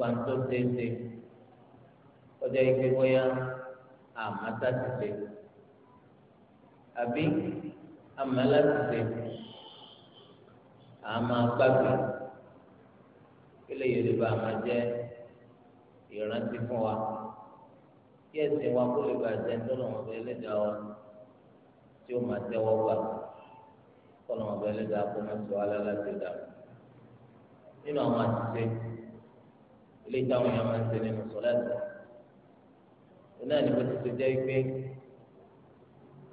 nípa tó déédé ọjọ́ ìgbé bóyá àmàtà ti dé àbí àmàlà ti dé àmà gbàgbé kílè yorùbá àmà jẹ ìrántí fún wa kí ẹsìn wa kó lè bá jẹ ńtọ́nà wọn bẹ ẹlẹ́dàá wa tí ó máa tẹ́wọ́ gbà kọ́nà wọn bẹ ẹlẹ́dàá kó máa sọ alẹ́ láti dà nínú àwọn àtúnṣe ilé táwọn èèyàn máa ń ṣe nínú sọlẹ́tì wọn náà ni bó ti ṣe jẹ́ pé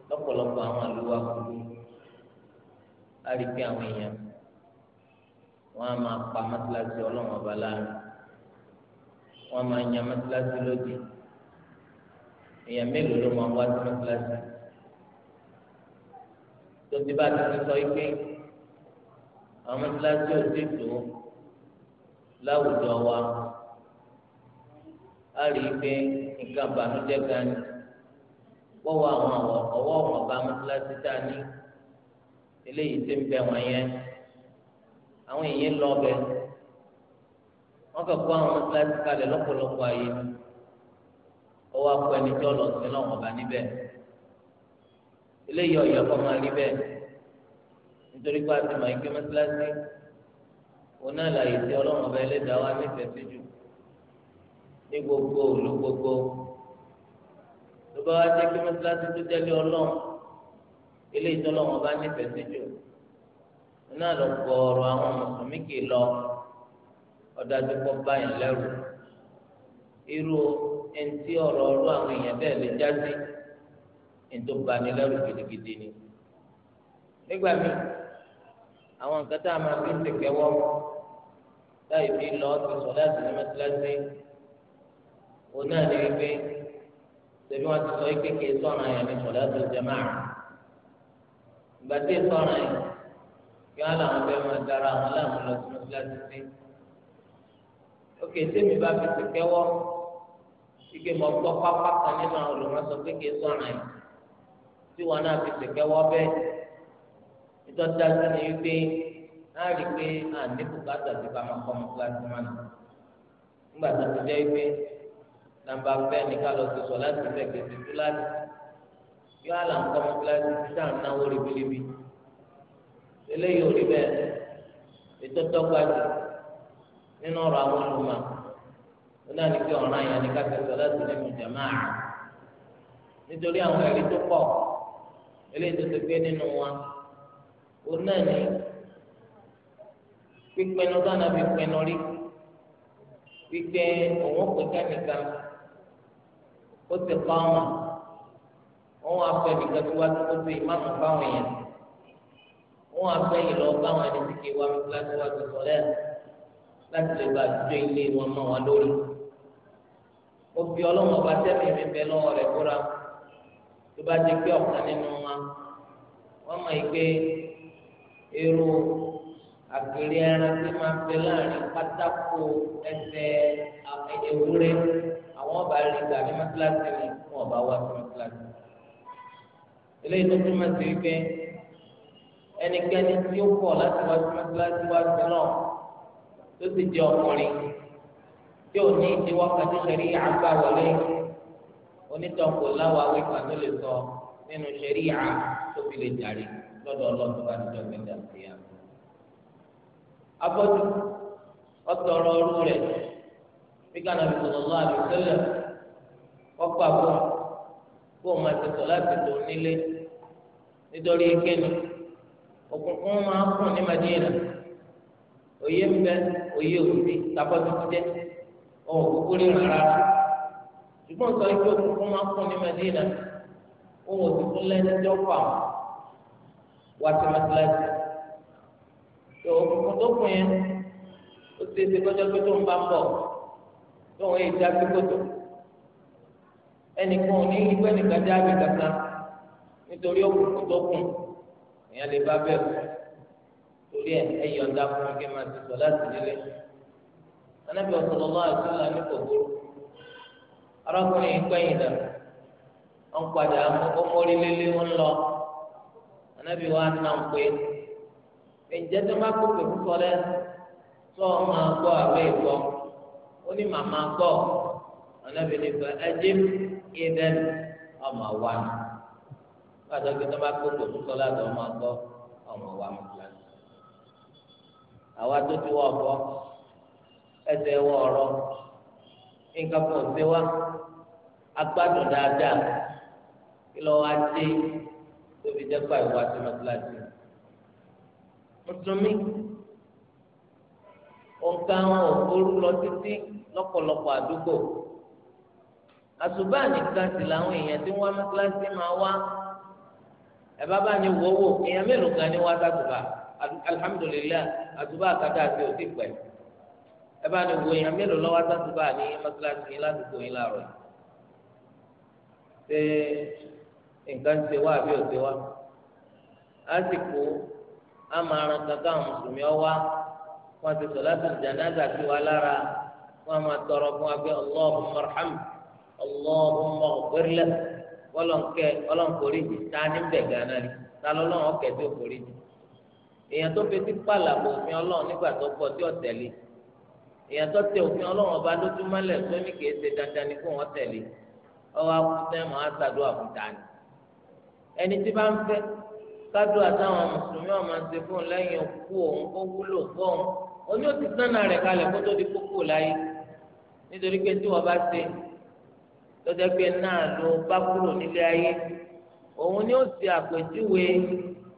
lọ́pọ̀lọpọ̀ àwọn àlùwà kúrú á rí pé àwọn èèyàn wọn á máa pa mọ́tíláṣí ọlọ́run ọba láàrin wọn máa yan mọ́tíláṣí lódì èèyàn mélòó ló máa wá sí mọ́tíláṣí tó ti bá ti ti sọ pé àwọn mọ́tíláṣí ò ti láwùjọ wa a rí i pé nǹkan bànújẹ́ gan ni wọ́wọ́ àwọn ọ̀wọ́ ọ̀mọ̀ba mọ́tíláṣí tá a ní eléyìí ti ń bẹ wọ́n yẹn àwọn èèyàn lọ bẹ wọ́n kàn kó àwọn mọ́tíláṣí kalẹ̀ lọ́pọ̀lọpọ̀ ayé ọwọ́ akọ ẹni tí ọlọ́ sí lọ́wọ́ ọba níbẹ̀ eléyìí ọ̀yọ́ kọ́ máa rí bẹ́ẹ̀ nítorí pé a ti mọ̀ ike mọ́tíláṣí òun náà làyè tí ọlọ́wọ́ ọba ẹlẹ́dàá wa nífẹ̀ẹ́ sí jù ní gbogbo òlu gbogbo tó bá wá jẹ kí mọ́sálásí tó jẹ́ lé ọlọ́run ilé ìtọ́lọ́ wọn bá nífẹ̀ẹ́ sí jù náà lọ gbọ́ọ̀rọ̀ àwọn mùsùlùmí kì í lọ ọ̀dájú kọ́ báyìí lẹ́rù irú ẹni tí ọ̀rọ̀ ọ̀rọ̀ àwọn èèyàn bẹ́ẹ̀ lè já sí ẹni tó bà gidigidi ni nígbà míì àwọn nǹkan tá a máa fi ń tẹ̀kẹ́ wọ́ láì fi lọ sí sọ láti ní mọ́sálásí òun náà ní wípé ṣebí wọn ti sọ wípé kí sọ̀rọ̀ yẹn ní sọ̀dá tó jẹ́mà ìgbà tí sọ̀rọ̀ yẹn kí wọn làwọn fẹ́ máa dára àwọn láwọn lọ sí mọ́síláṣí sí. òkè tèmi bá fi ti kẹ́wọ́ ike mọ gbọ́ pápá kan nínú àwọn olùmọ̀sọ pé kí sọ̀rọ̀ yẹn tí wọn náà fi ti kẹ́wọ́ bẹ́ẹ̀ nítorí dájú ni wípé náà rí i pé àníkù bá tàbí ká máa kọ́ mọ́síláṣí mọ́nà nígbà tó ti jẹ́ wípé nàmbà fẹ́ ní ká lọ sí sọ láti fẹ́ gbèsè tó láti yọ àlà ń kọ́ mọ́tíláṣí títà náwó ribiribi eléyìí ò rí bẹ́ẹ̀ ètò tọ́gbàdì nínú ọ̀rọ̀ àwọn olùmọ̀ ó náà ní kí ọ̀ràn yẹn ní ká fẹ́ sọ láti nínú jàmáà nítorí àwọn ẹ̀rí tó pọ̀ eléyìí tó ti gbé nínú wọn ó náà ní pípinnu dáná fi pinnu rí wípé òun pè kẹ́nìkan ó ti pa ọmọ wọn wá fẹ́ nìkan tó wá tó ṣe ìmáàmù báwọn èèyàn wọn wá fẹ́ yìí lọ báwọn ẹni tí kì í wá mi kíláàsì wá ti sọ lẹ́yìn láti lè bá àjọ ilé wọn mọ́ wọn lórí ó fi ọlọ́wọ́n bá tẹ́lẹ̀ mi bẹ lọ́wọ́ rẹ̀ kóra tó bá ti pé ọ̀kan nínú wa wọ́n mọ̀ pé irú àgbèrè ẹran tí máa ń bẹ láàrin pátákó ẹsẹ̀ ewúrẹ́ wọn bá rí gbà ní mọ́tíláṣí ni wọn bá wá sí mọ́tíláṣí. eléyìí tó túmọ̀ sí pé ẹnikẹ́ni tí ó kọ̀ láti wá sí mọ́tíláṣí wá sí náà tó sì jẹ́ ọkùnrin tí ò ní ìdíwọ́ kájú ṣẹ̀rí àgbà wọlé onítọ̀kọ̀ láwa wí kàmí lè sọ nínú ṣẹ̀rí à tó fi lè jàre lọ́dọ̀ ọlọ́run bá ti dọ̀gbẹ́ dàbí ya. abọ́dún ọ̀tọ̀ ọ̀rọ̀ ọ̀rú rẹ̀ nígbà náà sallallahu alaihi wasallam ọkọ àbọ kó o máa tètò láti tò nílé nítorí kíni òkùnkùn máa ń kùn ní Madina òye ń bẹ òye òsì tábọ́tò ti jẹ ọ̀hún kúkú rí rárá ṣùgbọ́n sọ ikú òkùnkùn máa ń kùn ní Madina òun òsì tún lẹ́ni tó kọ àwọn wá sí mọ́tíláṣí òkùnkùn tó kùn yẹn ó ti ṣe kọjá pé tó ń bá ń bọ̀. lóun yìí dá pípòtò ẹnìkan ò ní yí pé nìkan dá àbí kankan nítorí òkùnkùn tó èèyàn lè bá bẹ́ẹ̀ torí ẹ ẹyọ ọ̀dà fún kí máa ti sọ láti nílé anábì ọ̀sọ̀lọ́lá ní kòkòrò arákùnrin yìí pẹ́yìn dà wọ́n padà ó mórí lọ anábì wa nà ń pé tó má kó pẹ̀lú sọ máa gbọ́ àwẹ̀ ó ní màmá gbọ́ ọ̀nàbìnrin fún ẹjẹ́ ìdẹ́ ọmọ wa ni pàtó kí wọ́n bá kó kò tó sọ́lá tó ọmọ gbọ́ ọmọ wa mú kíláàsì. àwa tó ti wọ ọkọ ẹsẹ̀ wọ ọ̀rọ̀ nǹkan kan ṣe wá agbádùn dáadáa kí lọ́ wá dé tóbi jẹ́ pàì wá sí mọ́tíláṣí. mùsùlùmí òǹkà ò kórú lọ títí lọ́pọ̀lọpọ̀ àdúgbò àsùbá nìkan sì làwọn èèyàn tí wọ́n mọ́sálásí máa wá ẹ bá bá ní wọ́wọ́ èèyàn mélòó kan ní wá sàtùbà alihamudulilayi àsùbá kàdá àti òsì pẹ̀ ẹ bá ní wo èèyàn mélòó lọ́wọ́ sàtùbà ní mọ́sálásí yín ládùúgbò yín láàrọ̀ ṣé nǹkan ṣe wá àbí òṣè wá lásìkò amaran kankan mùsùlùmí ọwá wọn ti sọ láti jánásà sí wa lára. wọn máa tọrọ fún wa pé Allahumma arham Allahumma ighfir lahu wọlọ́nkẹ́ ọlọ́nkọ́rí ti ta níbẹ̀ gánà rí ta lọ́lọ́run ọ̀kẹ́ tó kórè jù èèyàn tó fetí ọlọ́run nígbà tó tí tẹ̀lé èèyàn tó tẹ òfin ọlọ́run ọba lójú mọ́lẹ̀ tó nítorí pé tí wọ́n bá ṣe lọ́jọ́ pé náà ló bá kúrò nílé ayé òun ni ó ṣe àpèjúwe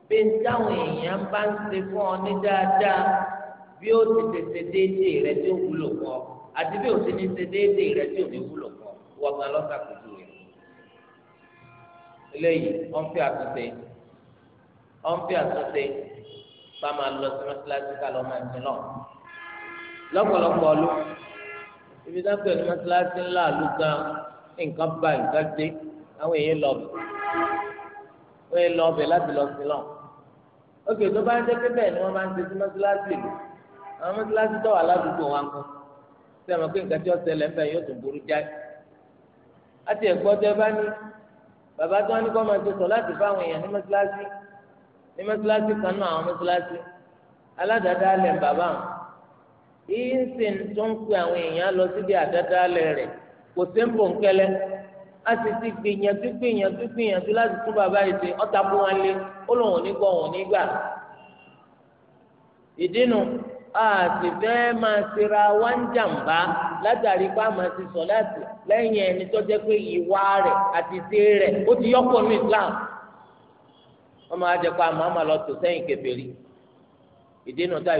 pé táwọn èèyàn bá ń ṣe fún ọ ní dáadáa bí ó ti tètè déédéé rẹ tí ó wúlò fún ọ àti bí ó ti ní ṣe déédéé rẹ tí ò ní wúlò fún ọ wọ́n gan lọ́sàkójúwe eléyìí wọ́n fi àtúnṣe wọ́n fi àtúnṣe bá máa lọ sí mọ́sálásí ká lọ́ọ́ máa ń tún lọ lọ́pọ̀lọpọ̀ ọlọ́run ibi dáńpẹ́ ní mọ́tíláṣí ńlá àlùkà nǹkan bá nǹkan dé àwọn èèyàn lọ bẹ̀ wọ́n yẹn lọ bẹ̀ láti lọ sí lọ́n Ok, tó bá ń jẹ́ pé bẹ́ẹ̀ ni wọ́n bá ń ṣe sí mọ́tíláṣí ìlú àwọn mọ́tíláṣí tó wà ládùúgbò wa kan sí àwọn pé nǹkan tí wọ́n ṣẹlẹ̀ ń bẹ̀ yóò tún burú jáì láti ẹ̀gbọ́ tẹ́ bá ní bàbá tó wá ní kọ́ máa ṣe sọ láti bá àwọn èèyàn ní mọ́tíláṣí ní mọ́tíláṣí kan náà àwọn mọ́tíláṣí aládàáda alẹ̀ bàbá àwọn ìsìn tó ń pe àwọn èèyàn lọ síbi àdádálẹ̀ rẹ̀ kò sí ń bòńkẹ́lẹ́ a sì ti gbìyànjú gbìyànjú gbìyànjú láti tún bàbá yìí ṣe ọ̀tá kó wọn lé ó a sì fẹ́ máa ṣera wá ń jàǹbá látàrí pé a máa ti sọ láti lẹ́yìn ẹni tó jẹ́ pé ìwà rẹ̀ àti ṣe rẹ̀ ó ti yọ́pọ̀ ní Islam. wọ́n máa jẹ́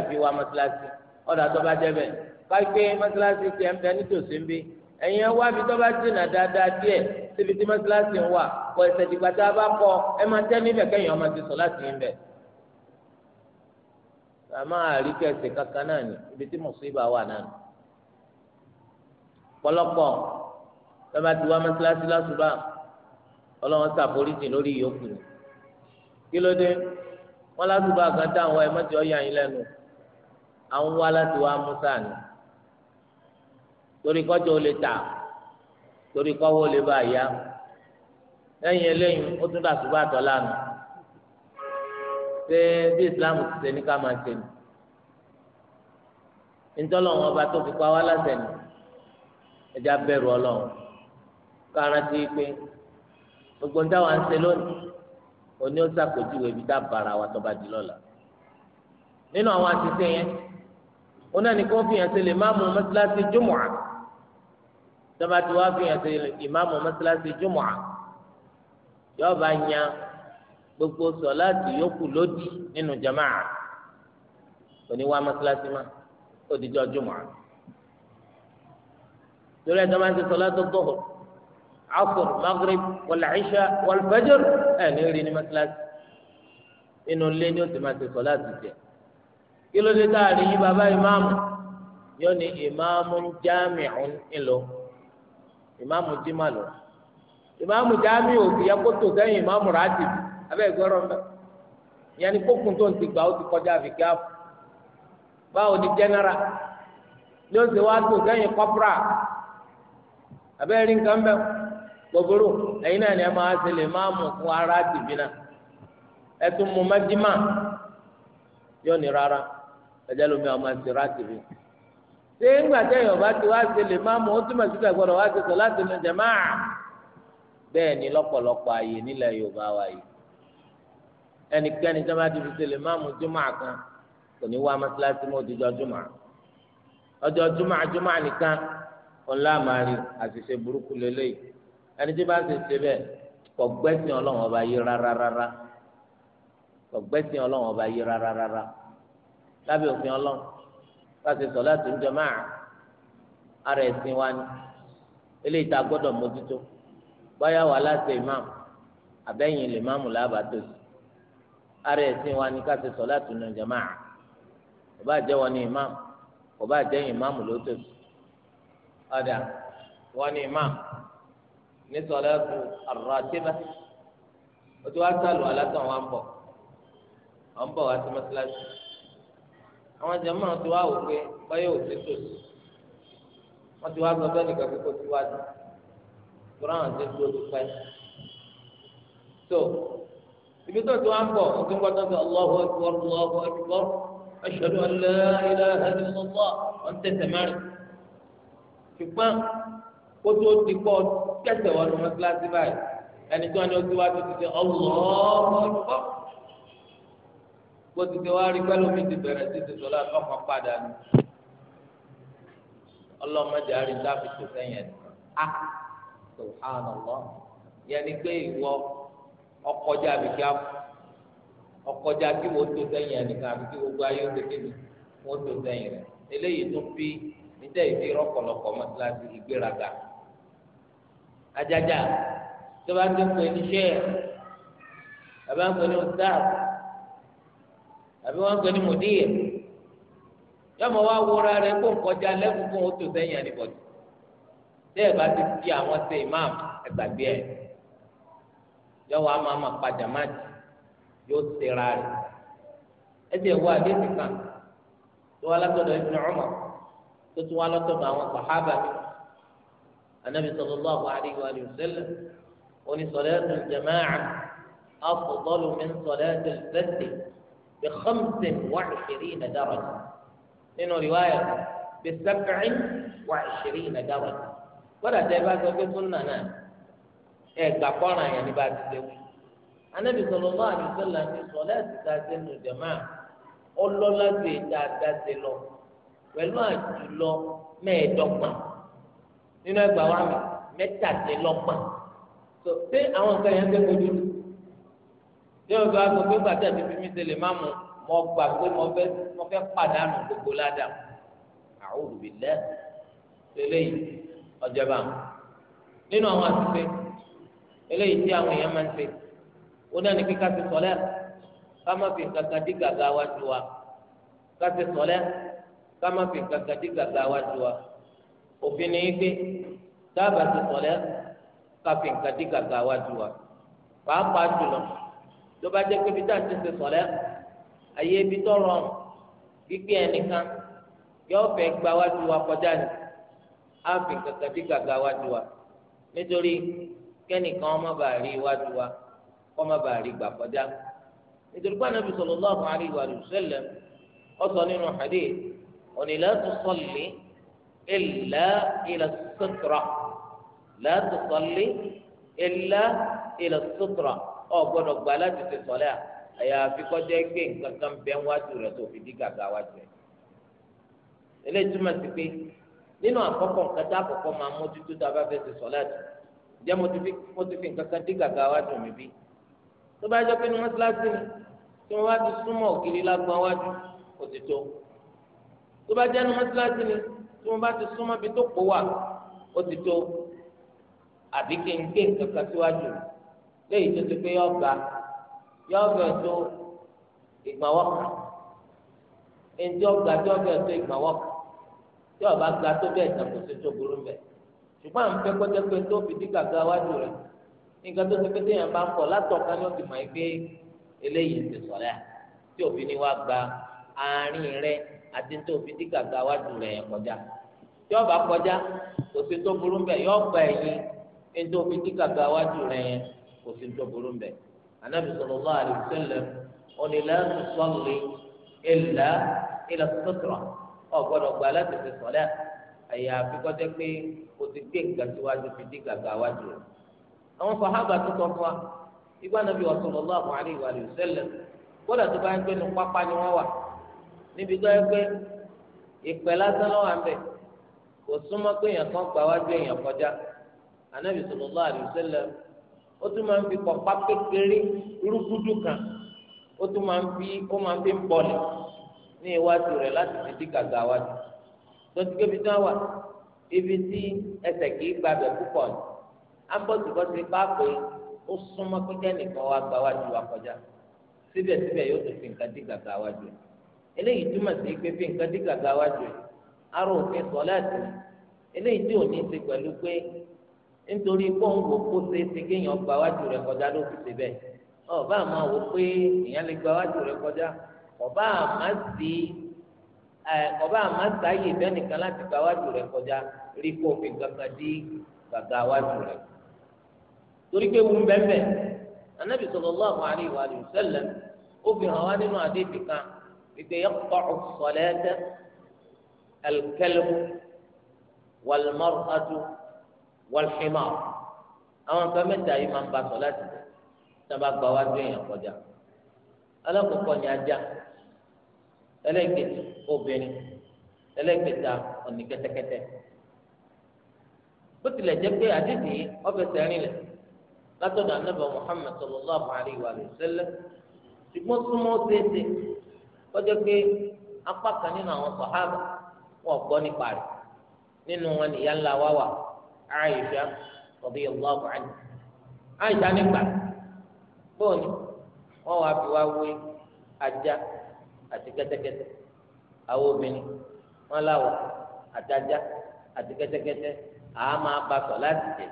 pé lọ ọ̀dà tó bá jẹ́ bẹ́ẹ̀ káyipé mọ́sálásí ti ẹ̀ ń bẹ nítòsí ń bí ẹ̀yin ẹ̀ wá bí tó bá jìnnà dáadáa díẹ̀ síbi tí mọ́sálásí ń wà kọ ẹsẹ̀ dìgbà tá a bá kọ ẹ máa tẹ́ níbẹ̀ kẹ́yìn ọmọ ti sọ láti ń bẹ̀. àmọ́ àríkẹ́sì kankan náà ni ibi tí mùsùlùmí wà náà ni. pọ̀lọpọ̀ tó ti wá mọ́sálásí lásùbà ọlọ́run ṣàforíjì lórí ìyókù ni. kí ló dé wọ́n lásùbà kan dáhùn ẹ mọ́tì àwọn wá láti wá musa ni torí kọjọ ó lè tà torí kọwọ ó lè bá yá lẹ́yìn eléyìí ó tún dà súbà tọ lánàá ṣé bí islam ti ṣe ní ká máa ṣe ni ntọ́lọ́ wọn ọba tó fi pa wá láṣẹ ni ẹja bẹ̀rù ọlọ́run kárántì pé gbogbo níta wà ń ṣe lónìí òní ó ṣàpèjúwe ibi tá a bára wa tó bá di nínú àwọn àtìsẹ́ yẹn wọn náà ní kí wọn fi hàn sí lè máàmù mọ́sálásí jùmọ̀à tọ́ba tí wọ́n fi hàn sí ìmáàmù mọ́sálásí jùmọ̀à yóò bá yan gbogbo sọ̀láàtì yòókù lódì nínú jamaà oníwà mọ́sálásí má ó di jọ jùmọ̀à torí ẹjọ́ máa ń ti sọ̀láàtì isha wal fajr ẹ̀ ní rí ní mọ́sálásí nínú ni ó ti máa ti sọ̀láàtì jẹ́ kí ló dé tá a rí yín bàbá ìmáàmù yóò ní ìmáàmù jámìún ńlọ ìmáàmù jimá lọ ìmáàmù jámì òkè kó tó sẹ́yìn ìmáàmù ráàtì abẹ́gbẹ́rọ̀ ìyẹn tó ń ti gbà ó ti kọjá àfikẹ́ àpò báwo ni jẹ́nẹ́ra ní wá tó nǹkan ni ẹ máa ṣe lè máa mú ara yóò ní rárá. ẹjẹ lomi ọmọ ẹsẹ ráàtì mi ṣé ńgbà tẹ yorùbá ti wá ṣe lè má mú ó túmọ̀ sí pé gbọ́dọ̀ wá ṣe sọ láti nu jàmáà bẹ́ẹ̀ ni lọ́pọ̀lọpọ̀ ààyè nílẹ̀ yorùbá wa yìí ẹnikẹ́ni tí wọ́n bá ti fi ṣe lè má mú jùmọ̀ kan kò ní wá mọ́sálásí mọ́ òdìjọ́ jùmọ̀ ọjọ́ jùmọ̀ jùmọ̀ nìkan ọ̀la màrí àṣìṣe burúkú lélẹ́yìí ẹni tí bá ṣe ṣe bẹ́ẹ̀ kò lábẹ́ òfin ọlọ́run láti sọ̀láàtì jamaa ara ẹ̀sìn wa ni eléyìí tá a gbọ́dọ̀ mójútó báyà wà láti imam àbẹ́yìn lè máàmù lábàtò ara ẹ̀sìn wa ni ká ti sọ̀láàtì jamaa kò bá jẹ́ wọn ní imam kò bá jẹ́ ìmáàmù ló tòbi ọ̀dà wọn ní imam ní sọ̀láàtì ar-ratiba o ti wá sálù alátàn wa ń bọ̀ ọ̀ ń bọ̀ wá sí mọ́sálásí àwọn jẹmọ àwọn ti wá wò pé báyọ̀ ò tètò wọn ti wá sọ bẹ́ẹ̀ nìkan kíkó ti wá dùn kúrò àwọn ti dúró ti pẹ́ tó ibi tó ti wá ń bọ̀ ó ti ń gbọ́dọ̀ bí Allahu akbar Allahu akbar ashhadu an la ilaha illallah wọn tẹsẹ̀ mẹ́rin ṣùgbọ́n kó tó ti kọ́ kẹsẹ̀ wọn ní wọn kíláàsì báyìí ẹni tó wọn ni ó ti wá tó ti di Allahu akbar kó ti ti wá rí pẹ́lú mi ti bẹ̀rẹ̀ sí ti sọlá lọ́kàn padà ni ọlọ́mọdé àárín dábì tó sẹ́yìn ẹ̀dùn á subhanallah yẹn ni pé ìwọ ọkọjá àbí kí á ọkọjá kí wọ́n tó sẹ́yìn ẹ̀nìkan àbí kí gbogbo ayé ó tètè mi wọ́n tó sẹ́yìn rẹ̀ eléyìí tó fi níjẹ́ ìdí rọ́pọ̀lọpọ̀ mọ́tíláṣí ìgbéraga ajájà tó bá ti pè ní ṣẹ́ẹ̀ bàbá ń pè ní ọ̀sáàbù àbí wọ́n ń pè ní mùdíyè yọmọ wa wúra rẹ kó nkọjá lẹ́kùn fún oṣù sẹ́yìn àdìbọ̀dì tẹ́ ẹ bá ti di àwọn ṣe imam ẹgbàgbé ẹ yọwọ́ àmọ́ àmọ́ padà má jì yóò ṣera rẹ ẹsẹ̀ wọ àdéhùn kan tó wà látọ̀dọ̀ Ibn Umar tó tún wà látọ̀dọ̀ àwọn sàhábà mi anabi sallallahu alayhi wa sallam oní salatu al-jama'a afdalu min salati al-fard. بخمس وعشرين درجة nínú riwaya bí sẹ́kìrín wà ìṣirí ìnàdáwà gbọ́dọ̀ tẹ́ bá sọ pé súnà náà ẹ gbà kọ́ra yẹn ní bá ti lé wù. anábì sọ̀rọ̀ náà àbí sọ̀lá ní sọ̀lá ẹ̀sì tá a ṣe nù jẹ̀má ọlọ́lá ṣe dáadáa ṣe lọ pẹ̀lú àjùlọ mẹ́ẹ̀ẹ́dọ́gbọ̀n nínú ẹgbàá wa mi mẹ́tàdínlọ́gbọ̀n. sọ pé àwọn nǹkan yẹn ń gbé kojú tí wọn bá sọ pé gbàtà mi fi mi tẹlẹ má mu mo gbà pé mo fẹ́ mo fẹ́ pàdánù gbogbo ládàá àwọn olùbílẹ̀ eléyìí ọjọba nínú àwọn àtúnṣe eléyìí tí àwọn èèyàn máa ń ṣe ó náà ní kíkà ti sọlẹ ká má fi kankan dí gàgà wá ju wa ká ti sọlẹ ká má fi kankan dí gàgà wá ju wa òfin ni yín pé dábàá ti sọlẹ ká fi kankan dí gàgà wá ju wa pàápàá jùlọ tó bá jẹ́ pé ibi tá à ń ti ṣe sọ̀lẹ́ àyè ibi tó rọrùn gbígbé ẹnìkan yóò fẹ́ gba wájú wa kọjá ni á fi kankan dí gàgà wájú wa nítorí kẹ́nìkan ọmọ bàá rí wájú wa kọ́ má rí gbà kọjá nítorí pé Ànábì sallallahu alaihi wa sallam ó sọ nínú hadith ó ní la tusalli illa ila sutra la tusalli illa ila ọ gbọ́dọ̀ gbà láti ṣe sọlẹ àyàfi kọjá gbé nǹkan kan bẹ wájú rẹ tó fi dí gàgà wájú rẹ eléyìí túmọ̀ sí pé nínú àkọ́kọ́ nǹkan tá àkọ́kọ́ máa mójútó tá a bá fẹ́ ṣe sọlẹ àti jẹ́ mo ti fi nǹkan kan dí gàgà wájú mi bí tó bá jẹ́ pé ní mọ́sálásí ni tí wọ́n bá ti súnmọ́ ògiri lágbọ́n wájú kò ti tó tó bá jẹ́ ní mọ́sálásí ni tí wọ́n bá ti súnmọ́ bí tó pọ̀ wà ó ti tó àbí kéńké nǹkan kan síwájú rẹ léyìí tó ti pé yọ ga yọ bẹ tó ìgbàwọ kan ẹnjẹ ọgbà tí ọbẹ tó ìgbàwọ kan tí ọba ga tó bẹ ìtàkùnso tó burú bẹ ṣùgbọ́n à ń fẹ́ pẹ́tẹ́pẹ́ tó fi dí gàgà wájú rẹ̀ nígbà tó ti pé téèyàn bá ń pọ̀ látọ̀ka ni ó ti mọ̀ ẹ́ pé eléyìí ti sọ̀rọ̀ yà tí òfin ni wá gba àárín rẹ̀ àti tó fi dí gàgà wájú rẹ̀ yẹn kọjá tí ọba kọjá kò sí tó burú bẹ yọ ọgbà ẹ̀yìn ẹni tó fi dí gàgà wájú rẹ̀ yẹn kò sí tó burú mbẹ anabi sallallahu alaihi wasallam òní la tusalli illa ila sitra ọ gbọ́dọ̀ gba láti fi sọlẹ àyà àfikọjẹ pé o ti gbé nǹkan síwájú fi dí gàgà wájú rẹ àwọn sàhábà tó fún wa ìgbà nàbí wa sallallahu alaihi wasallam gbọ́dọ̀ tó bá ń gbé nu pápá ni wọn wà níbi tó yẹ pé ìpè lásán lọ́wọ́ àmbẹ̀ kò súnmọ́ pé èèyàn kan gbà wájú èèyàn kọjá anabi sallallahu alaihi wasallam ó tún máa ń fi pọ̀pá kékeré rúgúdù kan ó tún máa ń fi ó máa ń fi ń bọ̀lẹ̀ ní iwájú rẹ̀ láti fi dí gàgà wájú lọ́sibí ibi tí wọ́n wà ibi tí ẹsẹ̀ kìí gbàgbẹ́ púpọ̀ ni ambọ̀sibọ́sí bá pé ó súnmọ́ pípẹ́ nìkan wá gba wájú wa kọjá síbẹ̀síbẹ̀ yóò tún fi nǹkan dí gàgà wájú rẹ̀ eléyìí túmọ̀ sí pé fi nǹkan dí gàgà wájú rẹ̀ arò òfin sọ láti eléyìí tí ò ní í pẹ̀lú pé nítorí kó ń wò kó ṣe é ṣe kéèyàn gba wájú rẹ̀ kọjá ló fi ṣe bẹ́ẹ̀ ọba àmọ́ wò pé èèyàn lè gba wájú rẹ̀ kọjá ọba àmọ́ sí ọba àmọ́ sáyè bẹ́nìkan láti gba wájú rẹ̀ kọjá rí kó fi gangan dí gàgà wájú rẹ̀ torí pé wù bẹ́ẹ̀ anabi sallallahu alaihi wa sallam ó fi hàn wá nínú àdébì kan ìgbé yaqta'u as-salata al-kalbu wal wọlfìmọ àwọn nǹkan mẹ́ta yìí máa ń ba sọ láti jẹ tí wọn bá gba wájú èèyàn kọjá alákòókò ni ajá ẹlẹgbẹta obìnrin ẹlẹgbẹta ọ̀nì kẹ́tẹ́kẹ́tẹ́ bó tilẹ̀ jẹ́ pé àdídì ọbẹ̀ sẹ́rin lẹ̀ látọ̀dọ̀ anábọ̀ Muhammad sallallahu alayhi wa sallam ṣùgbọ́n súnmọ́ déédéé kọjá pé apá kan nínú àwọn sàhábà wọn gbọ́ nípa rẹ̀ nínú wọn nìyá ńlá wá wà. Aisha radiyallahu anha Aisha nígbà bóòni wọn wàá fi wá wé ajá àti kẹ́tẹ́kẹ́tẹ́ àwọn obìnrin wọn láwọ àtajá àti kẹ́tẹ́kẹ́tẹ́ àá máa bá sọ láti jẹ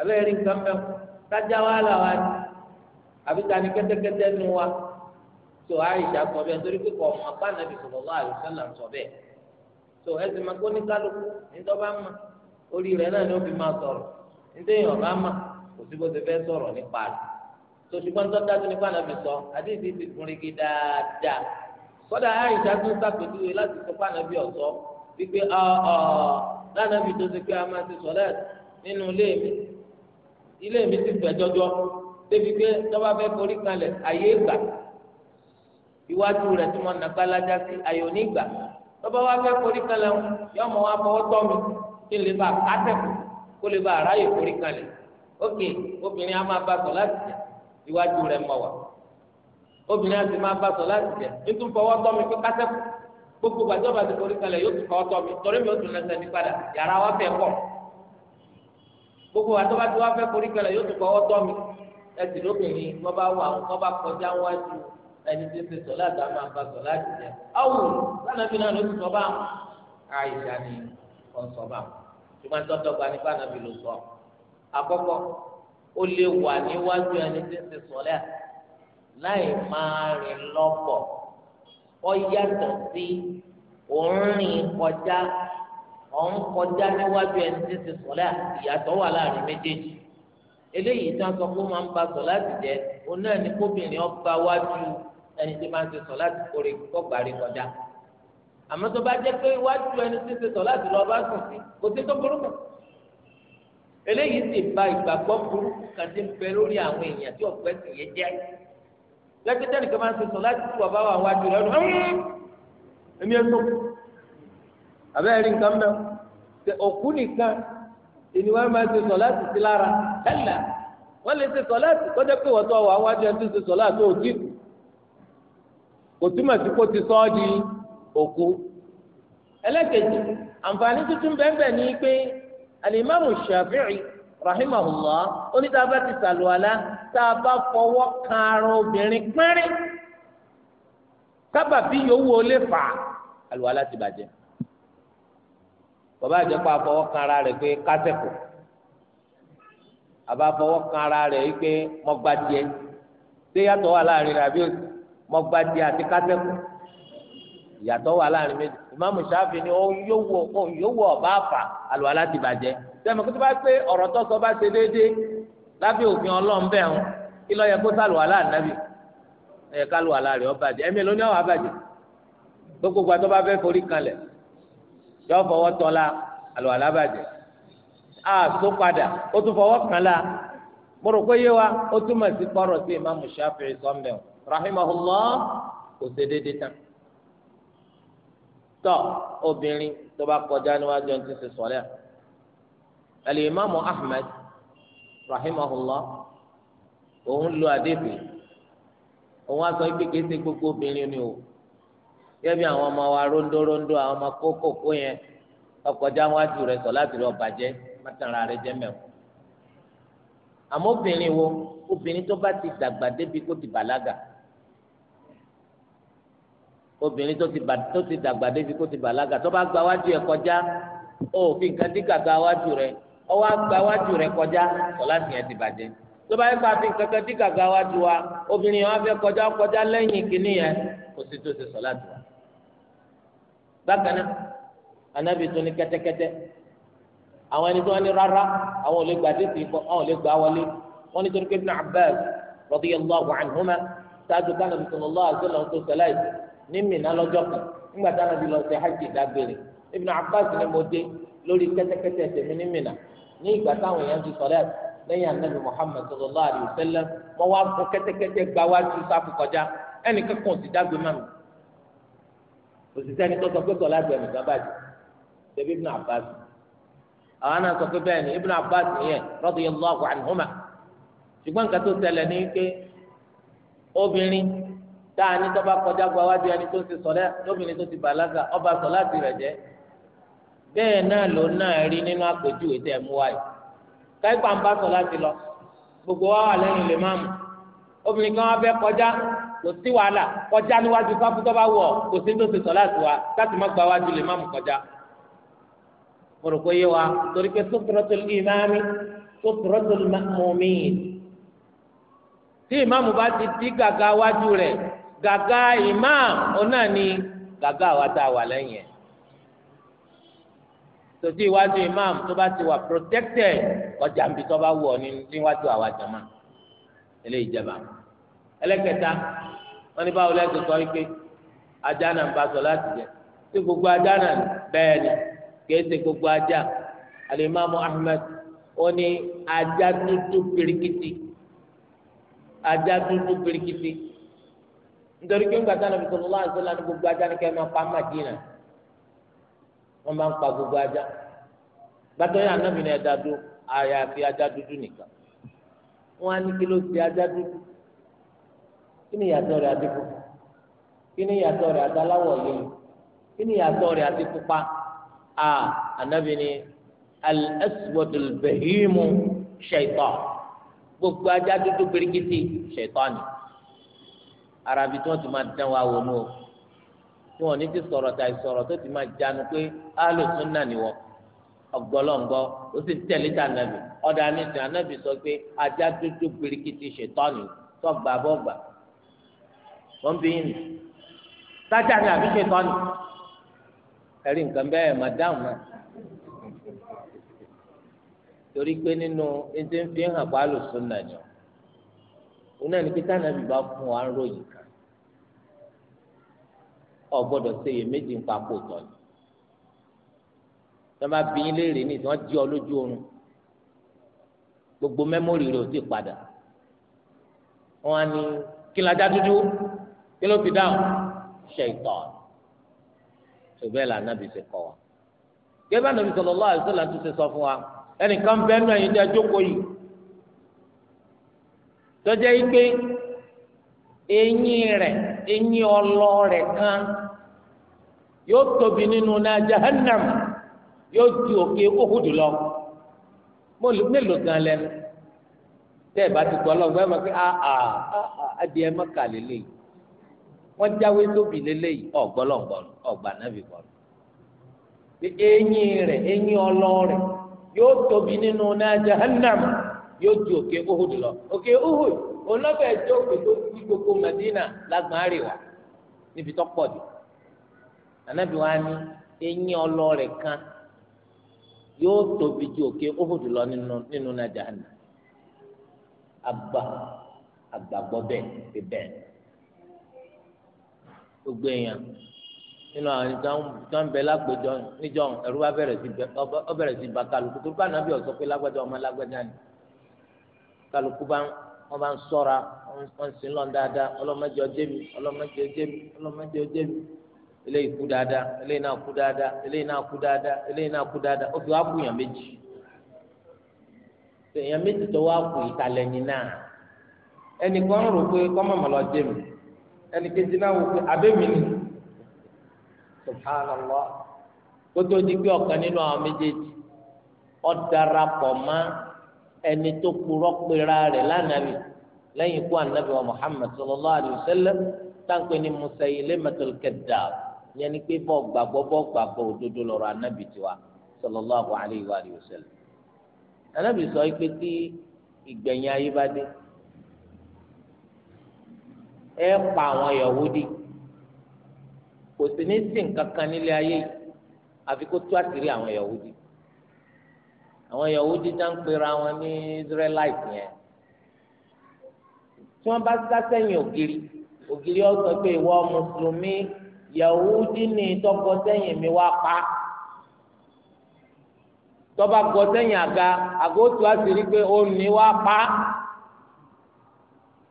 abẹ́rẹ́ nǹkan mẹ́wọ́ tájá wa là wá ní àbí ta ni kẹ́tẹ́kẹ́tẹ́ nu wa tó àyíṣà sọ bẹ́ẹ̀ torí pé kò ọmọ apá nàbì sallallahu alaihi wasallam sọ bẹ́ẹ̀ tó ẹsẹ̀ máa kó kálukú ní tọ́ bá ń mọ orí rẹ̀ náà ni ó fi máa sọ̀rọ̀ nítorí ọba mà kò sí bó ti fẹ́ sọ̀rọ̀ nípa rẹ̀ tó ṣùgbọ́n tó dájú nípa náà fi sọ àdéhìí ti fún rigi dáadáa kódà àyíṣà tó sàpèjúwe láti sọ fún ànábì ọ̀sọ́ wípé lánàbì tó ti pé a máa ti sọ̀lẹ̀ nínú ilé mi ilé mi ti fẹ̀ jọjọ débi pé tọ́ba fẹ́ forí kalẹ̀ àyè gbà iwájú rẹ̀ tí wọ́n nàgbà lájá sí àyò nígbà tọ́ba wá fẹ́ forí kalẹ̀ yọmọ wa fọwọ́ tọ́ mi kí lè bá kátẹ́kù kó lè bá aráyè forí kalẹ̀ ok obìnrin á máa bá sọ láti jẹ iwájú rẹ̀ mọ̀ wá obìnrin á sì máa bá sọ láti jẹ nítorí fọwọ́ tọ́ mi pé kátẹ́kù gbogbo gbàjọba ti forí kalẹ̀ yóò tún fọwọ́ tọ́ mi torí mi ò tún lẹ́sẹ̀ ní padà yàrá wa fẹ́ pọ̀ gbogbo àtọ́ba tí wọ́n fẹ́ forí kalẹ̀ yóò tún fọwọ́ tọ́ mi ẹsìn lóbìnrin wọ́n bá wà wọ́n bá kọjá wájú ẹni tí ń sọ láti àmà bá sọ láti jẹ. awo lánàá bí náà ló ti sọ bá àìsàn ni ọ̀ sọ bá wọn ṣùgbọ́n tọ́dọ̀gba nípa nàbì ló sọ àkọ́kọ́ ó lè wà níwájú ẹni tí ń ṣe sọ́lẹ̀ láì máa rìn lọ́pọ̀ ó yàtọ̀ sí òórìn kọjá òun kọjá níwájú ẹni tí ń ṣe sọ́lẹ̀ ìyàtọ̀ wà láàrin méjèèjì eléyìí tí wọ́n sọ pé máa ń ba sọ láti jẹ òun náà ni kóbìnrin ọba wájú ẹni tí máa ń ṣe sọ láti kórè kọgbàrí kọjá àmọ́ tó bá jẹ́ pé iwájú ẹni tí ń ṣe sọ̀lá àti lọ́ọ́ bá sùn sí kò sí tó burúkú eléyìí sì ba ìgbàgbọ́ burúkú kan ti ń bẹ lórí àwọn èèyàn tí ọ̀pẹ́ sì yé jẹ́ lẹ́kítẹ́ nìkan máa ń ṣe sọ̀lá àti wàbá wà wájú rẹ̀ ọ̀hún ẹ̀mí ẹ̀ tó àbẹ́rẹ́ rí nǹkan mẹ́ òkú nìkan ìní wọn máa ṣe sọ̀lá àti sí lára ẹ̀là wọ́n lè ṣe sọ̀lá àti kọ́jọ́ pé wọ́n tó wà wájú ẹni tó ṣe sọ̀lá àti òtí kò túmọ̀ sí kó ti sọ ọ́ di òkú ẹlẹ́kẹ̀jì àǹfààní tuntun bẹ́ẹ̀ ni pé alimami shafi'i rahimahullah onídàbà ti sàlùwàlá tá a bá fọwọ́ kan ara obìnrin pínrín kábàbí yòówù ó lè fà á àlùwàlá ti bàjẹ́ bàbá àjẹpọ̀ àfọwọ́ kan ara rẹ̀ pé kásẹ̀kù àbá fọwọ́ kan rẹ̀ pé mọ́gbàdìẹ ṣé wà láàrin rẹ̀ àbí mọ́gbàdìẹ àti kásẹ̀kù ìyàtọ̀ wà láàrin méjì ìmáàmù ṣáfì ni ó yówó ó yówó ọba àfà àlùwàlá ti bàjẹ́ sẹ́mi kó tó bá pé ọ̀rọ̀ tó sọ bá ṣe déédéé lábẹ́ òfin ọlọ́run bẹ́ẹ̀ hàn kí lọ́ọ́ yẹ kó sàlùwàlá ànábì ẹ̀yẹ kálùwàlá rẹ̀ ó bàjẹ́ ẹ̀mí ló ní ọ̀wà bàjẹ́ gbogbo gba tó bá fẹ́ forí kanlẹ̀ yọ fọwọ́ tọ́lá àlùwàlá bàjẹ́ àtó padà ó tún fọwọ́ kanlá mo rò pé yé wa ó túmọ̀ sí kọ́rọ̀ sí ìmáàmù ṣáfì sọ́mbẹ̀ rahimahullah kò ṣe déédéé tán tọ obìnrin tó bá kọjá níwájú ẹni tí ń ṣe sọlẹ alimami ahmed rahimahullah òun lo adébè òun aṣọ ìgbèkè ṣe gbogbo obìnrin ni o yẹbi àwọn ọmọ wa rondorondo àwọn ọmọ kókòkó yẹn ọkọjá wájú rẹ sọ láti rẹ ọbàjẹ mọtara rẹ jẹ mẹwọn àmọ́ obìnrin wo obìnrin tó bá ti dàgbà débi kó ti bàlágà obìnrin tó ti bà tó ti dàgbà débi kó ti bàlágà tó bá gba wájú ẹ kọjá ó fi nǹkan dí gàgà wájú rẹ ó wá gba wájú rẹ kọjá sọlá tìyẹn ti bàjẹ́ tó bá yẹ kó a fi nǹkan kan dí gàgà wájú wa obìnrin yẹn wá fẹ́ kọjá kọjá lẹ́yìn kìíní yẹn kò sí tó ti sọlá tìwa. bákan náà anábì tó ní kẹ́tẹ́kẹ́tẹ́ àwọn ẹni tó wá ní rárá àwọn ò lè gbà dé tìkọ àwọn ò lè gbà wọlé wọn nítorí pé Ibn Abbas radiyallahu anhuma ṣáájú kánà bisalòlá àti ní Mínà lọ́jọ́ kan nígbà tí Ànábì lọ ṣe hajj dágbére Ibn Abbas ni mo dé lórí kẹ́tẹ́kẹ́tẹ́ tèmi ní Ni ní ìgbà táwọn èèyàn ti sọ̀rọ̀ ẹ̀ lẹ́yìn Ànábì Muhammad sallallahu alayhi wa sallam kete wá fún kẹ́tẹ́kẹ́tẹ́ gba wá ju sáfù kọjá ẹnì kankan ti dágbé mọ́ mi òṣìṣẹ́ ni pé gbẹ̀mí Ibn Abbas àwọn náà sọ pé bẹ́ẹ̀ ni Abbas yẹn táà ní tọ́ba kọjá gba wájú ẹni tó ń ṣe sọlẹ́ lóbìnrin tó ti bàlágà ọba sọ láti rẹ̀ jẹ́ bẹ́ẹ̀ náà ló náà rí nínú àpèjúwe tẹ̀ mú wáyé káyipá ń bá sọ láti lọ gbogbo wa wà lẹ́yìn lè máàmù obìnrin kan wá fẹ́ kọjá kò sí wàhálà kọjá níwájú fáfú tọ́ba wọ̀ kò sí tó ṣe sọ láti wá láti má gba wájú lè máàmù kọjá mo yé wa torí pé sókòrọ́tòlù ìmáàmì sókòrọ́tòlù mọ́mí tí ìmáàmù bá ti dí gàgà wájú rẹ̀ gàgà imam ọ̀nà ni gàgà wa tá a wà lẹ́yìn ẹ̀ tòtí iwájú imam tó bá ti wà protected ọjà nbí tó bá wù ọ níwájú àwa jama eléyìí jẹba ẹlẹ́kẹta wọn ní báwo lẹ́sìn sọ wípé ajá náà ń bá sọ láti jẹ tí gbogbo ajá náà bẹ́ẹ̀ ni kìí ṣe gbogbo ajá alimami ahmed ó ní ajá dúdú pirikiti ajá dúdú pirikiti nítorí pé ńgbà táwọn ìṣòro wá àṣẹ lánàá gbogbo ajá ni kẹ́ẹ́ máa pa Madina wọ́n máa ń pa gbogbo ajá gbàtọ́ yà nàbì ní ẹ̀dá dúró àyàfi ajá dúdú nìkan wọ́n á ní kí ló ti ajá dúdú kí ni ìyàtọ̀ rẹ̀ àti pupa kí ni ìyàtọ̀ rẹ̀ àti aláwọ̀ yẹn kí ni ìyàtọ̀ rẹ̀ àti pupa a ànábì ní al-aswadul bahimu shaitan gbogbo ajá dúdú birikiti shaitan ni arabi tí wọ́n ti máa dán wa wò nù o tí wọ́n ní ti sọ̀rọ̀ tàì sọ̀rọ̀ tó ti máa jánu pé áàlù tún nà níwọ ọgbọlọgbọ ó sì tẹ̀lé tà nàbì ọ̀dà níta ànábì sọ pé ajá dúdú gbirikiti ṣètọ́ni tọ́gbà bọ́gbà wọ́n bí yín sájà ni àbí ṣètọ́ni ẹ̀rí nǹkan bẹ́ẹ̀ madam náà torí pé nínú ẹni tí ń fi hàn pa áàlù tún nà ni o oní ẹni pé tánàbì bá fún wa ń ròyìn kan ọ gbọ́dọ̀ ṣe iye méjì ń pa kó tọ ni tí wọn bá bí yín léèrè ní ìsìn wọn jí ọ lójú oorun gbogbo mẹmórì rẹ ò ti padà wọn á ní kí n dúdú kí ló fi dáhùn ṣe ìtọ ṣùgbọ́n ìlànà bí ṣe kọ wa gẹ́gẹ́ bá nàbí sallallahu alaihi wasallam tó ṣe sọ fún wa ẹnìkan bẹ́ẹ̀ náà yín jẹ́ jókòó yìí. tọ́jà ikpe pé eyín rẹ̀ eyín ọlọ rẹ̀ kan yóò tóbi nínú náà jahannam yóò ju òkè òhùdù lọ mélòó gan lẹ́nu tẹ́ ẹ̀ bá ti gbọ́ lọ́gbọ́n ẹ̀ máa pé àà ah, ah, ah, adìẹ mọ́kà wọ́n jáwé tóbi bọ̀ rẹ̀ rẹ̀ yóò tóbi nínú yóò ju òkè Uhud lọ òkè Uhud onáfẹ́ jẹ́ òkè tó gbogbo Madina lágbọ̀n àríwá níbi tó pọ̀ jù anabi wa ni eyín ọlọ́ọ̀rẹ̀ kan yóò tóbi ju òkè Uhud lọ nínú nàjà àná àgbà àgbàgbọ́ bẹ́ẹ̀ ti bẹ́ẹ̀ gbogbo èèyàn nínú àwọn ẹni tó ń bẹ lágbèjọ níjọ ẹrú wa bẹ̀rẹ̀ sí bá kálukú tó bá nàbí ọ̀sọ́ pé lágbájá ọmọ lágbájá ni. kálukú bá wọn bá ń sọ́ra wọn sì ń lọ dáadáa mi ọlọ́mọdé ọjẹ́ mi ọlọ́mọdé ọjẹ́ mi eléyìí kú dáadáa eléyìí náà kú dáadáa eléyìí náà kú dáadáa eléyìí náà kú dáadáa ó fi wá kú èèyàn méjì èèyàn méjì tó wá kú náà ẹnìkan rò pé kọ́mọ̀mọ̀ lọ mi náà wò pé ni subhanallah kótó di ẹni tó kúrọ́ pera rẹ̀ lánàbì lẹ́yìn ikú ànábì wa Muhammad sallallahu alayhi wa sallam táǹpẹ́ ni Musaylimatul Kadhdhab yẹn ni pé bọ́ gbàgbọ́ bọ́ gbàgbọ́ òdodo lọ́rọ̀ ànábì tiwa sallallahu alayhi wa sallam ànábì sọ pé tí ìgbẹ̀yìn ayé bá dé ẹ pa àwọn Yahudi kò sí ní sìn kankan nílé ayé àfi kó tú àṣírí àwọn Yahudi. àwọn Yahudi dídá ń pera wọn ní Israelite yẹn tí wọn bá sá sẹ́yìn ògiri ògiri ọsàn pé ìwọ mùsùlùmí Yahudi ní tọkọ sẹ́yìn mi wá pa tọba gọ sẹ́yìn àga àgótù àṣírí pé ó ní wá pa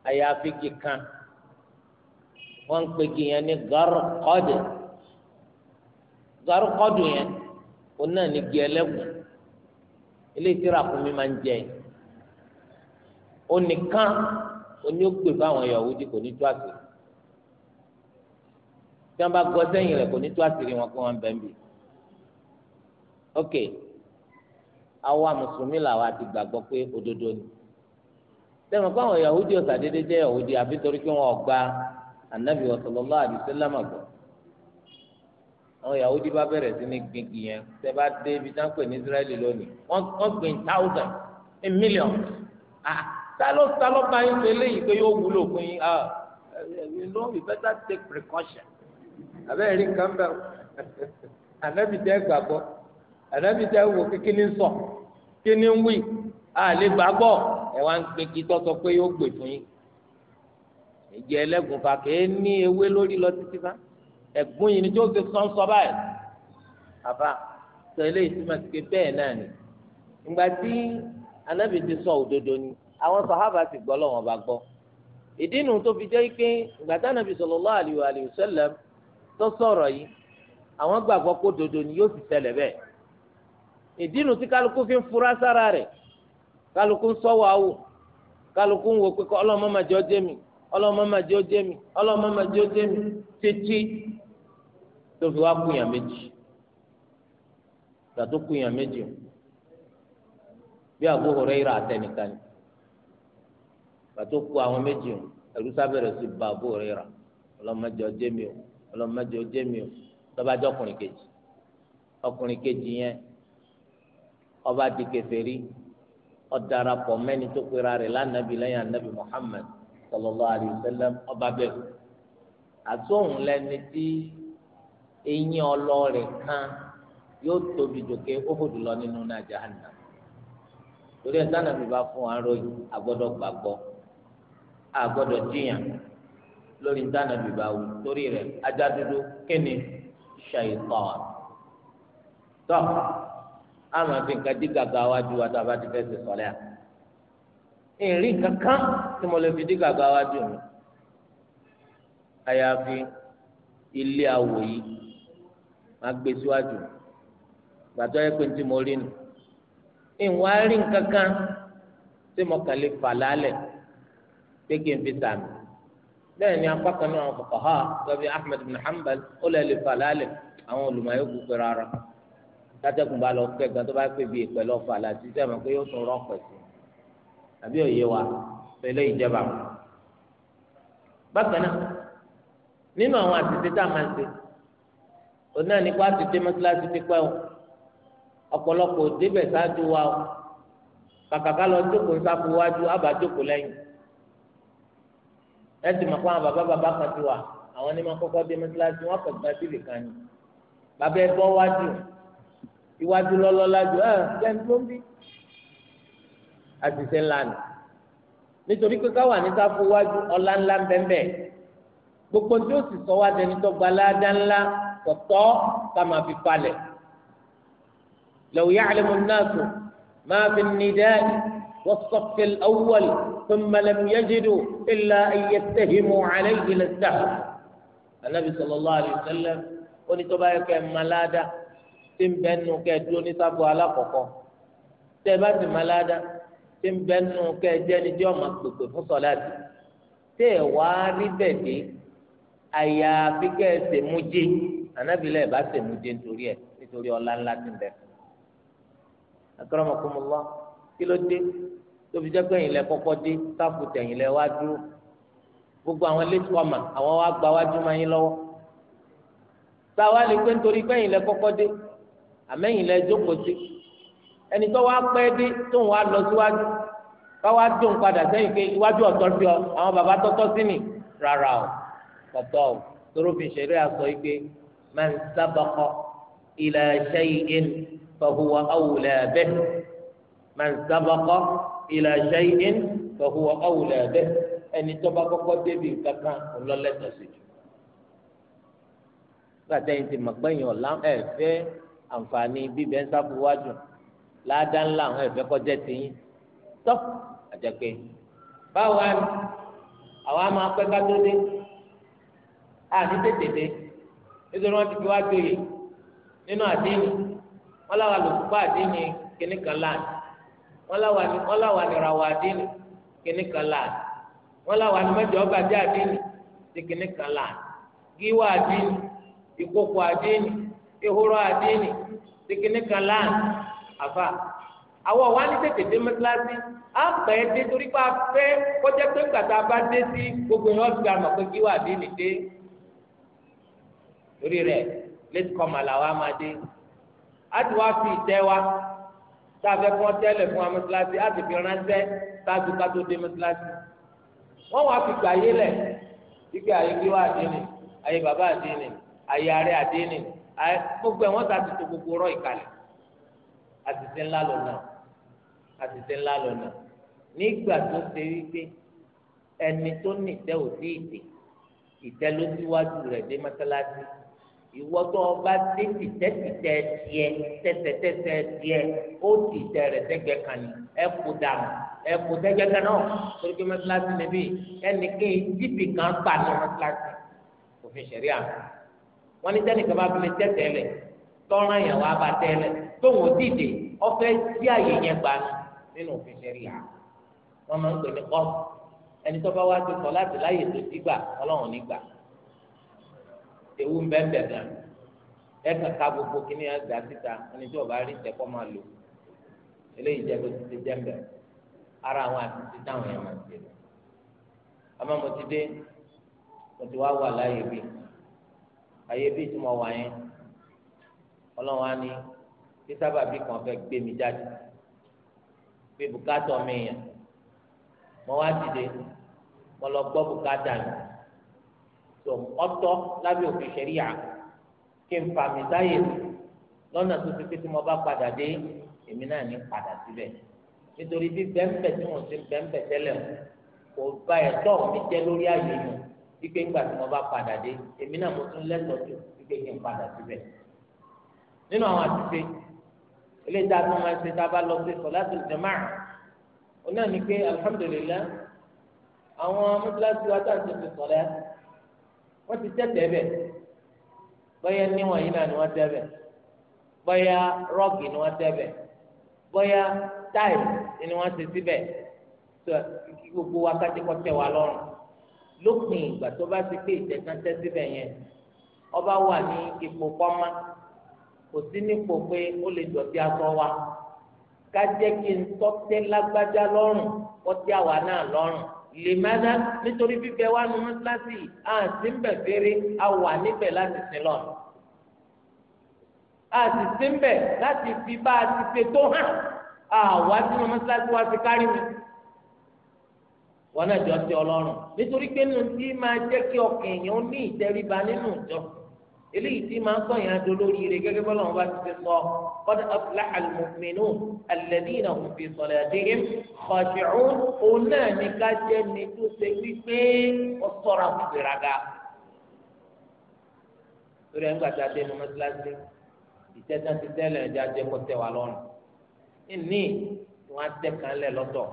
àyàfi kíkan wọn ń pè kíyẹn ní Garqad Garqad yẹn òun náà ní gí eléyìí tí ràkúnmí máa ń jẹ onìkan oní ògbè fáwọn Yahudi kò ní tó àṣírí tí wọn bá gbọ́ sẹ́yìn rẹ̀ kò ní tó àṣírí wọn kó wọn bẹ ń bì ok àwa mùsùlùmí làwa ti gbàgbọ́ pé òdodo ni sẹ́wọ̀n fáwọn Yahudi ọ̀sàdédé jẹ́ Yahudi àfi torí pé wọn ò gba anabi àwọn Yahudi bá bẹ̀rẹ̀ sí ní gbìngì yẹn tẹ́ bá dé ibi tá ń pè ní Israẹli lónìí wọ́n gbìn thousand a million ah talo talo bá yín pé léyìí pé yóò wúlò fún yín ah you know you better take precaution abẹ́rẹ́ rí nǹkan bẹ́ẹ̀ ànábì tẹ́ gbàgbọ́ ànábì tẹ́ wò kíkíní sọ kíní ń wí àlè gbàgbọ́ ẹ̀ wá ń gbégi tọ́tọ́ pé yóò gbè fún yín ìjẹ́ ẹlẹ́gùn fà kéé ní ewé lórí lọ títí bá. ẹ̀gbọ́n yìí ni tí ó ti sọ ń sọ báyìí àbá sọ eléyìí ti ké bẹ́ẹ̀ náà ni ìgbà tí ti sọ òdodo ni àwọn sàhábà ti gbọ́ lọ́wọ́n bá gbọ́ ìdí nu tó fi jẹ́ pé ìgbà tí anábì sallallahu alaihi wa sallam tó sọ̀rọ̀ yìí àwọn dodo ni yóò ti fi ń fura sára rẹ̀ kálukú ń wo pé ọlọ́mọ jẹ́ mi ọlọ́mọ jẹ́ mi ọlọ́mọ tó fi wá kúnyà méjì gbàtó kúnyà méjì o bí Abu Hurairah àtẹnìkan ni gbàtó kú àwọn méjì o ẹ̀rù sábẹ̀rẹ̀ sí ba Abu Hurairah ọlọ́mọdé ọjẹ́ mi o ọlọ́mọdé ọjẹ́ mi o lọ́ba jẹ́ ọkùnrin kejì ọkùnrin kejì yẹn ọba di kèfèrí ọdarapọ̀ tó pera rẹ̀ lánàbí lẹ́yìn anabi Muhammad sallallahu alaihi wasallam ọba bẹ́ẹ̀ àtúnhùn lẹ́ni tí. eyín ọlọ́ọ̀rẹ̀ kan yóò tóbi dòkè óhùdù lọ nínú náà jahannam torí ẹ̀ sáà nàbí bá fún wa ròyìn àgbọ́dọ̀ gbàgbọ́ àgbọ́dọ̀ jiyàn lórí dáná bìbá wù torí rẹ̀ ajá dúdú kíni tọ́ àmọ́ fi nǹkan dí gàgà wájú wa a bá ti sọ́lẹ́ à ìrì kankan tí mo lè fi máa gbé síwájú gbàtọ́ yẹ pé ntí mo rí nu ìwà rí nkankan tí mo kàn lè fà lálẹ̀ pé kí n fi sàmì bẹ́ẹ̀ ni apá kan náà kọ̀kọ́ ha lọ́bí Ahmed bin Hanbal ó lè lè fà lálẹ̀ àwọn olùmọ̀ọ́yọ́ kú pé rárá látẹ̀kùn bá lọ kẹ́ gan tó bá pè bí ìpẹ́ lọ fà láti sẹ́ mọ̀ pé yóò tún rọ́ pẹ̀ sí àbí òye wa pẹ̀lẹ́ ìjẹba bákan náà nínú àwọn àtẹ̀tẹ̀ tá a máa ń ṣe òun náà nípa ti dé mọ́tíláṣí ti pẹ́ o ọ̀pọ̀lọpọ̀ débẹ̀ ṣáájú wa o kàkàkà lọ jókòó sáfù wájú àbá jókòó lẹ́yìn ẹ ti mọ̀ pé àwọn bàbá bàbá kan ti wà àwọn ní ma kọ́kọ́ dé mọ́tíláṣí wọn kàn gba sílè kan ni bàbá ẹ bọ́ wájú iwájú lọ́lọ́lájú ẹ lẹ́nu tó ń bí àtìsẹ́ ńlá ni nítorí pé káwà ní sáfù wájú ọ̀la ńlá ń bẹ́ẹ̀ bẹ́ẹ̀ gbogbo tí ó sì sọ wá dẹni tó gba ládá kọ̀tọ́ ká máa fi falẹ̀ law ya'lamu an-nasu ma fi an-nida'i was-saff al-awwal thumma lam yajidu illa an yattahimu alayhi lẹ́sẹ̀ anabi sallallahu alayhi wa sallam onítọ́ba yẹ kẹ́ malada tí ń bẹ́ẹ̀ nù kẹ́ dúró ní sábọ̀ alákọ̀ọ́kọ́ tẹ́ ti malada tí ń bẹ nù kẹ jẹni tí ọmọ fún sọláàtì tẹ ẹ wá rí bẹ́ẹ̀ dé àyàfi kẹ ẹ sì anabi lẹ bá sẹmu jẹ nítorí ẹ nítorí ọlá ńlá ti bẹ akramakumullah kí ló dé tóbi jẹ pé ẹ̀yin lẹ kọ́kọ́ dé káfù tẹ̀yin lẹ wá dúró gbogbo àwọn lẹtọ ọmọ àwọn wa gba wájú máa yín lọ́wọ́ táwa lè pé nítorí pé ẹ̀yin lẹ kọ́kọ́ dé àmẹyìn lẹ jókòó sí ẹni tó wá pẹ́ dé tóun wá lọ síwájú káwá dùn padà sẹ́yìn pé iwájú ọ̀tọ̀ sí ọ àwọn bàbá tọ́tọ́ sí mi rárá o tọ̀tọ̀ o torófin ṣẹlẹ̀ àsọ yìí pé من سبق إلى شيء فهو أولى به من سبق إلى شيء فهو أولى به ẹni tó bá kọ́kọ́ débi kankan لا sí jù gbàtẹyìn tí mọgbẹyìn ọlá ẹ fẹ́ àǹfààní bíbẹ ń sáfúwájú ládàá ńlá àwọn ẹfẹ kọjá tiyín tọ àjẹpẹ báwo ni àwọn àmọ́ akpẹ ká tó dé àti tètè dé nítorí wọn ti fi wá gbèrè e nínú àdéhùn wọn làwọn àlùkùpá àdéhùn kìnnì kan láàánú wọn làwọn ànìràwọ àdéhùn kìnnì kan láàánú wọn làwọn ànìmọjọ ọgbà dé àdéhùn ti kìnnì kan láàánú gíwá àdéhùn ìkókò àdéhùn ìhóró àdéhùn ti kìnnì kan láàánú àfà àwọn wa ní tètè dé mẹsàlásì àpẹ dé torí pé a kọjá pé gbàtà bá dé sí gbogbo yẹn ọgbà mọ pé gíwá àdéhùn dé torí rẹ̀ lẹ́tìkọ́mà làwa máa dé á ti wá fi ìtẹ́ wa tá a fẹ́ kọ́ tẹ́lẹ̀ fún wa mọ́sálásí á ti fi ránṣẹ́ sáájú ká tó dé mọ́sálásí wọ́n wá fi gbàyé lẹ̀ ike àyè kí wá àdéhìn àyè bàbá àdéhìn àyè àrẹ àdéhìn àyè gbogbo ẹ̀ wọ́n ta ti tó gbogbo rọ ìkàlẹ̀ àtìsí ńlá lọ́nà àtìsí ńlá lọ́nà nígbà tó ṣe wípé ẹni tó nìtẹ́ òdì ìdè ìtẹ́ ló síwájú rẹ̀ dé mọ́sálásí ìwọ́tọ̀ ọba dé tìtẹ́tìtẹ́ tiẹ̀ tẹ́tẹ́tẹ́tẹ́ tiẹ̀ ó ti tẹ̀rẹ̀ tẹ́gbẹ́ kan ní ẹ̀kú dànù ẹ̀kú tẹ́gbẹ́ kan náà torí pé mẹ́tíláṣí níbí ẹnì kéyìí jíìpì kan gbà ní mẹ́tíláṣí òfin ṣẹ̀rí àná wọ́n ní sẹ́nìkan bá fi tẹ́tẹ́ lẹ̀ tọ́ran yẹn wá bá tẹ́ lẹ̀ tóun dìde ọfẹ́ sí àyè yẹn gbà nínú òfin ṣẹ̀rí àná wọ́n máa ń pè ní kọ́ ẹni tó bá wá ti sọ láti láyè tó ti gbà ọlọ́run ní gbà ewu ń bẹ́ẹ̀ bẹ̀ẹ̀ gan ẹ̀kan ká gbogbo kíní ẹ̀dá síta ẹni tí ọba rí ìtẹ́kọ́ máa lò eléyìí jẹ́ bó ti ti jẹ́ bẹ̀ẹ̀ ara àwọn àtúntí táwọn èèyàn máa ń ṣe àmọ́ mo ti dé mo ti wá wà láyé bí ayé bí tí mo wà yẹn ọlọ́run á ní tí sábàbí kan fẹ́ gbé mi jáde pé bùkátà mi yàn mo wá dìde mo lọ gbọ́ bùkátà yìí tó ọ̀tọ̀ lábẹ́ òfin ṣẹríà kí n fa mi sáyè lọ́nà tó ti pé tí mo bá padà dé èmi náà ní padà síbẹ̀ nítorí bí bẹ́ńbẹ̀ tí mo ti bẹ́ńbẹ̀ tẹ́lẹ̀ o kò bá ẹ̀tọ́ mi jẹ́ lórí ààyè mi wípé ńgbà tí mo bá padà dé èmi náà mo tún lẹ́tọ̀ọ́ tó wípé kí n padà síbẹ̀ nínú àwọn àtúnṣe eléyìí tá a máa ṣe tá a bá lọ sí sọláàtì jàmáà onáà ní pé alihamudulilayi àwọn mọ́tíláṣí wa tá a ti fi sọ̀rọ̀ wọ́n ti tẹ̀tẹ̀ bẹ̀ bóyá níwọ̀n yìí náà ni wọ́n tẹ̀ bẹ̀ bóyá rọ́ọ̀gì ni wọ́n tẹ̀ bẹ̀ bóyá táì ni wọ́n ti síbẹ̀ tó gbogbo wákàtí kọ́ tẹ̀ wá lọ́rùn lópin ìgbà tó bá ti pé ìtẹ̀sán tẹ́ síbẹ̀ yẹn ọba wà ní ipò pọ́nmá kò sí nípò pé ó lè dọ̀tí aṣọ wa ká kí n tọ́tẹ́ lágbájá lọ́rùn kọ́tí àwa náà lọ́rùn lèmẹ́dá nítorí bíbẹ wa nu mọ́tíláṣí àti ń bẹ̀ fèrè a wà níbẹ̀ láti sin lọ. a sì sí ń bẹ̀ láti fi bá a ti ṣe tó hàn a wá sínú mọ́tíláṣí wa ti kárí mi. wọn náà jọ ti ọlọ́run nítorí pé nínú tí máa jẹ́ kí ọkàn èèyàn ní ìtẹríba nínú ìjọ eléyìí tí máa ń sọ yẹn adó lórí rẹ gẹ́gẹ́ bọlọ wọn bá ti ti sọ kọdà ọfìlà àlùmọmìnú àlẹbí náà kò fi sọlẹ àdéhìm kọjọrún òun náà ní ká jẹ ní tó ṣe wípé ó ṣọ́ra fún ìgbéraga. lórí ẹ̀ńgbà tí a dé inú ìtẹ́tàn ti tẹ́lẹ̀ ẹ̀jẹ̀ ajẹ́ kó tẹ̀ wá lọ́rùn. ìní wọn á kan lẹ̀ lọ́tọ̀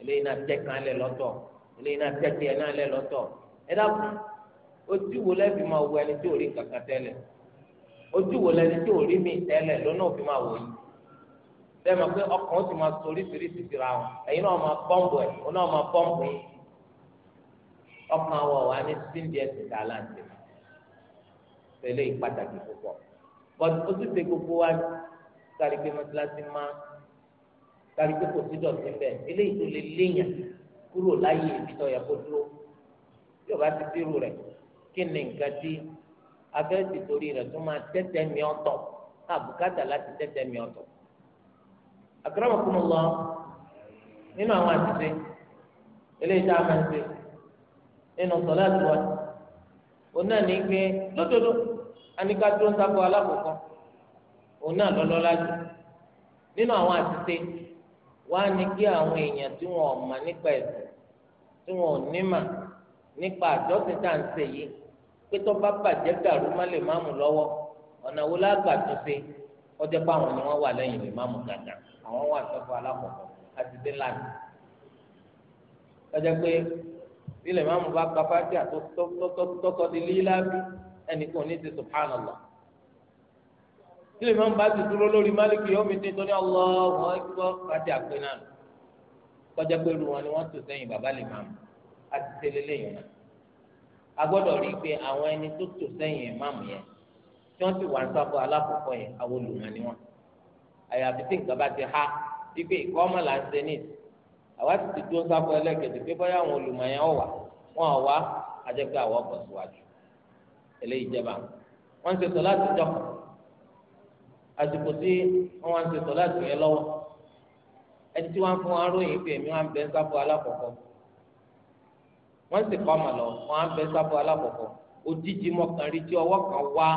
eléyìí náà tẹ̀ kan lẹ̀ lọ́tọ̀ eléyìí náà tẹ̀ tiẹ̀ lẹ̀ lọ́tọ̀ ẹ ojú wo lẹ́bi máa wo ẹni tí ò rí kankan tẹ́lẹ̀ ojú wo lẹ́ni tí ò rí mi tẹ́lẹ̀ lọ́nà òfin máa wò yìí sẹ́mi pé ọkàn ó ti máa sọ oríṣiríṣi ti ra wọn ẹ̀yin náà máa pọ́ǹpù ẹ̀ òun náà máa pọ́ǹpù yìí ọkàn wọ̀ wá ní síndìẹ̀ ti dà láǹtì tẹ̀lé ìpàtàkì púpọ̀ but ojúṣe gbogbo wa kárí pé mọ́tíláṣí máa kárí pé kò sí dọ̀tí bẹ́ẹ̀ eléyìí tó lè léèyàn kúrò láyé ibi yẹ kó dúró yóò bá ti dérò rẹ̀ kí ni nǹkan tí abẹ́sì torí rẹ̀ tó máa tẹ́tẹ́ mi ọ̀tọ̀ àbùkátà láti tẹ́tẹ́ mi ọ̀tọ̀. akramakumullah nínú àwọn àtúnṣe eléyìí tá a máa ń ṣe nínú sọlá àtiwá òun náà ní gbé lódodo aníká ń sábọ alákòókò òun náà jù nínú àwọn àtúnṣe wá ní kí àwọn èèyàn tí wọn mà nípa ẹ̀sìn tí wọn ò ní mà nípa àjọsìn tá à ń pé tó bá bàjẹ́ dàrú má lè máàmù lọ́wọ́ ọ̀nà wo lágbà tó ṣe ọjọ́ pé àwọn ni wọ́n wà lẹ́yìn lè máàmù gàdà àwọn wà sọ́kọ̀ alákọ̀ọ́kọ́ àti dé lánàá ọjọ́ pé bí máàmù bá gba fájì àtọ́tọ́ di líláàbí ẹnì kan ní ti subhanallah tí lè máàmù bá ti dúró lórí máàlìkì yóò mi dín tó ní Allahu akbar fájì àpè náà kọjá pé irú wọn ni wọ́n tò sẹ́yìn bàbá lè máàmù àti tẹ́lẹ̀ lẹ́yìn náà a gbọ́dọ̀ rí i pé àwọn ẹni tó tò sẹ́yìn ìmáàmù yẹn tí wọ́n ti wà ní sáfù alákọ̀ọ́kọ́ yẹn àwọn olùmọ̀ ni wọ́n àyàfi tí nǹkan bá ti há wípé ìkọ́ ọmọ là ń ṣe ní ìsìn àwa ti ti dúró sáfù ẹlẹ́kẹ̀dẹ̀ pé bóyá àwọn olùmọ̀ yẹn ọ̀ wà wọn ọ̀ wá àjẹpẹ́ àwọn ọkọ̀ síwájú eléyìí jẹba wọn ń ṣe sọ láti jọ àsìkò tí wọn wá ń ṣe sọ láti yẹn lọ́wọ́ ẹni tí wọn fún wa ròyìn pé èmi wá ń bẹ sáfù alákọ̀ọ́kọ́ wọ́n sì kọ́ ọmọ lọ wọ́n á bẹ sábọ̀ alákọ̀ọ́kọ́ òjijì mọ̀kàn rí tí ọwọ́ kan wá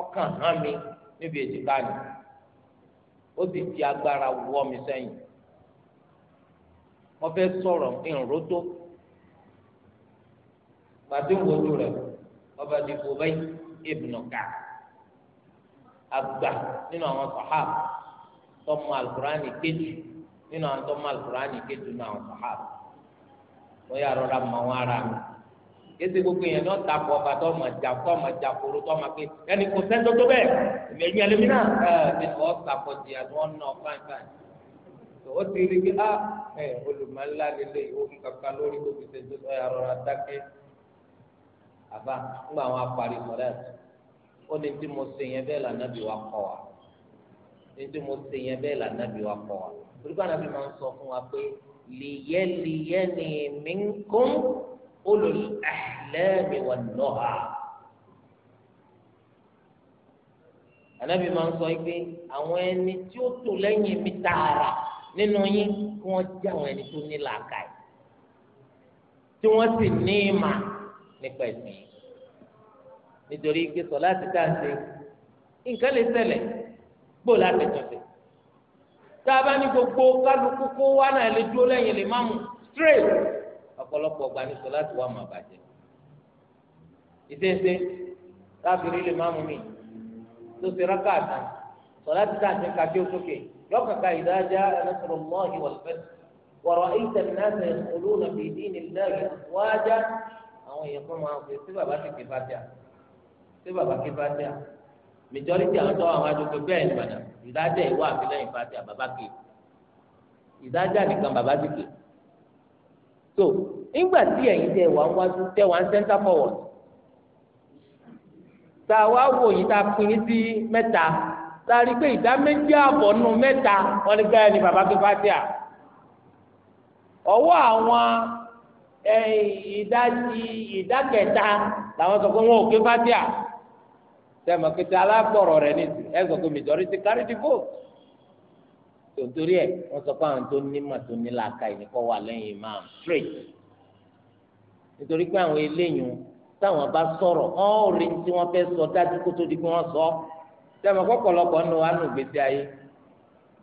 ọkàn hàn mi níbi èjìká mi ó sì di agbára wọ́ mi sẹ́yìn wọ́n fẹ́ sọ̀rọ̀ ìrùnrótó pàtó ìwòjú rẹ̀ ọba dìbò bẹ́ẹ̀ ìbùnàkà àgbà nínú àwọn sàhábà tọ́mọ alukurani kejì nínú àwọn tọ́mọ alukurani kejì nínú àwọn sàhábà wọ́n yà rọra mọ wọn ara kéde gbogbo yẹn ní ọ̀tà kọ ọba tó ọmọ ìjà kó ọmọ ìjà kóró tó ọmọ pé ẹni kò sẹ́ńtò tó bẹ́ẹ̀ ẹ̀yìn ẹlẹ́mí náà ẹ̀ ọ̀tà kọjì àti wọn nà fáin fáin ó ti rí bí a ah, ẹ̀ olùmọ̀lá lélẹ̀ ìwọ́n kankan lórí kó fi sẹ́ńtò tó yà rọra dákẹ́ àbá ńgbà wọn apari sọ̀rọ̀ ó ní tí mo ṣe yẹn bẹ́ẹ̀ lànà bí wa kọ̀ wá ní tí mo ṣe yẹn bẹ́ẹ̀ lìyẹ́lìyẹ́ni minkum ulul ahlami wan nuha. ànábì máa ń sọ pé àwọn ẹni tí ó tò lẹ́yìn mi tààrà nínú yín kí wọ́n jẹ́ àwọn ẹni tó ní làákàyè tí wọ́n sì ní ìmà nípa ẹ̀sìn yìí nítorí pé láti dáa ṣe nǹkan lè ṣẹlẹ̀ gbó láti tún tá a bá ní gbogbo kálukú kó wá náà lè dúró lẹ́yìn lè má mu straight ọ̀pọ̀lọpọ̀ ọgbà ní sọ láti wá máa bàjẹ́ ìdẹ́sẹ̀ láàbìrì lè má mu mi tó ti rákà àtàn sọ láti dáhùn kàkí òsókè yọkàkà ìdájá ẹlẹ́sọ̀rọ̀ mọ́ ìwà ìfẹ́sẹ̀ wọ̀rọ̀ ìtẹ̀ náà ṣe olóòlù bíi díìnì lẹ́yìn àwọn èèyàn kan máa ń pè sí bàbá kékeré bá dà sí bàbá kékeré bá dà majority àwọn tó àwọn adókè bẹ́ẹ̀ ní padà ìdájọ́ ìwà àfilẹ́yìn fati àbábá kè ìdájọ́ nìkan bàbá ti kè so nígbà tí ẹ̀yin tẹ wà ń wájú tẹ wà ń center forward tá a wá wò yìí tá a pín in sí mẹ́ta tá a rí i pé ìdá méjì àbọ̀ nù mẹ́ta wọ́n ní gbáyà ní bàbá kè fati à ọwọ́ àwọn ìdá kẹta làwọn sọ pé wọn ò kè fati à sẹ́mi kìtà alágbọ̀rọ̀ rẹ̀ ní ìsìn ẹ̀ sọ pé majority carry the vote tòǹtòrí ẹ̀ wọ́n sọ straight nítorí pé àwọn eléyìn táwọn bá sọ̀rọ̀ wọ́n ò rí tí wọ́n fẹ́ sọ dájú kó tó di pé wọ́n sọ sẹ́mi kọ́pọ̀lọpọ̀ nù wà nù gbèsè ayé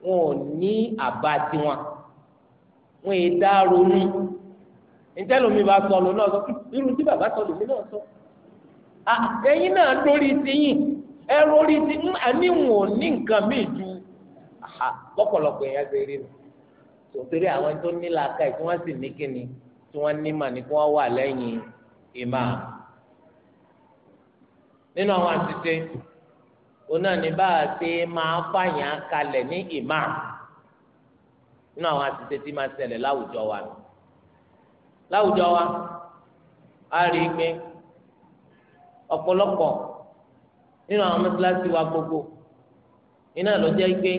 wọn ò ní àbá tiwọn wọn è dá ronú ìtẹ́lómi bá sọ lónà sọ irun tí bàbá sọ lómi náà Ah, ẹ̀yin náà lórí tiyín ẹ lórí ti ń mm, àníwò ní nǹkan míì ju lọ́pọ̀lọpọ̀ èèyàn ṣe rí mi torí àwọn tó ní làákàyè tí wọ́n sì ní kíni tí wọ́n ní mà ní kí wọ́n wà lẹ́yìn ìmọ̀ nínú àwọn àtúnṣe oná ní bá a ṣe máa fàyàn kalẹ̀ ní ìmọ̀ nínú àwọn àtúnṣe tí máa ṣẹlẹ̀ láwùjọ wa láwùjọ wa a rí i pé ọ̀pọ̀lọpọ̀ nínú àwọn mọ́sálásí wa gbogbo iná ló jẹ́ pé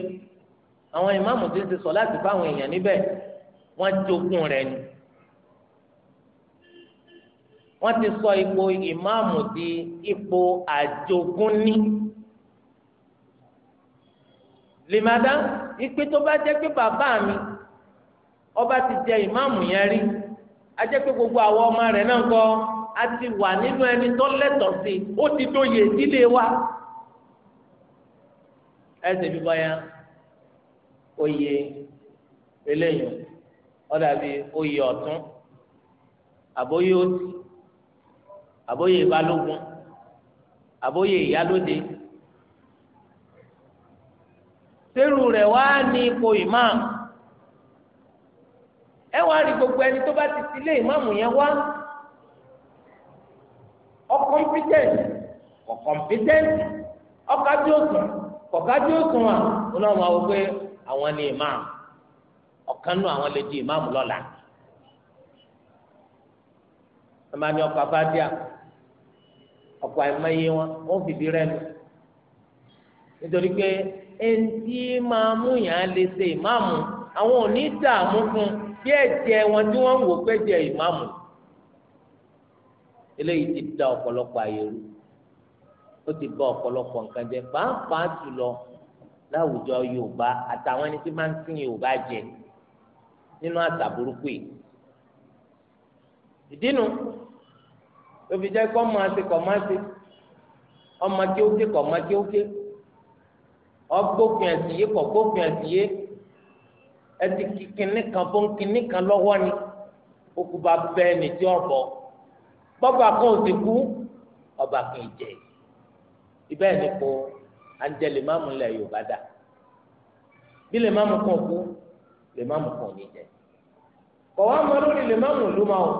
àwọn ìmáàmù ti ti sọ láti fáwọn èèyàn níbẹ̀ wọ́n jogún rẹ̀ ni wọ́n ti sọ ipò ìmáàmù di ipò àjogúnní lèmàdá ìpè tó bá jẹ́ pé bàbá mi ọba ti jẹ ìmáàmù yẹn rí a jẹ́ pé gbogbo àwọn ọmọ rẹ̀ náà kọ́ a ti wà nínú ẹni tó lẹ́tọ̀ọ́ sí ó ti dóye ìdílé wa ẹsẹ̀ bí báyà oyè eléyìí ọ̀dà bí oyè ọ̀tún àbóyè òsì àbóyè balógun àbóyè ìyálóde sẹ́rù rẹ̀ wá ní ipò ìmáàmù ẹ wá rí gbogbo ẹni tó bá ti ti lé ìmáàmù yẹn wá ọkọmpitẹnti ọkọmpitẹnti ọkadì òsùn kọkadì òsùn à Ọlọ́run àwọn pé àwọn ni imam ọ̀kan nù àwọn lè di imam lọ́la ẹmọ ni ọkọ abadíà ọkọ àìmọye wọn wọn fìdí rẹnu nítorí pé ẹnití máàmù yàn án lè ṣe ìmáàmù àwọn ò ní dààmú fún bí ẹ̀jẹ̀ wọn tí wọ́n wò pé jẹ́ ìmáàmù eléyìí ti da ọ̀pọ̀lọpọ̀ àyè rú ó ti bá ọ̀pọ̀lọpọ̀ nǹkan jẹ pàápàá jùlọ láwùjọ yorùbá àtàwọn ẹni tí máa ń sìn yorùbá jẹ nínú àṣà burúkú yìí ìdínú tóbi jẹ́ kó máa ṣe kó máa ṣe ọmọ kéwké kó máa kéwké ọgbófin ẹ̀sìn yé kó gbófin ẹ̀sìn yé ẹtì kìnnìkan fún kìnnìkan lọ́wọ́ ni ó kú bá bẹ́ẹ̀ ní tí ọ̀bọ̀ bọ́ba kan ò ti kú ọba kan ì jẹ ibẹ̀ ni kò anjẹlẹ mamu lẹ Yorùbá dà bí lè mamu kan kú lè mamu kan ní jẹ kọ̀wá mọ lórí lè mamu ló ma o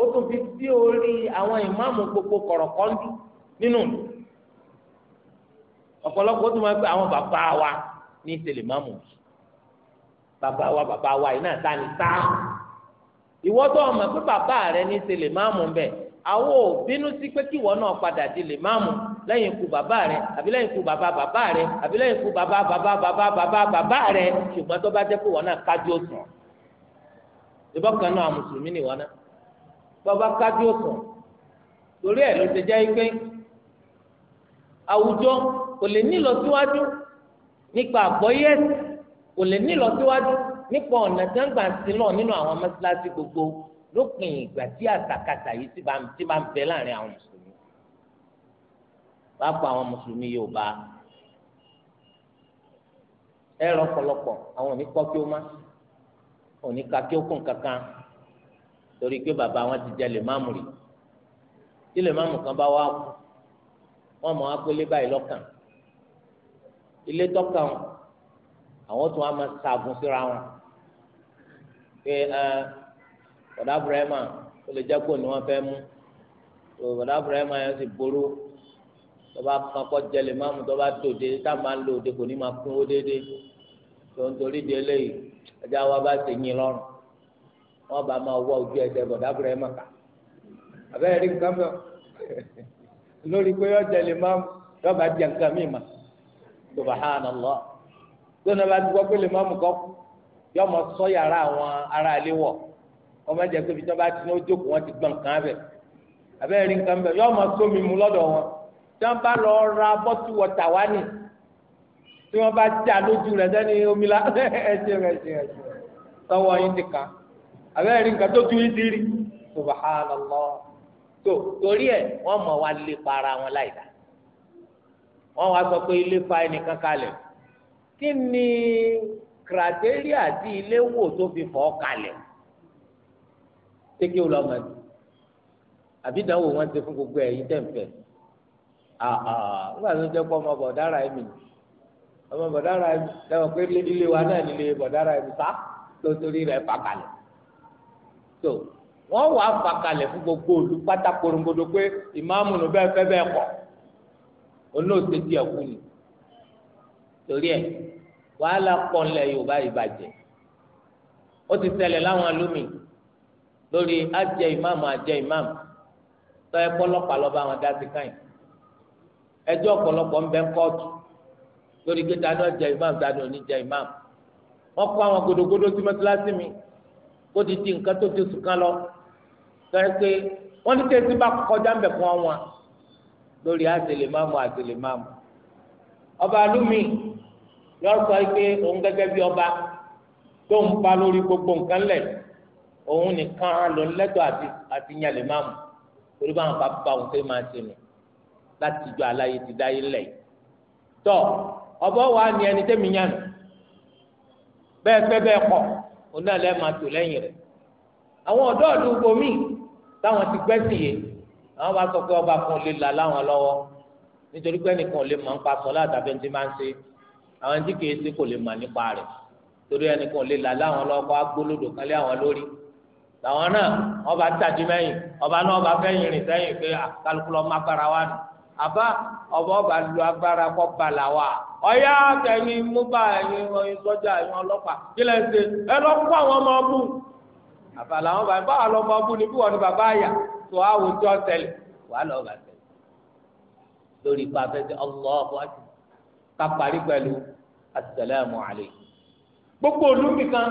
ó tún fi sí orí àwọn ìmáàmù gbogbo kọ̀rọ̀kọ́ndù nínú ìlú ọ̀pọ̀lọpọ̀ tó máa ń pè àwọn bàbá wa ní ìṣẹ̀lẹ̀ máàmù bàbá wa bàbá wa yìí náà sáà ní sáà ìwọ tó ọmọ pé bàbá rẹ ní ṣe lè má mú bẹ àwọn ò bínú sí pé kí ìwọ náà padà di lè má mú lẹ́yìn ikú bàbá rẹ àbí lẹ́yìn ikú bàbá bàbá rẹ àbí lẹ́yìn ikú bàbá bàbá bàbá bàbá bàbá rẹ ṣùgbọ́n tó bá jẹ́ pé ìwọ náà kájú òsùn ìbọn kan náà mùsùlùmí ni ìwọ náà bàbá kájú òsùn torí ẹ̀ ló ti jẹ́ pé àwùjọ kò lè ní ìlọsíwájú nípa àgbọ́yé kò lè ní ìlọsíwájú nípa ọ̀nà tí wọ́n gbà sí lọ nínú àwọn mọ́sálásí gbogbo lópin ìgbà tí àtàkàtà yìí ti máa ń bẹ láàrin àwọn mùsùlùmí pàápàá àwọn mùsùlùmí yóò bá ẹ rọ pọ̀lọpọ̀ àwọn òní kọ́ kí ó má òní ka kí ó kún kankan torí pé bàbá wọn ti jẹ lè má mú rí tí lè má mú kan bá wà kú wọn mọ akpélé báyìí lọ́kàn ilé tọ́kàn àwọn tó wà máa ṣaagun síra wọn pé ẹ ah, bọ̀dá burẹ́mà ó lè jẹ́ ni wọ́n fẹ́ mú bọ̀dá burẹ́mà yẹn sì ború tọba kankọ jẹlẹ máa mú tọba tó de tá máa ń lo òde kò ní máa kún ó déédéé tó ń torí de eléyìí ẹjẹ àwa bá ti yin lọ́rùn wọn bá máa wọ ojú ẹsẹ̀ bọdà bẹrẹ mọ ká abẹ́rẹ́ rí nǹkan mọ́ lórí pé yọ jẹlẹ máa mú tọba jẹ nǹkan mí ma tó bá ti gbọ́ pé yọ ọmọ sọ yàrá àwọn ará ilé wọ̀ ọmọ jẹ pé ibi tí wọ́n bá ti ní ó jókòó wọ́n ti gbọ̀n kan bẹ̀ abẹ́rẹ́ rí nǹkan bẹ̀ yọ ọmọ sómi mu lọ́dọ̀ wọn tí wọ́n bá lọ ra bọ́tù wọ̀tà wá nì tí wọ́n bá já lójú rẹ̀ sẹ́ni omi la ẹ̀ṣẹ̀ rẹ̀ ẹ̀ṣẹ̀ rẹ̀ tọwọ́ yín ti kàn abẹ́rẹ́ rí nǹkan tó tún yín ti rí subhanallah tó torí ẹ̀ wọ́n mọ̀ wá lé para wọn láì dá wọ́n wá sọ pé ilé fa ẹnìkan kalẹ̀ kí ni kìràtẹ́rì àti ilé wò tó fi fọ́ kalẹ̀ tẹ́kẹ́ ọlọ́mọ ẹ̀ àbí ìdánwò wọn ti fún gbogbo ẹ̀yìn tẹ̀m̀fẹ̀ nígbà tó jẹ́ pé ọmọ bọ̀dára ẹ̀mí ọmọ bọ̀dára ẹ̀mí lẹ́wọ̀n pé ilé wa náà nílé bọ̀dára ẹ̀mí sá ló torí rẹ̀ fà kalẹ̀ tó wọ́n wàá fà kalẹ̀ fún gbogbo olú pátá korongodo pé ìmáàmù ló bẹ́ẹ̀ fẹ́ bẹ́ẹ̀ kọ̀ onóòtú ti ẹ̀kú ni torí ẹ̀ wàhálà pọ̀ ńlẹ̀ yorùbá ìbàjẹ́ ó ti ṣẹlẹ̀ láwọn alómi lórí ajẹ́ ìmáàmù ajẹ́ ìmáàmù tọ́ ẹ pọ́lọ́pàá lọ́ba àwọn dási káyìn ẹjọ́ ọ̀pọ̀lọpọ̀ ń bẹ kóòtù lórí pé dáná jẹ ìmáàmù dáná òní jẹ ìmáàmù wọ́n kọ́ àwọn gòdògòdò sí mọ́tíláṣí mi kó ti di nǹkan tó ti sùn kán lọ tọ́ ẹ pé wọ́n ní tẹ́sí bá kọjá ń bẹ̀ fún wọn lórí àtẹlẹ́máàmù àtẹlẹ́máàmù ọba alómi yọ sọ pé òun gẹ́gẹ́ bí ọba tó ń pa lórí gbogbo nǹkan lẹ̀ òun nìkan ló ń lẹ́tọ̀ àti àti yànlẹ̀ máa mú torí báwọn bá bá òun pé máa ṣe nù láti jọ aláyé ti dá yín lẹ̀ tọ́ ọ̀bọ wa ni ẹni tẹ́mi yànnà bẹ́ẹ̀ pẹ́ bẹ́ẹ̀ kọ̀ òun náà lẹ́ẹ̀ máa tò lẹ́yìn rẹ̀ àwọn ọ̀dọ́ àdúgbò míì táwọn ti gbẹ́sì yé àwọn bá sọ pé ọba kan lè là láwọn lọ́wọ́ nítorí pé ẹnìkan ò lè máa ń pa sọ láàtàbẹ́ntì máa ń ṣe àwọn tí kìí sí kò lè mà nípa rẹ̀ torí ẹnìkan lè là láwọn lọ́kọ́ agbólódò kálí àwọn lórí làwọn náà ọba tàjú mẹ́yìn ọba náà ọba fẹ́yìn rìn sẹ́yìn pé kálukú lọ́ọ́ má bára wa nù àbá ọba ọba lu agbára kọ́ bala wa ọ̀yá kẹ́yìn múbà ẹ̀yìn ọ̀yìn sọ́jà ẹ̀yìn ọlọ́pàá kí lẹ́ ń ṣe ẹ lọ kó àwọn ọmọ ọbú àbá làwọn bá báwa lọ ọmọ ọbú ni bí wọn ni bàbá àyà tó àwùjọ tẹlẹ wàá lọ bàtẹ lórí ká parí pẹ̀lú asalaamu aleykum gbogbo olùkí kan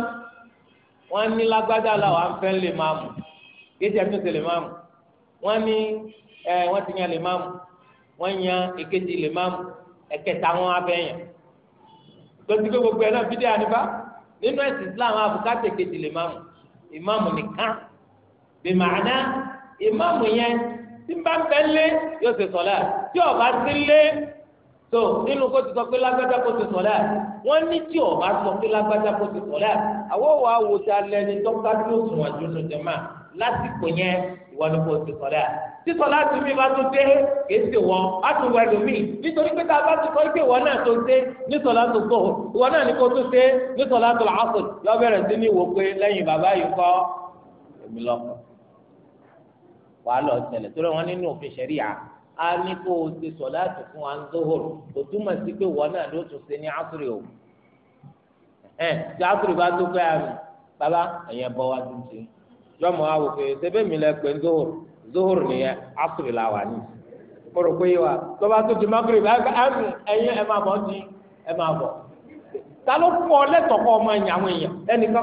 wọn ní lágbájá làwọn afẹ́ lè máa mú kéjì àti ọ̀sẹ̀ lè máa mú wọn ní ẹ wọn ti yan lè máa mú wọn yan èkejì lè máa mú ẹ̀kẹta wọn abẹ́ yàn lọ́sí pé gbogbo ẹ̀ náà fídíò àníbá nínú ẹ̀sìn Islam abùkátà èkejì lè máa mú ìmáàmù nìkan bí màánà ìmáàmù yẹn tí n bá ń bẹ́ lé yóò ṣe sọ̀lá tí ọ̀bá sí lé tó nínú kó ti sọ pé lágbájá kó ti sọlẹ wọn ní tí ọba sọ pé lágbájá kó ti sọlẹ àwọn wàá lẹni tọ́ka tó sùn àjò sùn máa lásìkò yẹn ìwọ ni kó ti sọlẹ tí sọlá tí mi bá tó dé kìí ṣe wọn á tún wọ ẹlòmíì nítorí pé tá a bá ti sọ pé ìwọ náà tó dé ní sọlá tó gbọ náà ni kó tó dé ní sọlá tó làásù lọ bẹ̀rẹ̀ sí ní wò pé lẹ́yìn bàbá yìí kọ èmi lọkọ wàá lọ ṣẹlẹ̀ tó a ní kó o sọ láti fún wa ń zohoro kò túmọ̀ sí pé wọ́n náà ló tún ṣe ní o ẹ tí asiri bá tó pé àmì bàbá ẹ̀yẹ bọ́ wá yọmọ awo pé ṣẹbẹ́ mi lẹ pé ń nìyẹn la wà ní mo rò pé wa tó bá tó ti bá àmì ẹ̀yẹ ẹ̀ máa bọ̀ ẹ̀ máa bọ̀ ta ló ọmọ ẹ̀yìn àwọn èèyàn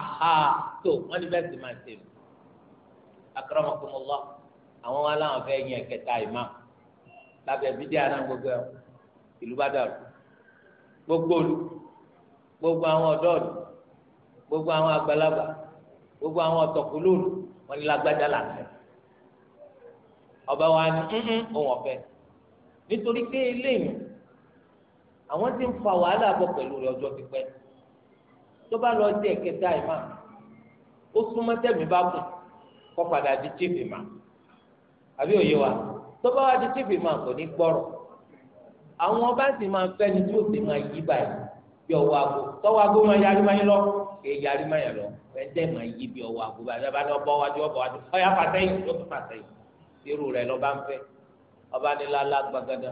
aha tó wọ́n ní bẹ́ẹ̀ sì akramakumullah àwọn wa láwọn fẹ́ yẹn kẹta imam lábẹ́ bídíà náà gbogbo ẹ̀ ìlú bá dàrú gbogbo olú gbogbo àwọn ọ̀dọ́ ọ̀dọ́ gbogbo àwọn àgbàlagbà gbogbo àwọn ọ̀tọ̀kùlóòlù wọn ni lágbájá làǹfẹ ọba wa ni ohun ọ̀fẹ́ nítorí pé eléyìí àwọn tí ń fa wàhálà bọ̀ pẹ̀lú rẹ̀ ọjọ́ pípẹ́ tó bá lọ jẹ́ kẹta ìmọ̀ ó súnmọ́ tẹ̀mí bá kù kọ́ padà di chief imam àbí òye wa tó bá wá di chief imam kò ní gbọ́rọ̀ àwọn ọba sì máa fẹ́ ni tí ó sì máa yí báyìí bí ọwọ́ àgbo tọ́wọ́ àgbo máa yarí máa yín lọ kì í yarí máa yín lọ ẹ̀ńtẹ́ máa yí bí ọwọ́ àgbo báyìí bá lọ́ bọ́ wájú ọ̀bọ̀ wájú ọ̀yà pàtẹ́yìn ló pàtẹ́yìn irú rẹ̀ lọ́ba ń fẹ́ ọba nílá lágbàgádà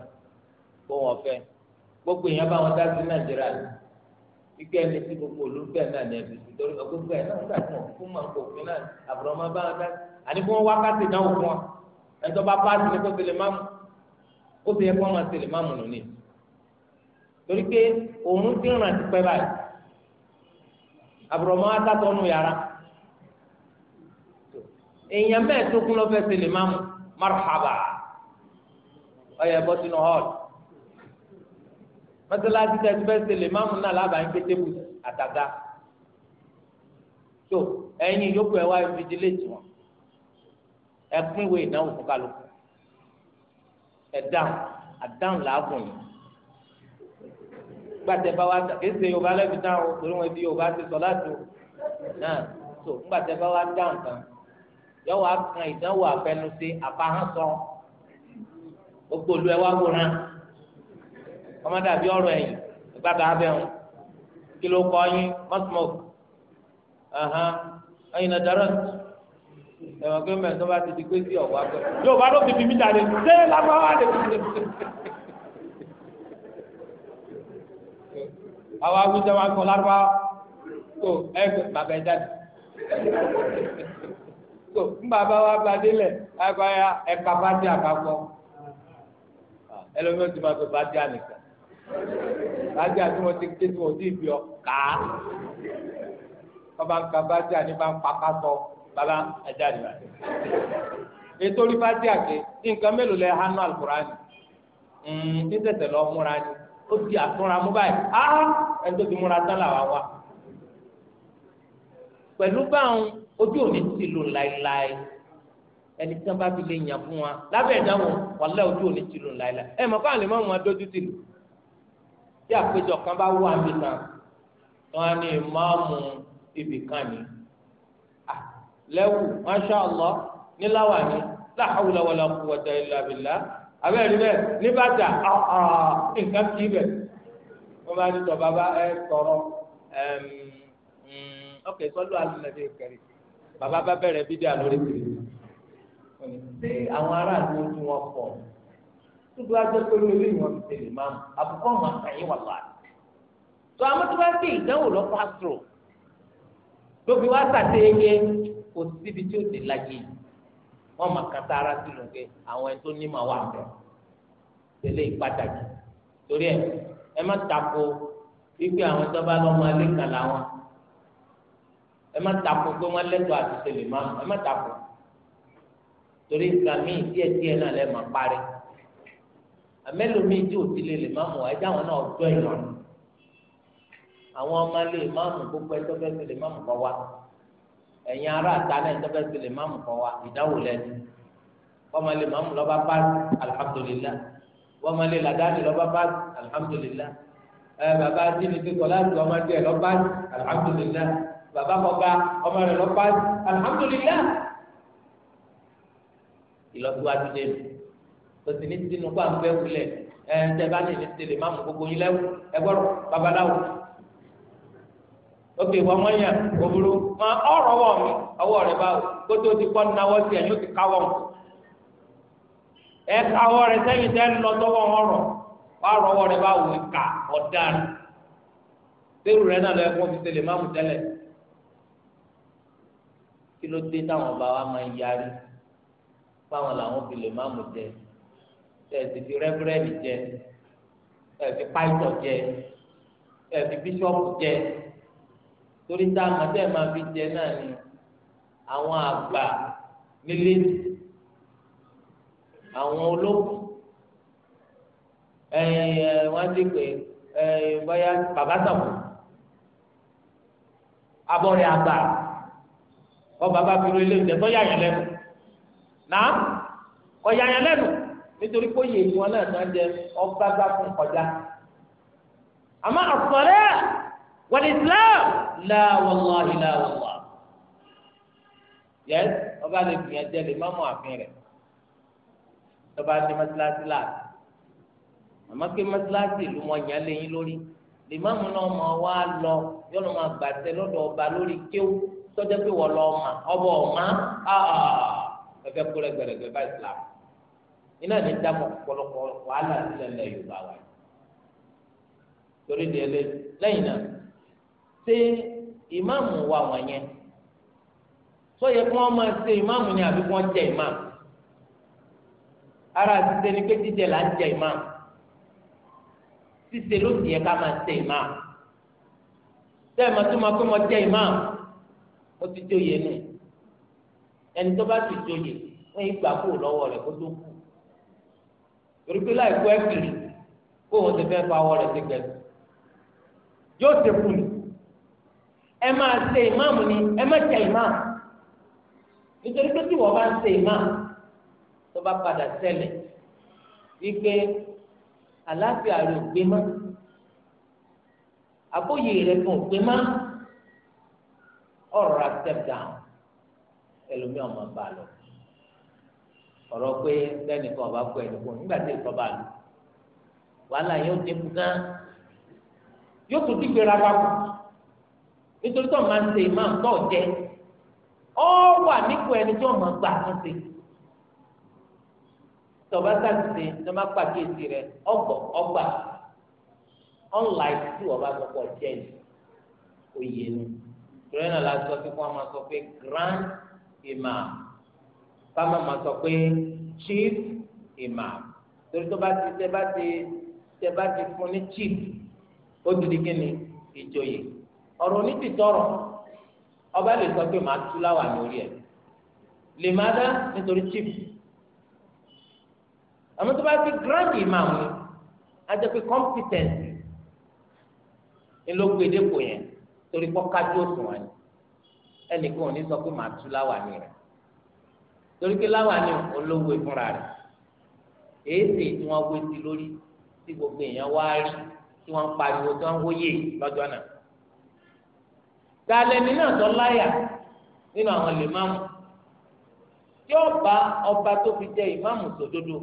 kó wọ́n fẹ́ gbogbo èèyàn bá wọn dá sí Nàìjíríà ike ẹni tí gbogbo olùgbẹ́ náà ní ẹbí torí gbogbo ẹ náà nígbà tí wọn fún mọ nǹkan òfin náà àbúrò ọmọ bá wọn dá àní fún wọn wákàtí náà fún wọn ẹjọ bá paasi ní kó tẹlẹ máàmù ó ti yẹ kó máa tẹlẹ máàmù torí pé òun ti rìn àti pẹ́ báyìí àbúrò ọmọ nù yàrá èèyàn mẹ́ẹ̀ẹ́dógún lọ́fẹ́ tẹlẹ máàmù marhaba ọ̀yẹ̀ bọ́ hall mọ́sálásí tẹ́ ti fẹ́ ṣe lè máàmù náà lábàá ń gbé tébù àtàgà tó ẹ̀yin yòókù ẹ̀ wá fìdíléètì wọn ẹ pín ìwé ìnáwó fún kálukú ẹ dáhùn àdáhùn làágùn yìí gbàtẹ bá wa dà kése yorùbá lẹbi dáhùn torí wọn fi yorùbá ti sọ láti o náà tó gbàtẹ bá dáhùn kan yọ wá ìdánwò àfẹnusí àfahàn sọ gbogbo olú ẹ wá wòran ọmọ dàbí ọ̀rọ̀ ẹ̀yìn ìgbàgbà abẹ́hùn kí ló kọ́ yín mọ́tìmọ́k ẹ̀yìn náà dáràn ẹ̀wọ̀n pé mẹ́rin tó bá ti di pé sí ọ̀wá pẹ́ yóò bá ló fi fi mí jáde ṣé lágbáwá lè fi ṣe. àwọn awùjọ wa kọ lágbáwá tó ẹ̀ bàbá ẹ̀ jáde tó nbàbá wa gba délẹ̀ àgbáyà ẹ̀ka bá dé àbákọ́ ẹlòmíràn ti máa fẹ́ bá dé ànìkà bájà tí wọ́n ti ké tí wọ́n ti bí ọ kàá ọba ń ka bájà ní bá ń pàkà sọ bàbá ẹja rẹ ètò orí bájà ké nǹkan mélòó lẹ hánú alukurani ní tẹ̀tẹ̀ lọ múra ni ó di àtúnra mú báyìí áá ẹni tó ti múra tán là wá wá pẹ̀lú báwọn ojú òní ti lò láéláé ẹni tí wọn bá fi lè yàn fún wa lábẹ́ ìdáhùn wàlẹ́ ojú òní ti lò láéláé ẹ mọ̀ káwọn lè má wọn adójú ti lò tí àpéjọ kan bá wà níbi kan wọn á ní ìmáàmù ibì kan ní. lẹ́wù masha allah níláwà ní la hawla wala quwwata illa billah abẹ́rẹ́ bẹ́ẹ̀ ní bàtà nǹkan kì í bẹ̀. wọ́n bá ní tọ́ bàbá ẹ tọrọ mm, ok sọ́dọ̀ alùpùpù kẹrì bàbá bá bẹ̀rẹ̀ bídíà lórí kiri. ṣé àwọn aráàlú ń wọn pọ̀? tó bá jẹ́ pé lórí ìwọ̀n ti tẹ̀lé máa mú àbùkù ọ̀hún àtàyè wà láàyè. tó àwọn tó bá gbé ìdánwò lọ pásítọ̀ tó fi wá sàtẹ́yẹ kò síbi tí ó ti lajì wọ́n máa kàn tá ara sí lòun pé àwọn ẹni tó ní màá wà bẹ́ẹ̀ tẹ̀lé ìpàtàkì torí ẹ ẹ má tako wípé àwọn tó bá lọ́mọ alẹ́ kan láwọn ẹ má tako pé wọ́n lẹ́tọ̀ọ́ àti tẹ̀lé máa ẹ má tako torí nǹkan míì díẹ̀díẹ̀ náà lẹ́ẹ̀ máa parí amẹ́lòmíì tí ò ti lè lè máàmù wá ẹjẹ́ àwọn náà gbọ́ ìlànà àwọn ọmọ lè máàmù gbogbo ẹ tó fẹ́ ti lè máàmù kọ́ wa ẹ̀yin ará àta náà tó fẹ́ ti lè máàmù kọ́ wa ìdáwò lẹ́nu ọmọ lè máàmù lọ́ba bá alihamudulilayi ọmọ lè làdáni lọ́ba bá alihamudulilayi ẹ bàbá jíni kíkọ láti ọmọ díẹ̀ lọ́ba alihamudulilayi bàbá kọba ọmọ rẹ lọ́ba alihamudulilayi ìlọsíwájú dé tòsí ní tinú kó àwọn bẹ́ẹ̀ wulẹ̀ ẹ tẹ bá nílé tẹlẹ má mú gbogbo yín lẹ́wọ́ ẹgbọ́rọ̀ babaláwo ókè wọ́n mọ̀ yàn òbúrú mà ọ̀rọ̀ wọ̀ mí ọwọ́ rẹ̀ báwo kótó ti pọ́ náwó tiẹ̀ yóò ti káwọ́ mu ẹ káwọ́ rẹ̀ sẹ́yìn tẹ́ ń lọ sọ́wọ́ ọ̀rọ̀ ọ̀rọ̀ wọ̀ rẹ̀ báwo ìka ọ̀daràn sẹ́rù rẹ̀ náà lọ ẹ̀kọ́ fi tẹlẹ má mú tẹ́lẹ̀ kí ló dé táwọn ọba máa tẹ̀sí fi rẹ́búrẹ́dì jẹ tẹ̀sí pàìtọ̀ jẹ tẹ̀sí bíṣọ́ọ̀pù jẹ torí tá a mọ̀ tẹ́ ẹ̀ máa fi jẹ náà ni àwọn àgbà nílé àwọn olókùn wọ́n ti pè bóyá bàbá sàmù abọ́rẹ́ àgbà ọ bàbá fi ro ilé ìjẹ́ tó yà yẹn lẹ́nu náà kọ yẹn lẹ́nu nítorí pé òye ìwọ̀n náà náà jẹ ọgbà gbà fún kọjá àmọ́ àfọ̀rẹ́ wọlé islam láwọlọ́ ìlàwọlọ́ yẹn ọba lè gbìyànjẹ lè má mọ àfin rẹ tọba ṣe mọ́sálásí láàbù àmọ́ pé mọ́sálásí ìlú wọn yàn léyìn lórí lè má mú náà mọ wá lọ yọ̀nà máa gbàtẹ lọ́dọ̀ ọba lórí kéwù tọ́jọ́ pé wọ́n lọ́ọ́ mà ọba ah, ah, ah iná ní dámọ̀ pọ̀lọpọ̀ wàhálà sílẹ̀ yorùbá wa torí délé lẹ́yìn náà ṣé ìmáàmù wa wọ̀nyẹn tó yẹ kí wọ́n máa ṣe ìmáàmù ni àbí wọ́n jẹ ìmáàmù ara ṣiṣẹ́ ni pé jíjẹ là ń jẹ ìmáàmù ṣíṣe ló sì yẹ ká máa ṣe ìmáàmù tẹ́ ẹ̀ máa tún máa pé mo jẹ ìmáàmù mo ti jóye nù ẹni tó bá ti jóye wọ́n yí gbà lọ́wọ́ rẹ̀ kó tó kù torí pé láì kú ẹ̀kìlì kó o ti fẹ́ fa ọwọ́ rẹ̀ sí gbẹ̀dù yóò ṣe kú ni ẹ máa ṣe ìmáàmù ni ẹ má ṣe ìmáàmù nítorí pé tí wọ́n bá ń ṣe ìmáàmù tó bá padà ṣẹlẹ̀ wípé àlàáfíà rẹ̀ ò gbé mọ́ àbóyè rẹ̀ kàn ò gbé mọ́ ọ̀rọ̀ ra step down ẹlòmíràn máa bá a lọ ọ̀rọ̀ pé sẹ́nìkan ọba kọ ẹnìkan nígbà tí ìtọ́ bá lò wàhálà yóò dínkù gán yóò tún dígbéra bá kù nítorí tó máa ń ṣe máa ń tọ̀ jẹ ọ wà nípò ẹni tó máa gbà kan ṣe tọba sáàtì ṣe tó máa pàkíyèsí rẹ ọgbọ ọgbà unlike tí wọn bá sọ pé ọjẹ ni oyè ni tìrẹ́nà la sọ pé kí wọ́n máa sọ pé grand imam ká má sọ pé chief imam torí tó bá ti tẹ bá ti tẹ bá ti fún ní chief ó dìde kíni ìjòyè ọ̀rọ̀ onítìtọ́rọ̀ ọba lè sọ pé màá tú láwà lórí ẹ̀ lè má dá nítorí chief àmọ́ tó bá ti grand imam ni á pé competent ńlọ gbèdéko yẹn torí kọ́ kájú òsùn wọn ẹnìkan ò ní sọ pé màá tú láwà ní rẹ̀ torí pé láwàní olówó ìfúnra rẹ̀ èéfì tí wọ́n wé sí lórí tí gbogbo èèyàn wá rí tí wọ́n ń pariwo tí wọ́n ń wóye lọ́jọ́ náà. Tàlẹ́ni náà tọ́ láyà nínú àwọn lèmáàmù tí ó bá ọba tó fi jẹ ìmáàmù sòdodo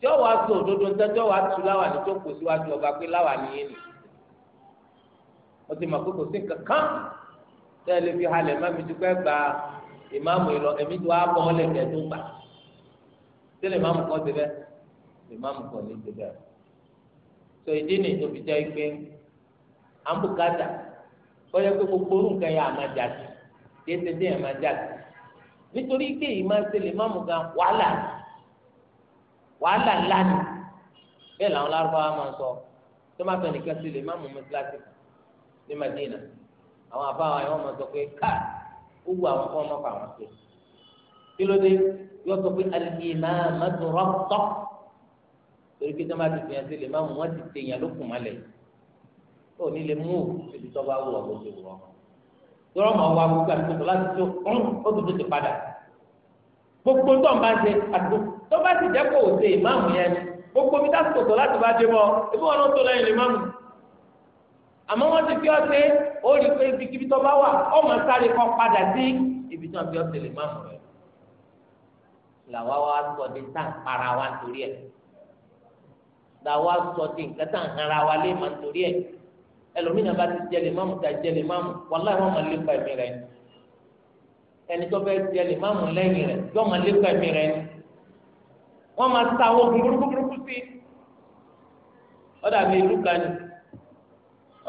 tí ó wàá sọ òdodo ń tẹ́jọ́ wàá tu láwàní tó kù síwájú ọba pé láwàní yé ni. Ó ti mọ̀ pé kò sí nǹkan kan tẹ́ ẹ lè fi halẹ̀ mọ́ mi dúpẹ́ gba ìmáàmù ìlọ ẹ̀mí tó wá bọ́ ọ́lẹ̀ kẹ́ tó gbà sílẹ̀ ìmáàmù kọ́ ti bẹ́ ìmáàmù kọ́ ní ti bẹ́ sọ ìdí ni tó fi jẹ́ pé àmbùkátà kọ́jà pé gbogbo orúkọ yẹn àmà jáde kí ẹsẹ̀ dé àmà jáde nítorí pé ìmáàsílẹ̀ ìmáàmù gan wàhálà wàhálà ńlá ni bẹ́ẹ̀ làwọn lárúbáwá máa ń sọ tó máa tọ́ nìkan sílẹ̀ ìmáàmù mọ́tíláṣí ní Madina àwọn àbáwá yẹn wọ́n máa sọ pé káà ó wù àwọn kan mọ́kọ àwọn ṣe kí ló dé yọ sọ pé al-imamatu rabta torí pé sọ́mà ti fìyàn sí lè má mú wọ́n ti tèèyàn ló kùn mọ́lẹ̀ ó ní lè mú ibi tó bá wù ọ̀gbọ́n tó wù ọ́ tọ́rọ mọ̀ wá gbogbo àti tòtò láti tó ó tó tó ti padà gbogbo tó ń bá ṣe àti tó bá ti jẹ́ kó o ṣe ìmáàmù yẹn gbogbo mi dá tòtò láti bá dé mọ́ ebi tó lẹ́yìn lè má àmọ́ wọ́n ti fi ọ́ ṣe ó rí i pé ibikíbi tó bá wà ọmọ sáré kan padà sí ibi tí wọn fi ọsẹ lè má mú rẹ làwa wa sọ di tá à para wa nítorí ẹ làwa sọ di nǹkan tá à hara wa lé ma nítorí ẹ ẹlòmínà bá ti jẹlè má mú ta jẹlè má mú wàláhì wọn máa lé pa ẹ̀mí rẹ ẹni tó fẹ́ jẹlè má mú lẹ́yìn rẹ yọ máa lé pa ẹ̀mí rẹ wọn máa sa ogun burúkú burúkú sí ọdà bíi ìlú kan ni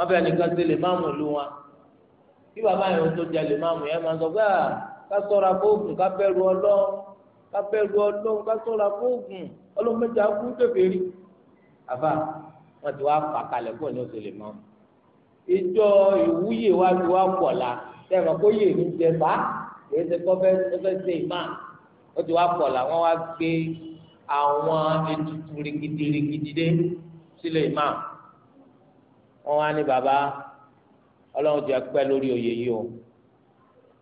wọ́n bẹ̀rẹ̀ nìkan ṣe lè máàmù ìlú wọn bí bàbá yẹn tó jẹ lè máàmù yẹn máa sọ pé à ah, ká sọ́ra fóògùn ká bẹ̀rù ọlọ́run ká bẹ̀rù ọlọ́run ká sọ́ra fóògùn ọlọ́mọdé akú tẹ̀fẹ̀ rí àbá wọn ti wá fà kalẹ̀ kó ní o ṣe lè máàmù ìjọ ìwúyè wa ti wá pọ̀ la tẹ̀wọ̀n kó yè ní jẹ bá èyí ti kọ́ fẹ́ ṣe ìmáà ó ti wá pọ̀ la wọ́n wá gbé àwọn ètùtù rìgìdì rìgìdì dé sílẹ̀ ìmáà wọn wá ní bàbá ọlọ́run jẹ́ pẹ́ lórí oyè yìí o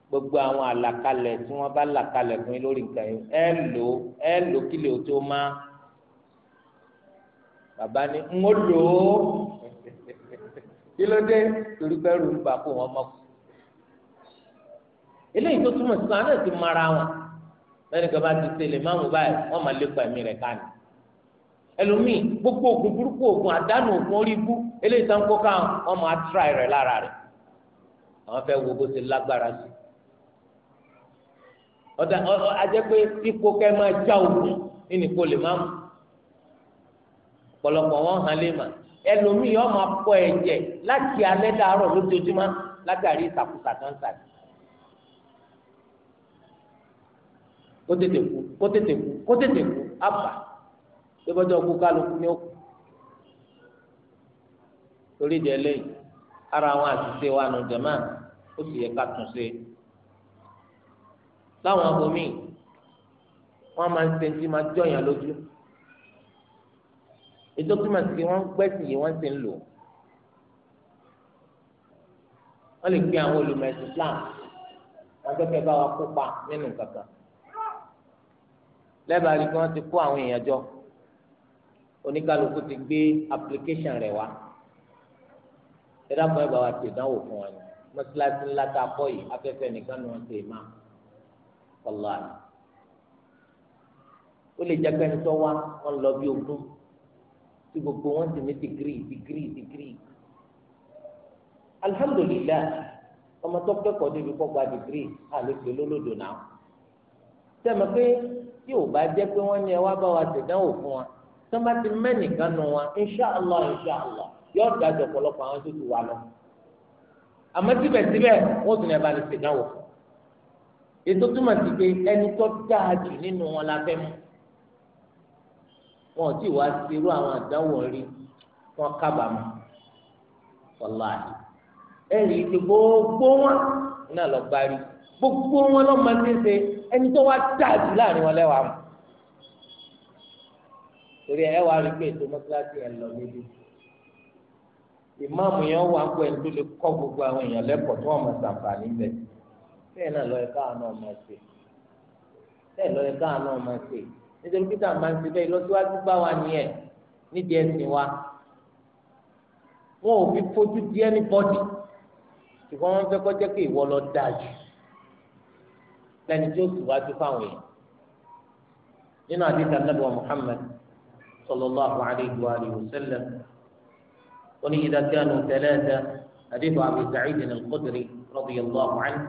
gbogbo àwọn àlàkalẹ̀ tí wọ́n bá làkalẹ̀ fún yín lórí nǹkan yìí ẹ lò ẹ lò kí lè o tó má bàbá ní ń ó lò ó kí ló dé torí pé ẹrù ń bà wọn mọ eléyìí tó túmọ̀ sí wọn àná ti mara wọn lẹ́nu kan bá ti ṣe lè báyìí wọ́n máa lépa ẹ̀mí rẹ̀ káàní ẹlòmíì gbogbo ògùn burúkú ògùn àdánù ògùn orí ibú eléyìí tán kó ká ọmọ atra rẹ lára rẹ àwọn fẹ́ wo bó ti lágbára sí ọdà ọ ajẹ pé ipò kẹ máa já ògùn nínú ipò lè má mú ọ̀pọ̀lọpọ̀ wọn hàn lè mà ẹlòmíì ọmọ akọ ẹ̀jẹ̀ láti alẹ́ dàárọ̀ lójoojúmọ́ látàrí ìtàkùsà tó ń tàbí. kó tètè kú kó tètè kú kó tètè kú àbà tẹ́bọ́jọ́ kú kálukú ní òkú torí ìdí ẹlẹ́yìn ara àwọn àṣìṣe wa nù jẹ̀má ó sì yẹ ká tún ṣe láwọn abomi wọn máa ń sentí máa jọyàn lójú ètò kíma sí wọn gbẹ́sì yìí wọ́n ti ń lò wọ́n lè pe àwọn olùmọ̀ ẹ̀sìn Islam wọn kẹ́kẹ́ bá wa kópa nínú kankan lẹ́bàá rí i pé wọ́n ti kó àwọn èèyàn jọ oníkàlùkù ti gbé application rẹ̀ wá ẹ̀dá kan ẹ̀ bá wa ṣèdánwò fún wa ni mọ́sálásí ńlá tá a kọ́ yìí afẹ́fẹ́ nìkan ni wọ́n ṣe é máa kọ́lá rẹ̀ ó lè jẹ́ pẹ́ni tó wá wọ́n lọ bí ogún tí gbogbo wọn sì ní dìgírì dìgírì dìgírì alihamudulilayi ọmọ tó kẹ́kọ̀ọ́ débi kọ́ gba dìgírì àlejò lólódò náà tẹ́lẹ̀ pé tí ò bá jẹ́ pé wọ́n ní ẹ wá bá wa ṣèdánwò fún wa sọ́mà ti mẹ́nìkan nù wọn inṣàlá inṣàlá yóò dájọ́ ọ̀pọ̀lọpọ̀ àwọn tó ti wà lọ. àmọ́ síbẹ̀síbẹ̀ wọ́n tún ẹ̀ bá lè ṣèdánwò. ètò túmọ̀ sí pé ẹni tó dáa jù nínú wọn la fẹ́ mú. wọn ò tí ì wá sí irú àwọn àdánwò rí wọn kábàámọ̀ wàláhì. ẹ rí i gbogbo wọn náà lọ gbárí gbogbo wọn lọ́ọ́ máa ń ṣe ẹni tó wá dáa jù láàrin wọn lẹ́wàá mọ̀ torí ẹ wá rí pé ètò mọ́tíláṣí ẹ lọ níbi ìmáàmù yẹn wà pé ẹni tó lè kọ́ gbogbo àwọn èèyàn lẹ́kọ̀ọ́ tó wọ́n mọ̀ sàǹfààní bẹ̀ bẹ́ẹ̀ náà lọ́yẹ káwọn náà máa ṣe bẹ́ẹ̀ lọ́yẹ káwọn náà máa ṣe nítorí pé táwọn máa ń ṣe bẹ́ẹ̀ lọ́síwájú bá wa ní ẹ̀ nídìí ẹ̀sìn wa wọn ò fi fojú di anybody ṣùgbọ́n wọ́n fẹ́ kọjá pé ìwọ lọ dáa jù lẹ́ni nínú àdìsá nàbẹ̀wò Muhammad صلى الله عليه وآله وسلم ولي إذا كانوا ثلاثة حديث أبي سعيد الخدري رضي الله عنه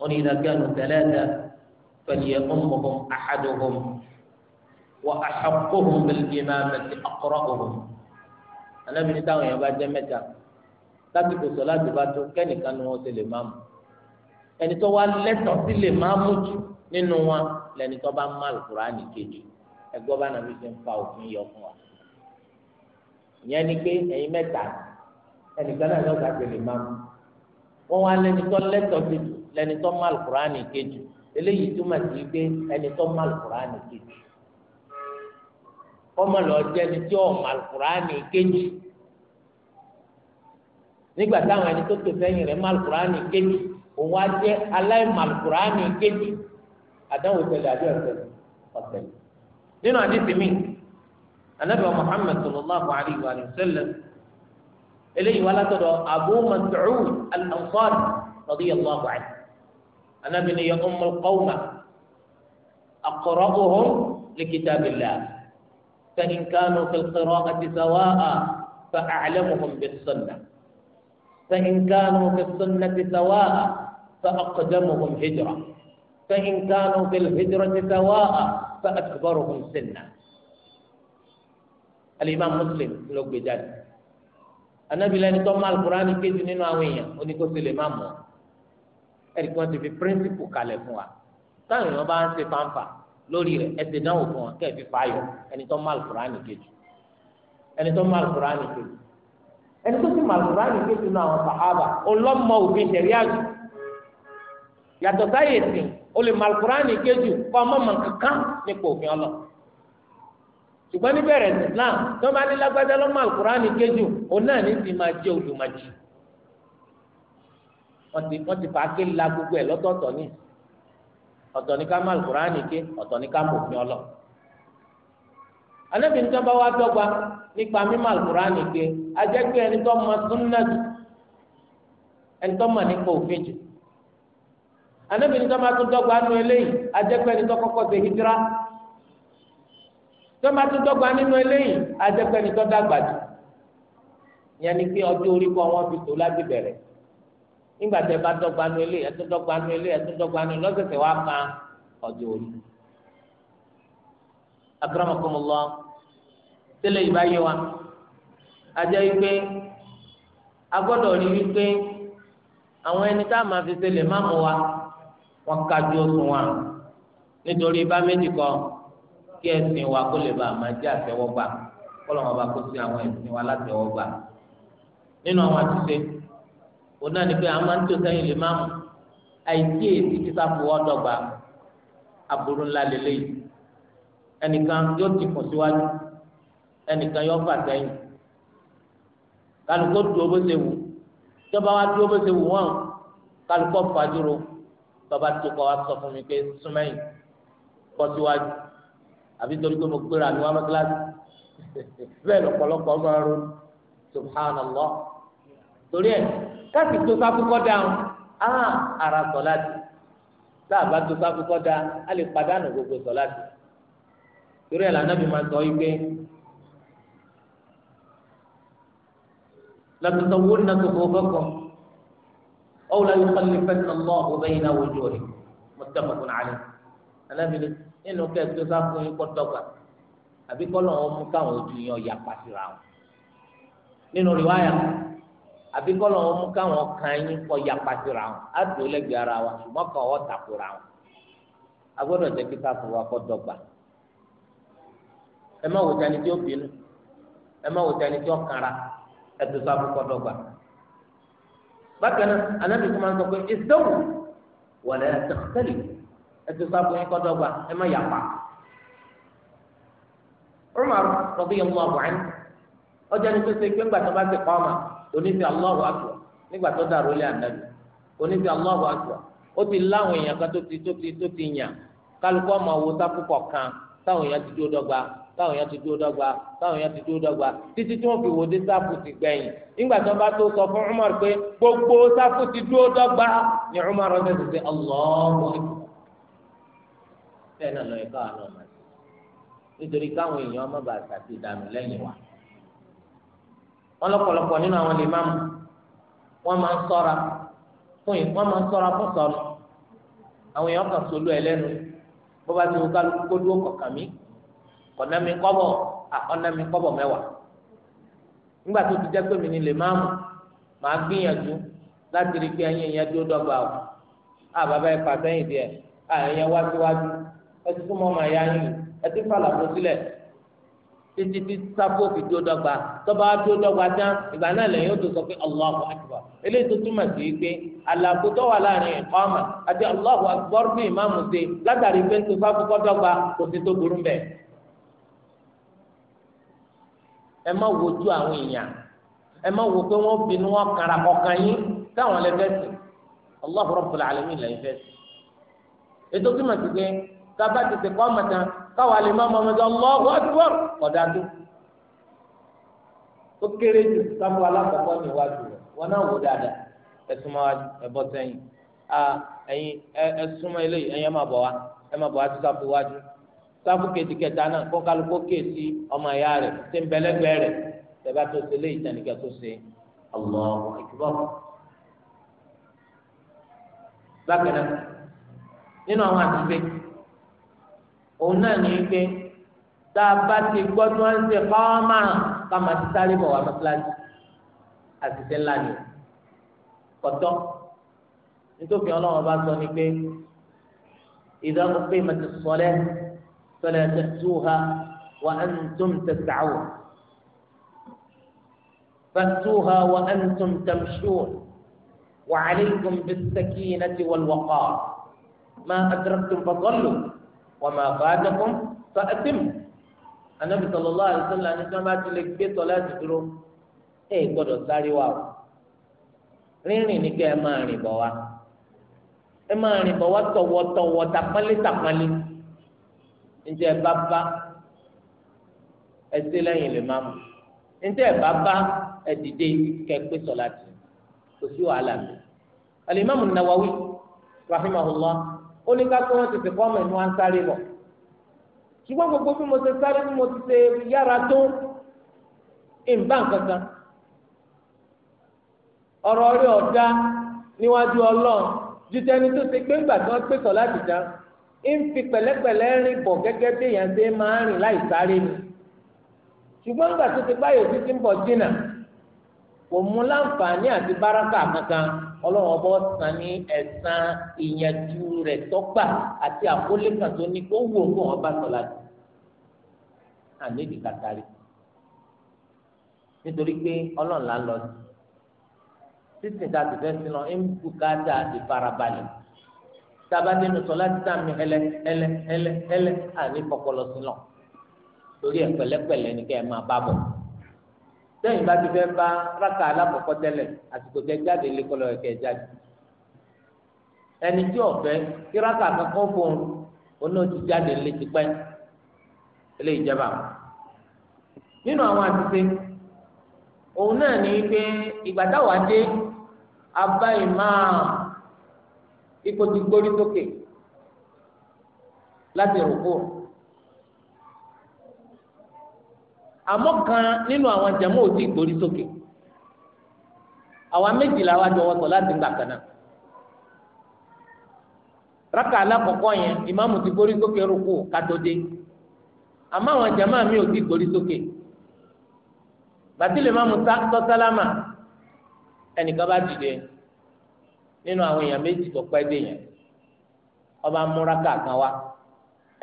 ولي إذا كانوا ثلاثة فليأمهم أحدهم وأحقهم بالإمامة أقرأهم أنا من تاوي يا باجي متى تاتيكو صلاة باتو كان كانوا سلي مامو يعني تو لتو سلي مامو لأن تو مال قرآن كيجي ẹgbọ́ bá nàbí ṣe ń fa òfin yọ fún wa ìyẹn ni pé ẹ̀yin mẹ́ta ẹnìkan náà lọ́ọ́ gbàgbé lè máa mú wọ́n wá lẹ́ni tó lẹ́tọ̀ọ́ ti jù lẹ́ni tó má lùkùránì kejì eléyìí túmọ̀ sí pé ẹni tó má lùkùránì kejì kọ́mọ lọ jẹ́ ẹni tí ọ̀ má lùkùránì kejì nígbà táwọn ẹni tó tó sẹ́yìn rẹ̀ má lùkùránì kejì òun á jẹ́ aláìmá lùkùránì kejì àdáwò tẹ̀lé àdéhùn tẹ̀lé ọ̀tẹ̀lé. nínú àdìsí mi anabi wa muhammed sallallahu alayhi wa sallam eléyìí wà látọ̀dọ̀ abu mas'ud al-ansari radiyallahu anhu anabi ni ya ummul qawma aqra'uhum likitabillah fa in kanu fi al-qira'ati sawa'a fa a'lamuhum bis-sunnah fa in kanu fi as-sunnati sawa'a fa aqdamuhum فإن كانوا في الهجرة سواء فأكبرهم سنا الإمام مسلم لو بجد النبي لن يتوما القرآن كيزي نينو أويا ونكو سلمان مو ẹ̀rí kí wọ́n ti fi píríncípù kalẹ̀ fún wa táwọn èèyàn bá ń ṣe fanfa lórí rẹ̀ ẹsẹ̀ náà fún wa kẹ́ẹ̀ fi fààyọ̀ ẹni tó má alukurani kejì ẹni tó má alukurani kejì ẹni tó ti má alukurani kejì náà àwọn sàhábà ọlọ́mọ òfin ṣẹ̀ríà jù yàtọ̀ sáyẹ̀sì o lè malkurani kéjù kọ́ ọmọ mọ̀ kankan nípa òfin ọlọ ṣùgbọ́n níbẹ̀rẹ̀ Islam tó bá ní lágbájá lọ́ malkurani kéjù òun náà ní ti máa jẹ́ olùmọ̀jì wọ́n ti wọ́n ti fàáké la gbogbo ẹ̀ lọ́tọ̀ọ̀tọ̀ ní ọ̀tọ̀ ní ká malkurani ké ọ̀tọ̀ ní ká mọ̀ òfin ọlọ anabi níta bá wá dọ́gba nípa mímọ̀ alukurani ké ajẹ́ ẹni tó mọ̀ súnnà ẹni tó mọ̀ nípa òfin jù anábìíní tó máa tún dọ́gba nínú eléyìí ajẹ́pẹ́ ni tó kọ́kọ́ ṣe hijira tó máa tún dọ́gba nínú eléyìí ajẹ́pẹ́ ni tó dàgbà jù yẹn ni pé ọjọ́ orí kọ́ wọn fi tó láti bẹ̀rẹ̀ nígbà tẹ bá dọ́gba nínú eléyìí ẹtún dọ́gba nínú eléyìí ẹtún dọ́gba nínú lọ́sẹ̀sẹ̀ wá kan ọjọ́ orí. akramakumullah tẹ́lẹ̀ yìí bá yé wa ajẹ́ yìí pé agbọ́dọ̀ rí i àwọn ẹni tá a máa fi ṣe lè má mú wa wọn kájú òṣùwọ̀n nítorí bá méjì kan kí ẹ̀sìn wa kó lè ba àmà jẹ́ àtẹ́wọ́gbà kọlọmọ bá kó sí àwọn ẹ̀sìn wa látẹ́wọ́gbà nínú àwọn àtúnṣe òun náà ni pé àwọn máa ń tó sẹ́yìn lè máa mú àìsí èsì títà fún ọdọgba aburú ńlá lélẹyìí ẹnìkan yóò ti kùn síwájú ẹnìkan yóò fà sẹ́yìn kálukó dúró bó ṣe wù tọ́ba wa dúró bó ṣe wù wọ́n kálukó fàdúró tọ́ba tó kọ́ wa sọ fún mi pé súnmẹ́yìn kọ́ síwájú àbí torí pé mo gbéra mi wá mọ́ kíláàsì bẹ́ẹ̀ lọ́pọ̀lọpọ̀ máa ro subhanallah torí ẹ̀ káàsì tó sáfúkọ́ dáhùn á ara sọ láti sáàbà tó sáfúkọ́ dá a lè padànù gbogbo sọ láti torí ẹ̀ lànà mi máa sọ yí pé lọ́tọ̀tọ̀ wúni náà tó أو لا يخلفن الله بين وجوههم متفق عليه alábìlẹ nínú kẹsìkẹ sáfún yín kọtọgba àbí kọlọ wọn mú káwọn ojú yín ọyà pàṣírà wọn nínú rìwáyà àbí kọlọ wọn mú káwọn kan yín ọyà pàṣírà wọn àdó lẹ́gbẹ̀ẹ́ wa ṣùgbọ́n kan wọn tàkùrà bákan náà anábì kò máa ń sọ pé ìsẹ́wù wọlé tẹ̀sílì ẹtù sábà yín kọ́dọ̀gba ẹ má yàpá. Umar radiyallahu anhu ọjà ní pèsè pé ńgbà tó bá ti kọ́ ọ̀ma onífẹ́ Allahu akbar nígbà tó dàrú ilé ànábì ó ti láwọn èèyàn kan tó ti tó ti tó ti yàn kálukọ́ ọmọ táwọn èèyàn ti dúró dọ́gba táwọn yẹn ti dúró dọ́gba táwọn yẹn ti dúró dọ́gba títí tí fi wò dé sáfù ti gbẹ̀yìn nígbà tí wọ́n bá tó sọ fún Umar pé gbogbo sáfù ti dúró ni Umar ọ̀sẹ̀ ti sẹ́ Allahu bẹ́ẹ̀ náà lọ́yẹ̀ káwọn náà máa ṣe nítorí káwọn èèyàn má bàa dànù wa wọn nínú àwọn wọn máa ń fún yìí wọn máa ń fún sọnù àwọn èèyàn kan ẹ bó bá ti ọ̀nàmí kọ́bọ̀ ọ̀nàmí kọ́bọ̀ mẹ́wàá nígbà tó ti jẹ́ pé mi ni lè máa mú màá gbìyànjú láti rí pé ẹyin ìyẹn dúró dọ́gba o àbábá ẹ pàtẹ́yìn díẹ̀ àyẹ̀yẹ wá síwájú ẹ ti túmọ̀ máa yá yín ẹ ti fàlà fún sílẹ̀ títí tí sáfù òfin dúró dọ́gba tọ́ba dúró dọ́gba tán ìgbà náà lẹ́yìn tó sọ pé Allahu Akbar eléyìí tó túmọ̀ sí i pé àlàfo tó wà láàrin ìkọ́mà àti Allahu Akbar bí ìmáàmù ṣe látàrí pé ń tó sáfù kọ́ dọ́gba kò sí tó burú bẹ́ẹ̀ ẹ má wojú àwọn èèyàn ẹ má wo pé wọ́n bínú wọn kara kọ̀ọ̀kan yín táwọn lè fẹ́ sìn Allahu Rabbul Alamin lè fẹ́ sìn ètò tí mà ti gbé tábà ti ti kọ́ ọmọdé káwa lè má mọ ọmọdé Allahu Akbar kọ̀dá tó ó kéré jù sábà alákọ̀ọ́kọ́ ní iwájú rẹ̀ wọn náà wò dáadáa ẹ̀sùn máa ẹ̀bọ sẹ́yìn ẹ̀yìn ẹ̀sùn máa eléyìí ẹ̀yìn ẹ̀ má bọ̀ wá ẹ̀ má bọ̀ wá tó sábà iwájú sáfù kejì kẹta náà kó kálukó kéèsì ọmọ ìyá rẹ̀ tí ń bẹ lẹ́gbẹ̀ẹ́ rẹ̀ tẹ̀bá tó ṣe lé ìtànìkẹ́ tó ṣe Allahu Akbar. bákan náà nínú àwọn àtúnṣe òun náà ní pé tá a bá ti gbọ́ tí wọ́n ń ṣe káwọ́ márùn ti sáré bọ̀ wá mọ́tíláṣí àṣìṣe ńlá ni kọ̀tọ́ nítorí ọlọ́run bá sọ ni pé ìdánwò pé màtí sọ lẹ́nu. فلا تأتوها وأنتم تسعون فأتوها وأنتم تمشون وعليكم بالسكينة والوقار ما أدركتم فصلوا وما فاتكم فأتموا النبي صلى الله عليه وسلم أن ما لك صلاة دروب إيه قدو ساري واو ريني ní أماني بوا أماني بوا bọ̀ wá تقلي máa njẹ́ baba, bá bá ẹsẹ̀ lẹ́yìn lè máa mú njẹ́ ẹ bá bá sọlá tì kò sí wàhálà mi alimami nawawi rahimahullah ó ní ká kó wọn tètè kọ́ ọmọ ẹni wọn sáré bọ̀ ṣùgbọ́n gbogbo bí mo ṣe sáré bí mo ti ṣe yára tó ìmbá nkankan ọ̀rọ̀ orí ọ̀dá níwájú ọlọ́run ju tẹni tó ṣe pé ńgbà tí wọ́n pè sọ láti ń fi pẹ̀lẹ́pẹ̀lẹ́ rìn bọ̀ gẹ́gẹ́ bí èèyàn ṣe máa ń rìn láì sáré ni ṣùgbọ́n nígbà tó ti báyọ̀ tí ti ń bọ̀ dínà kò mú láǹfààní àti báràkà kankan ọlọ́run ọbọ̀ san ní ẹ̀san ìyànjú rẹ̀ tọ́gbà àti àkólé kan tó ní kó wù ó wọn bá jù àníbi nítorí pé ọlọ́run là ń lọ sí sísìn tá ti fẹ́ sí lọ ń bùkátà àti farabalẹ̀ tába nínú sọ láti tà mí ẹlẹ ẹlẹ ẹlẹ ẹlẹ àní kọkọlọ sí ni kẹ ẹ máa bá bọ sẹ́yìn bá ti fẹ́ bá rákà alákọ̀ọ́kọ́ tẹ́lẹ̀ àsìkò tẹ jáde lé kọlọ ẹkẹ jáde ẹni tí ọ̀fẹ́ kí rákà kankan fún un oní ti jáde lé tipẹ́ ilé ìjẹba nínú àwọn àtúnṣe òun náà ní pé ìgbà táwa dé ipò ti gbórí sókè láti rúkú àmọ́ kan nínú àwọn jàmọ́ ò ti gbórí sókè àwa méjìlá wa jọ wọtọ láti gbà kan náà rákà alákọ̀ọ́kọ́ yẹn ìmáàmù ti gbórí sókè rúkú kátó dé àmọ́ àwọn jàmọ́ mi ò ti gbórí sókè bàtí lè má mu tọ́ sálámà ẹnìkan bá dìde nínú àwọn èèyàn méjì tó pẹ́ dé yẹn ọba múra kàkan wa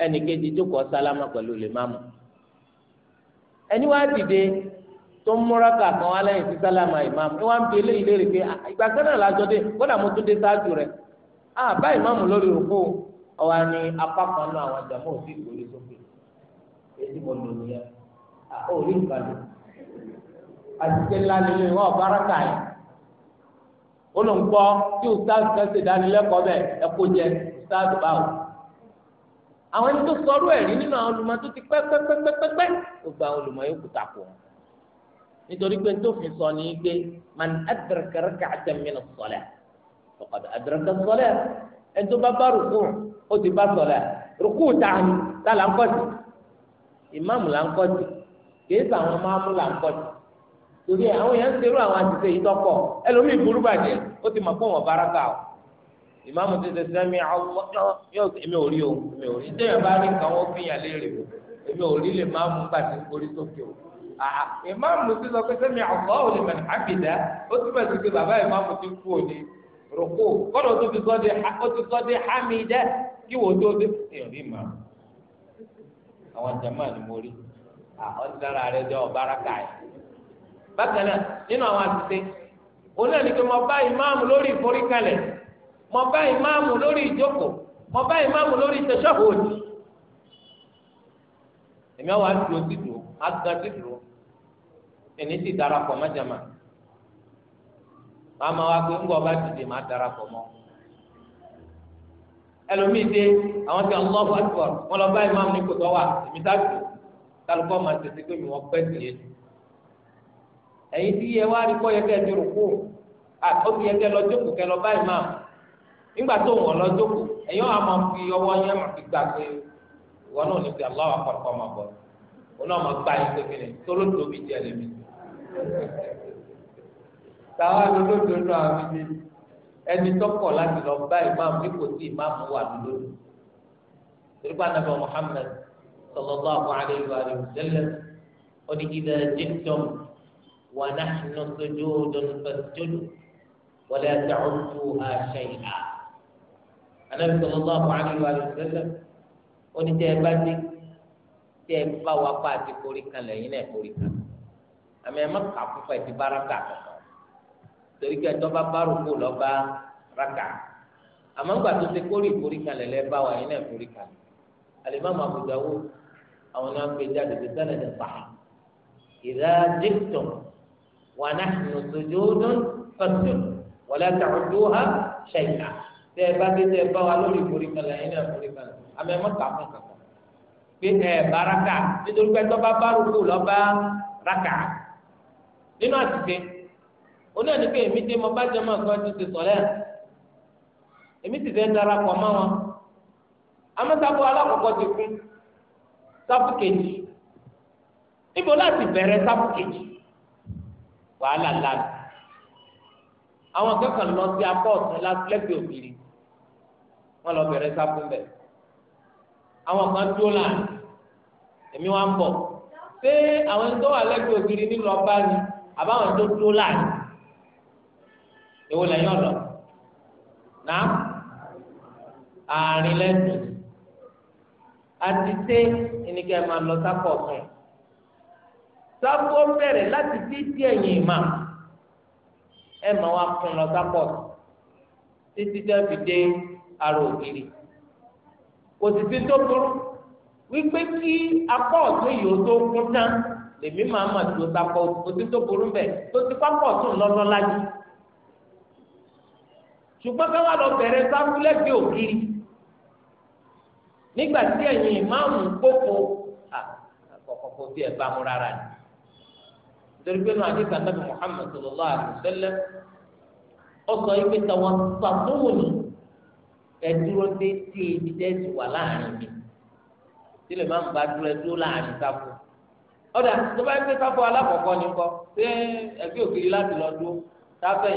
ẹnì kejì jókòó sálámà pẹ̀lú lè má mọ̀ ẹni wá dìde tó ń múra kàkan wa lẹ́yìn sí sálámà ìmáàmù ni wọ́n ń bi eléyìí léèrè pé ìgbà kan náà lájọ dé kódà mo tún dé sáájú rẹ̀ á bá ìmáàmù lórí òkú ọ̀wá ni apá kan náà àwọn àjàmọ́ òsì ìgbòrí sókè èyí mo lò nìyẹn à ó rí nǹkan àti ṣe nínú ìwọ ọ̀bára kàyìn ó ló ń gbọ́ tí ustaz kan ṣe ìdánilẹ́kọ̀ọ́ bẹ́ẹ̀ ẹ kó jẹ ustaz báwo. àwọn ẹni tó sọrú ẹ̀rí nínú àwọn olùmọ̀ tó ti pẹ́ pẹ́ pẹ́ pẹ́ pẹ́ pẹ́ ó gba àwọn olùmọ̀ yóò kú takò wọn. nítorí pé nítòfin sọ ni pé man adraka rak'atan min as adraka as-salah bá bá rùkú ó ti bá sọlẹ̀ rùkú tààmì tá là ìmáàmù là ń kọ́ máàmù là torí àwọn èèyàn ń serú àwọn àtìsẹ yìí tọkọ ẹlòmíì burú bàjẹ́ ó ti mọ pé wọn bára kà ó ìmáàmù ti sẹsẹ mi àwọn yóò èmi ò rí o èmi ò rí déyà bá rí nǹkan wọn fìyà léèrè o èmi ò rí lè máa mú gbàdé orí sókè o àà ìmáàmù ti sọ pé sẹmi àwọn ò lè mẹ àbìdá ó ti bẹ̀rẹ̀ sókè bàbá ìmáàmù ti kú òní rògbò kọ́dọ̀ tó fi sọ́dé ó ti sọ́dé hámídá kí wò ó tó dé èrí mà àwọn jàmáà ni mo rí àwọn ti dára rẹ jọ ọ̀bára káyà bákan náà nínú àwọn àtúnṣe òun náà ní pé mo bá ìmáàmù lórí ìforíkalẹ̀ mo bá ìmáàmù lórí ìjókòó mo bá ìmáàmù lórí tẹ̀síọ́hóòdì èmi àwọn àdúró ti dùn agan ti dùn ẹni ti darapọ̀ mọ́jàmá màmá wa pé ńgbọ́ bá dìde má darapọ̀ mọ́ ẹlòmíì dé àwọn ti Allahu Akbar wọn lọ bá ìmáàmù ní kòtọ́ wa èmi tá a dùn kálukọ́ máa tètè pé mi wọ́n pẹ́ tìyẹ́ dùn ẹ̀yin tí yẹ wá rí kọ́ yẹ kẹ́ ẹ ti rò kó ó ti yẹ kẹ́ lọ jókòó kẹ́ lọ báyìí máa nígbà tó wọ́n lọ jókòó ẹ̀yin wà máa fi ọwọ́ yẹn máa fi gbà pé ìwọ náà ní fi aláwọ̀ àpapọ̀ máa bọ̀ òun náà máa gbá yín kékeré tó ló jẹ lèmi. táwa ló ló dòdò àwọn ibi ẹni tọkọ láti lọ bá ìmáàmù ní kò tí ìmáàmù wà lódò torípa nàbẹ Muhammad sallallahu alaihi wa sallam ó ní ìdá jẹ́ tọ́mù. ونحن سجود فاسجدوا ولا تعدوها شيئا النبي صلى الله عليه وآله وسلم oni tẹ ẹ bá dé tẹ ẹ bá wa pa àti korí kan lẹ́yìn náà korí kan àmì ẹ má kà fúnfà ẹ ti bá raka kankan torí kẹ tọ́ bá bá rògbò lọ bá raka àmọ́ gbà tó ṣe kórì korí kan lẹ́lẹ́ bá wa yẹn náà korí kan alimami Abu Dawud àwọn náà gbé jáde gbé sálẹ̀ ní pàà ìdá dìtọ̀ ونحن سجود فاسجد ولا تعدوها شيئا tẹ bá dé tẹ bá wa lórí ìforí kan lẹ́yìn náà ìforí kan àmọ́ ẹ má kà fún kankan pé ẹ bá raka nítorí pé tọ́ bá bá rúkú raka nínú àtìsé oní ẹni pé èmi dé mo bá jẹ máa kan ti ti sọ̀rẹ́ èmi ti fẹ́ darapọ̀ mọ́ wọn amọ́sáfọ́ alákọ̀ọ́kọ́ ti kú sáfù kejì níbo láti bẹ̀rẹ̀ sáfù kejì wàhálà lánàá àwọn akẹ́kọ̀ọ́ lọ sí apá ọ̀tún lẹ́gbẹ̀ẹ́ òbírí wọ́n lọ bẹ̀rẹ̀ sáfún bẹ̀ àwọn kan dúró lánàá èmi wá ń bọ̀ ṣé àwọn tó wà lẹ́gbẹ̀ẹ́ òbírí nílò ọba ni àbáwọn tó dúró lánàá èwo lẹ́yìn ọ̀dọ̀ náà àárín lẹ́sìn àti ṣé ẹnikẹ́ni máa lọ sáfọ̀ ọ̀tún sáfù bẹ̀rẹ̀ láti títí ẹ̀yìn ìmà ẹ̀ máa wá kún lọ sápọ̀tù títí tẹ́ fi dé ara ògiri kò sì ti tó burú wípé kí apá ọ̀tún yìí ó tó kún tán lèmi máa mà tó sapọ̀ kò sí tó burú bẹ̀ tó ti pápọ̀ tún lọ́lọ́ lájú ṣùgbọ́n ká wà lọ bẹ̀rẹ̀ sáfù lẹ́gbẹ̀ẹ́ ògiri nígbà tí ẹ̀yìn ìmáàmù gbóko àkọ́kọ́ kò bí ẹ̀ bá mú rárá ni. torí pé náà àdìsá nàbì Muhammad sallallahu alaihi wasallam ọkọ ibi tàwọn sàmúlì ẹdúró déédé wà láàrin mi sílẹ̀ máa ń bá dúró ẹdúró láàrin sáfù ọ̀dà tó bá gbé sáfù alákọ̀ọ́kọ́ ni kọ́ pé ẹgbẹ́ òkèlè láti lọ dúró lè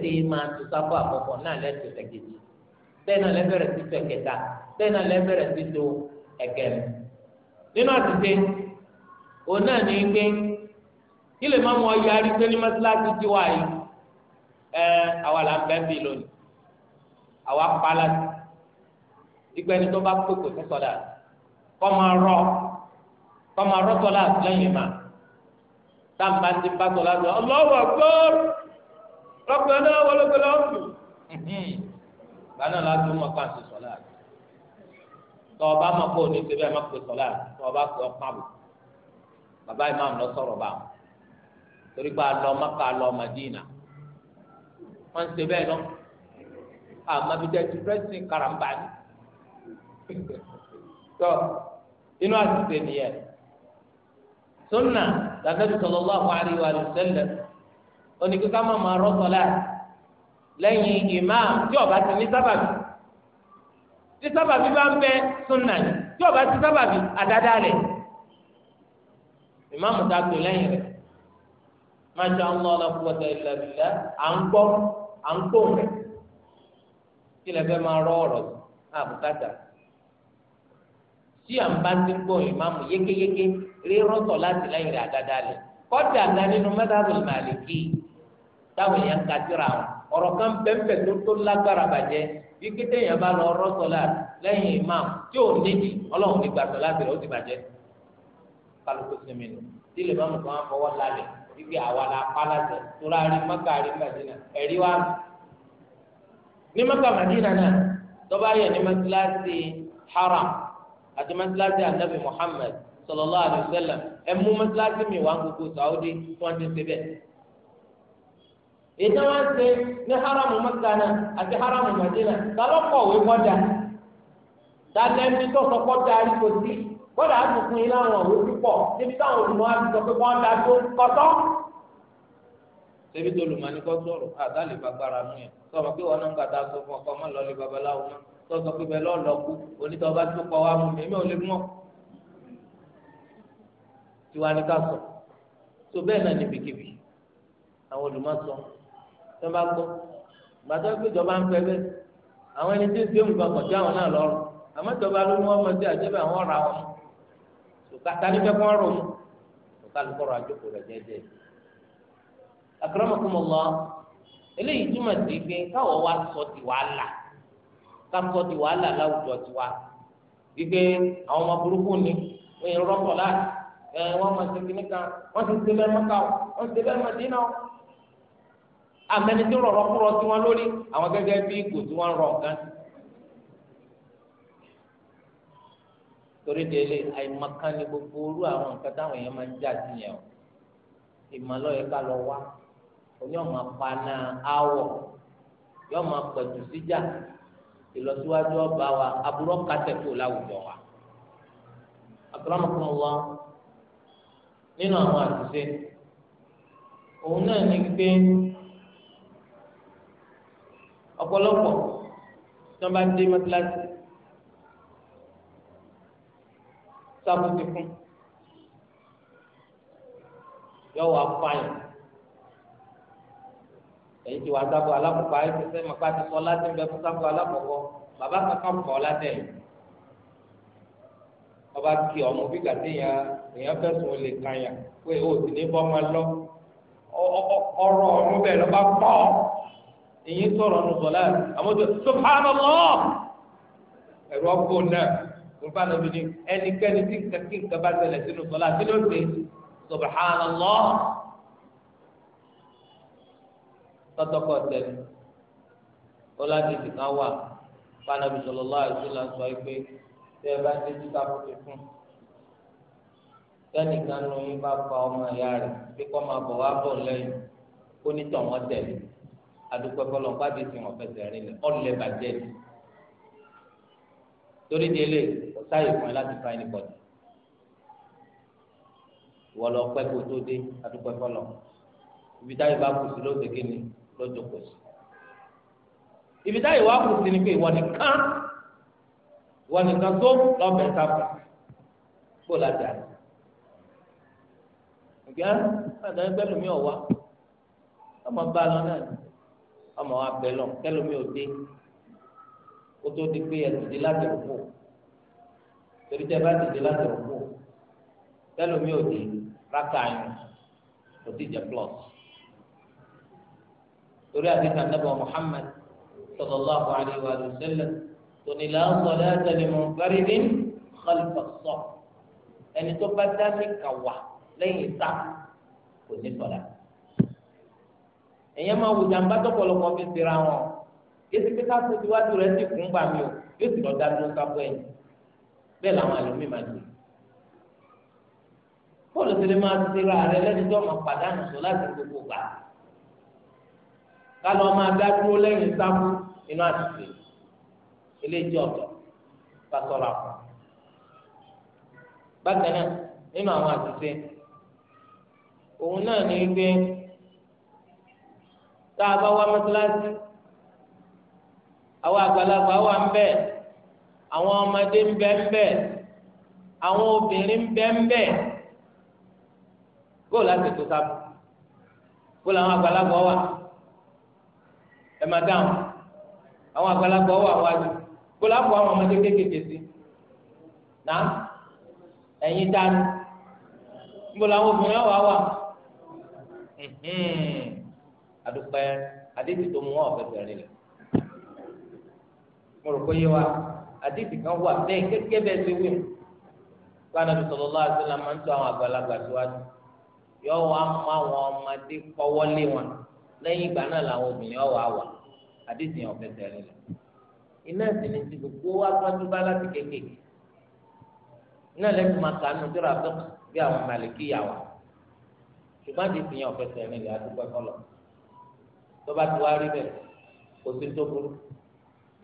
ṣe máa tó sáfù náà náà sí tó náà sí tó nínú àtúnṣe òun náà ní gbé kí lè má mọ ọyọ arígbé ní mọ́sálásí tí wà yìí ẹ àwa là ń bẹ́ẹ̀ bí lónìí àwa kpala ìgbẹ́ni tó bá kpékò sí sọ́dà kọ́ máa rọ kọ́ máa rọ sọ́dà lẹ́yìn mà táǹbà ti bá sọ́dà lọ ọlọ́wọ́ gbọ́ọ́rù lọ́pẹ́ náà wọlé lọ́pù gbaná láti mọ̀ ká sí sọ́dà tọ́ ọba mọ̀ kó o ní sebẹ́ má pè sọ́dà tọ́ ọba kò ọ́ pàbò bàbá imam lọ sọ̀rọ̀ bá wọn torí pé alọ maka alọ madina wọn ṣe bẹ́ẹ̀ lọ àmàbìtẹ ti pẹrẹsì karamba ni tọ inú àtìsẹ nìyẹn sunna lànàbí sallallahu alaihi wa sallam oníkíkà máa ma rọsọ láti lẹ́yìn imam tí ó bá ti ní sábàbí tí sábàbí bá ń bẹ sunna tí ó ti sábàbí àdáda rẹ ìmáàmù tá a tó lẹ́yìn rẹ̀ má ṣe àwọn ọlọ́ kúwọ́tà ìlà ìlà à ń gbọ́ à ń tó rẹ̀ kí lè fẹ́ máa rọ ọ̀rọ̀ àbùkátà tí à ń bá ti ń gbọ́ ìmáàmù yékéyéké rírọ́tọ̀ láti lẹ́yìn rẹ̀ àdáda lẹ̀ kọ́tà àgbà nínú mẹ́tàbùl màlìkì táwọn èèyàn ka síra wọn ọ̀rọ̀ kan bẹ́ẹ̀nbẹ́ẹ̀ tó tó lágbára bàjẹ́ kálukú sinmi nù tí lè má mú kó wọn fọwọ́ lálẹ́ wípé àwa la pálásẹ̀ tóra rí mọ́kà rí màdínà ẹ̀rí wa ní mọ́kà màdínà náà tọ́ba yẹ ní mọ́síláṣí haram àti mọ́síláṣí anabi muhammad sallallahu alaihi wasallam ẹ mú mọ́síláṣí mi wá gbogbo saudi fún ọdún síbẹ̀ èyí tí wọ́n ń ṣe ní haramu mọ́kà náà àti haramu màdínà ta ló kọ̀wé kọjá ta lẹ́ni tó sọ kọjá rí kò sí kọ́dà á dùnkún yín láwọn òwe púpọ̀ níbi táwọn olùmọ̀ á ti sọ pé wọ́n da tó kọ́tọ́. ṣébi tó lùmọ̀ ní kọ́ sọ̀rọ̀ àtà lè fagbára mú yẹn sọ̀rọ̀ pé wọn nọ́mbà tá a sọ fún ọkọ ọmọ lọ́ọ́ lè babaláwo mọ́ sọ̀sọ̀ pé bẹ́ẹ̀ lọ́ọ́ lọ́ọ́ kú onítọ̀ bá tó kọ́ wa mú mi èmi ò lè mọ́. tiwa ni ká sọ tó bẹ́ẹ̀ náà níbikíbi àwọn olùmọ̀ sọ tó bá gbọ́ gbàtọ́ ìgbéjọba ń fẹ́ bẹ́ẹ̀ àwọn ẹni tí ń ṣe òǹgbà kọjá àwọn náà lọ́rùn àmọ́ ìjọba ló ní wọ́n mọ̀ sí àjẹbẹ́ àwọn ọ̀rọ̀ àwọn tòkátà níbẹ̀ kọ́ ọ̀rọ̀ yìí tòkálùkọ́ ọ̀rọ̀ àjòkò rẹ̀ jẹ́jẹ́ akramakumullah eléyìí túmọ̀ sí pé káwọ́ wa sọ ti wàhálà ká sọ ti wàhálà láwùjọ tiwa wípé àwọn ọmọ burúkú ni wọ́n yẹn rọ́pọ̀ láti ẹ wọ́n máa ṣe kíní kan wọ́n ti ṣe bẹ́ẹ̀ mọ́ká o wọ́n ti ṣe bẹ́ẹ̀ mọ́dínà o amẹnidí rọ̀rọ̀ kúrọ̀ tí lórí àwọn gẹ́gẹ́ bí ipò tí wọ́n rọ̀ torí délé àìmọ̀kan ni gbogbo orú àwọn nǹkan táwọn èèyàn máa ń jà sí yẹn o ìmọ̀lọ́yẹ ká lọ wá oní ọmọ paná awọ yọ ọmọ pẹ̀tù síjà ìlọsíwájú ọba wa aburú kátẹ́kù láwùjọ wa akọlọ́mọkùnrin wọn nínú àwọn àṣìṣe òun náà ní pé ọ̀pọ̀lọpọ̀ tí wọ́n bá dé mọ́tíláṣí. sábùtì fún yọ wà fáyìn èyí ti wà sábù alákòókò ayé fẹsẹ màpá ti sọ láti ń bẹ fún sábù alákòókò bàbá kankan kọ látẹ̀yìn ọba kí ọmọ bí gàdé yẹn èèyàn fẹ̀sùn olè kan yà pé o sì ní bọ́mọ lọ ọ̀rọ̀ ọ̀run bẹ́ẹ̀ lọ́ba pọ̀ èyí sọ̀rọ̀ nù sọ̀lá àmójútó subhanallah ẹ̀rọ ọgbọ́n náà nípa nàbí ni ẹnikẹ́ni tí kàkí nǹkan bá tẹ̀lẹ̀ sínú sọlá tí ló dé subhanallah tọ́tọ́kọ̀ tẹ̀lé kọ́lá ti ti kan wà panabi sọlọ́lá àìsílá sọ pé tẹ́ ẹ bá dé títà fúnfẹ́ fún tẹ́nìkan nu yín bá pa ọmọ ìyá rẹ̀ bí kò máa bọ̀ wá bọ̀ lẹ́yìn ó ní tọ̀wọ́n tẹ̀lé adúpẹ́ bọ́lọ̀ bá dé sí wọn fẹsẹ̀ lẹ̀ ọ̀lẹ́ ni torí ní ilé kò sáyè fún ẹ láti fa ẹni pọ̀jù wọ́n lọ pẹ́ kó tó dé adúpẹ́ fọlọ́ ibi táyì bá kù sí ló ṣe kíni lọ́jọ́ kò sí ibi táyì wá kù sí ni pé ìwọ nìkan ìwọ nìkan tó lọ́bẹ̀ẹ́ sáfù kó lájà rẹ̀ ìgbà àdáyé ah, gbẹlómi ọ̀wá ọmọ bá lọ náà ọmọ wa bẹ lọ kẹlómi ò dé kó tó di pé ẹtìdí láti rúkú torí tẹ bá tìdí láti rúkú tẹlómi ò di rákà yín kò tí jẹ plus torí àdìsá nàbà Muhammad sallallahu alayhi wa sallam tóní làásọ̀ lẹ́sẹ̀lẹ̀ mọ̀ gbáríbí xalifa sọ ẹni tó bá dá sí kàwá lẹ́yìn sá kò ní sọ̀rọ̀ èèyàn máa wù jàǹbá tó pọ̀lọpọ̀ fi sira wọn yéésì pé ká tó tiwájú rẹ ti kún gbà mí o yóò sì lọ dá dúró sábọ ẹ̀yìn bẹ́ẹ̀ làwọn àlùmí máa dùn bọ́ọ̀lù ti máa ti ra rẹ lẹ́ni tó máa pàdánù sọ láti gbogbo gbà ká lọ máa dá dúró lẹ́yìn sábọ inú àtìsí eléjì ọ̀tọ̀ ká sọ̀rọ̀ àpò bákan náà nínú àwọn àtìsí òun náà ní gbé tá a bá wá mọ́tíláṣí àwọn àgbàlagbà wà ń bẹ àwọn ọmọdé ń bẹ ń bẹ àwọn obìnrin ń bẹ ń bẹ góòlù àti ètò sábà góòlù àwọn àgbàlagbà wà ẹ má dáhùn àwọn àgbàlagbà wà wájú góòlù àpò àwọn ọmọdé kéékèèké sí nà ẹyin dání níbo làwọn obìnrin wà wà àdùpẹ́ àdéhùn tó mú wọn ọ̀fẹ́ bẹ̀rẹ̀ lẹ̀. mo rò pé wa àdìsí kan wà bẹ́ẹ̀ kékeré bẹ́ẹ̀ ṣe wí gbọ́dọ̀ Ànábì sallallahu alaihi wasallam máa ń tó àwọn àgbàlagbà síwájú yọ wá mú àwọn ọmọdé lé wọn lẹ́yìn ìgbà náà làwọn obìnrin ọ̀wà wà àdìsí yẹn ọ̀fẹ́ tẹ̀lé lọ. iná sì ni ti gbogbo bá láti kékeré iná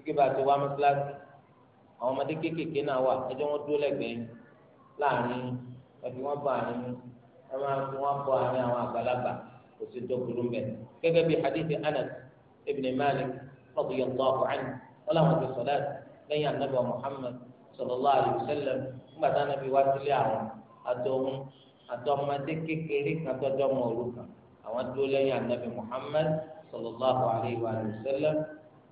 kíkẹ́ bá ti wá mọ́sálásí àwọn ọmọdé kéékèèké náà wà ẹjọ́ wọn dúró lẹ́gbẹ̀ẹ́ láàrin ẹbí wọn bọ àárín ẹ máa fi wọn bọ àárín àwọn àgbàlagbà kò sí tó burú mbẹ gẹ́gẹ́ bí hadith anas ibn malik radiyallahu anhu wọn làwọn ti sọlá lẹ́yìn anabi muhammad sallallahu alayhi wa sallam nígbà tá anabi wá sílé àwọn àtọhún àtọmọdé kékeré kan tọjọ mọ òru kan àwọn dúró lẹ́yìn anabi muhammad sallallahu alayhi wa sallam.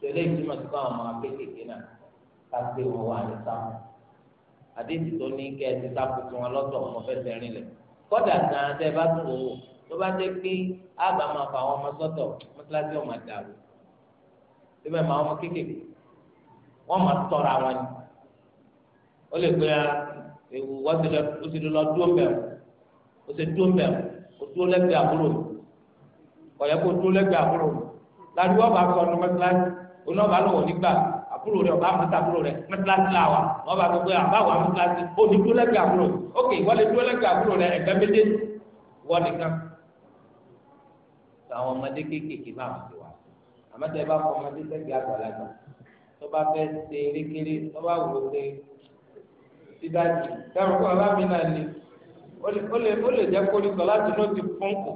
tẹ̀lé ìtumọ̀ sí káwọn ọmọ akékèké náà ká gbé wọn wà ní sáfù àdéhùn tó ní kẹ́ ẹ ti sáfù tí wọn lọ́tọ̀ ọmọ fẹsẹ̀ rìn lẹ̀ kọ́dà gan tẹ́ bá tún wò tó bá jẹ́ pé àgbà máa fa àwọn ọmọ sọ́tọ̀ mọ́tíláṣí ọmọ àdàrú síbẹ̀ máa ọmọ kékèké wọ́n máa tọ̀ra wọn ni ó lè pé ewu wọ́n ti lọ dúró mẹ́rin ó ti dúró mẹ́rin ó dúró lẹ́gbẹ̀ẹ́ àbúrò mi kó dúró lẹ́gbẹ̀ẹ́ àbúrò làdúgbò bá sọ ọdún mọ́tíláṣí oníwàbà lọ́wọ́ nígbà àbúrò rẹ ọba àmọ́tà àbúrò rẹ mẹ́tíláṣí là wà wọ́n bá gbogbo àbáwọ̀ mẹ́tíláṣí ó ní dúró lẹ́gbẹ̀ẹ́ àbúrò ok wọ́n lè dúró lẹ́gbẹ̀ẹ́ àbúrò rẹ ẹ̀gbẹ́ méjèèjì wọ́n nìkan. àwọn ọmọdé kéékèèké máa ń ti wà àmọ́tà ẹ bá fọ ọmọdé sẹ́gbẹ̀ẹ́ àgbàlagbà tó bá fẹ́ ṣe erékeré tó bá wò ó ṣe sídájì táwọn kọ́ ọlá mi náà ni ó lè jẹ́ kórìkọ láti náà ti fún kù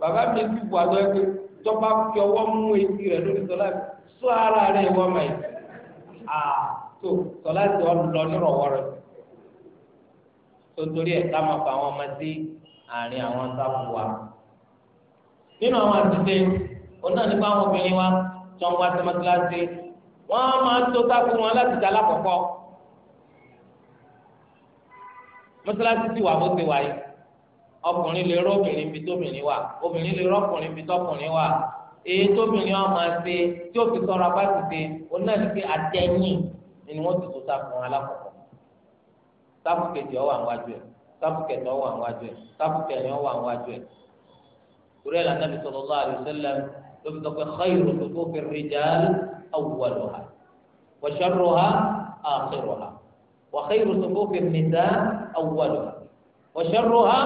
bàbá mi ti bù àdó ẹgbẹ́ tọ́ba fi ọwọ́ mú etí rẹ̀ lórí sọlá sọ ara rẹ̀ wọ́n mọ̀ ẹ́ àà tó sọlá ti wọ́n lọ nírọ̀wọ́ rẹ̀ tontorí ẹ̀ ká máa fa àwọn ọmọ sí àárín àwọn sáfù wa nínú àwọn àtúnṣe òun náà nípa àwọn obìnrin wa tó ń wá sọmọsíláṣí wọn máa ń tó sáfù wọn láti dá lákọ̀ọ́kọ́ mọ́sálásí ti wà bó ti wà ọkùnrin lè rọ obìnrin bí tóbìnrin wà obìnrin lè rọ ọkùnrin bí tọkùnrin wà èyí tóbìnrin wọn máa ṣe tí ó fi sọ̀rọ̀ abá ti ṣe òun náà ní pé àtẹ̀yìn ni wọ́n ti tó sáfún alákọ̀ọ́kọ́ sáfù kejì ọwọ́ àwọn àjọ ẹ̀ sáfù kẹta ọwọ́ àwọn àjọ ẹ̀ sáfù kẹrin ọwọ́ àwọn àjọ ẹ̀ torí ẹ̀ lànà bisọ̀rọ̀ lọ́wọ́ àdìsẹ́lẹ̀ ló fi sọ pé xeyìrò tó tó fi rìjàl awùwàlù ha wàṣàrò ha àṣírò ha wàxeyìrò tó tó fi nìta awùwàlù ha wàṣàrò ha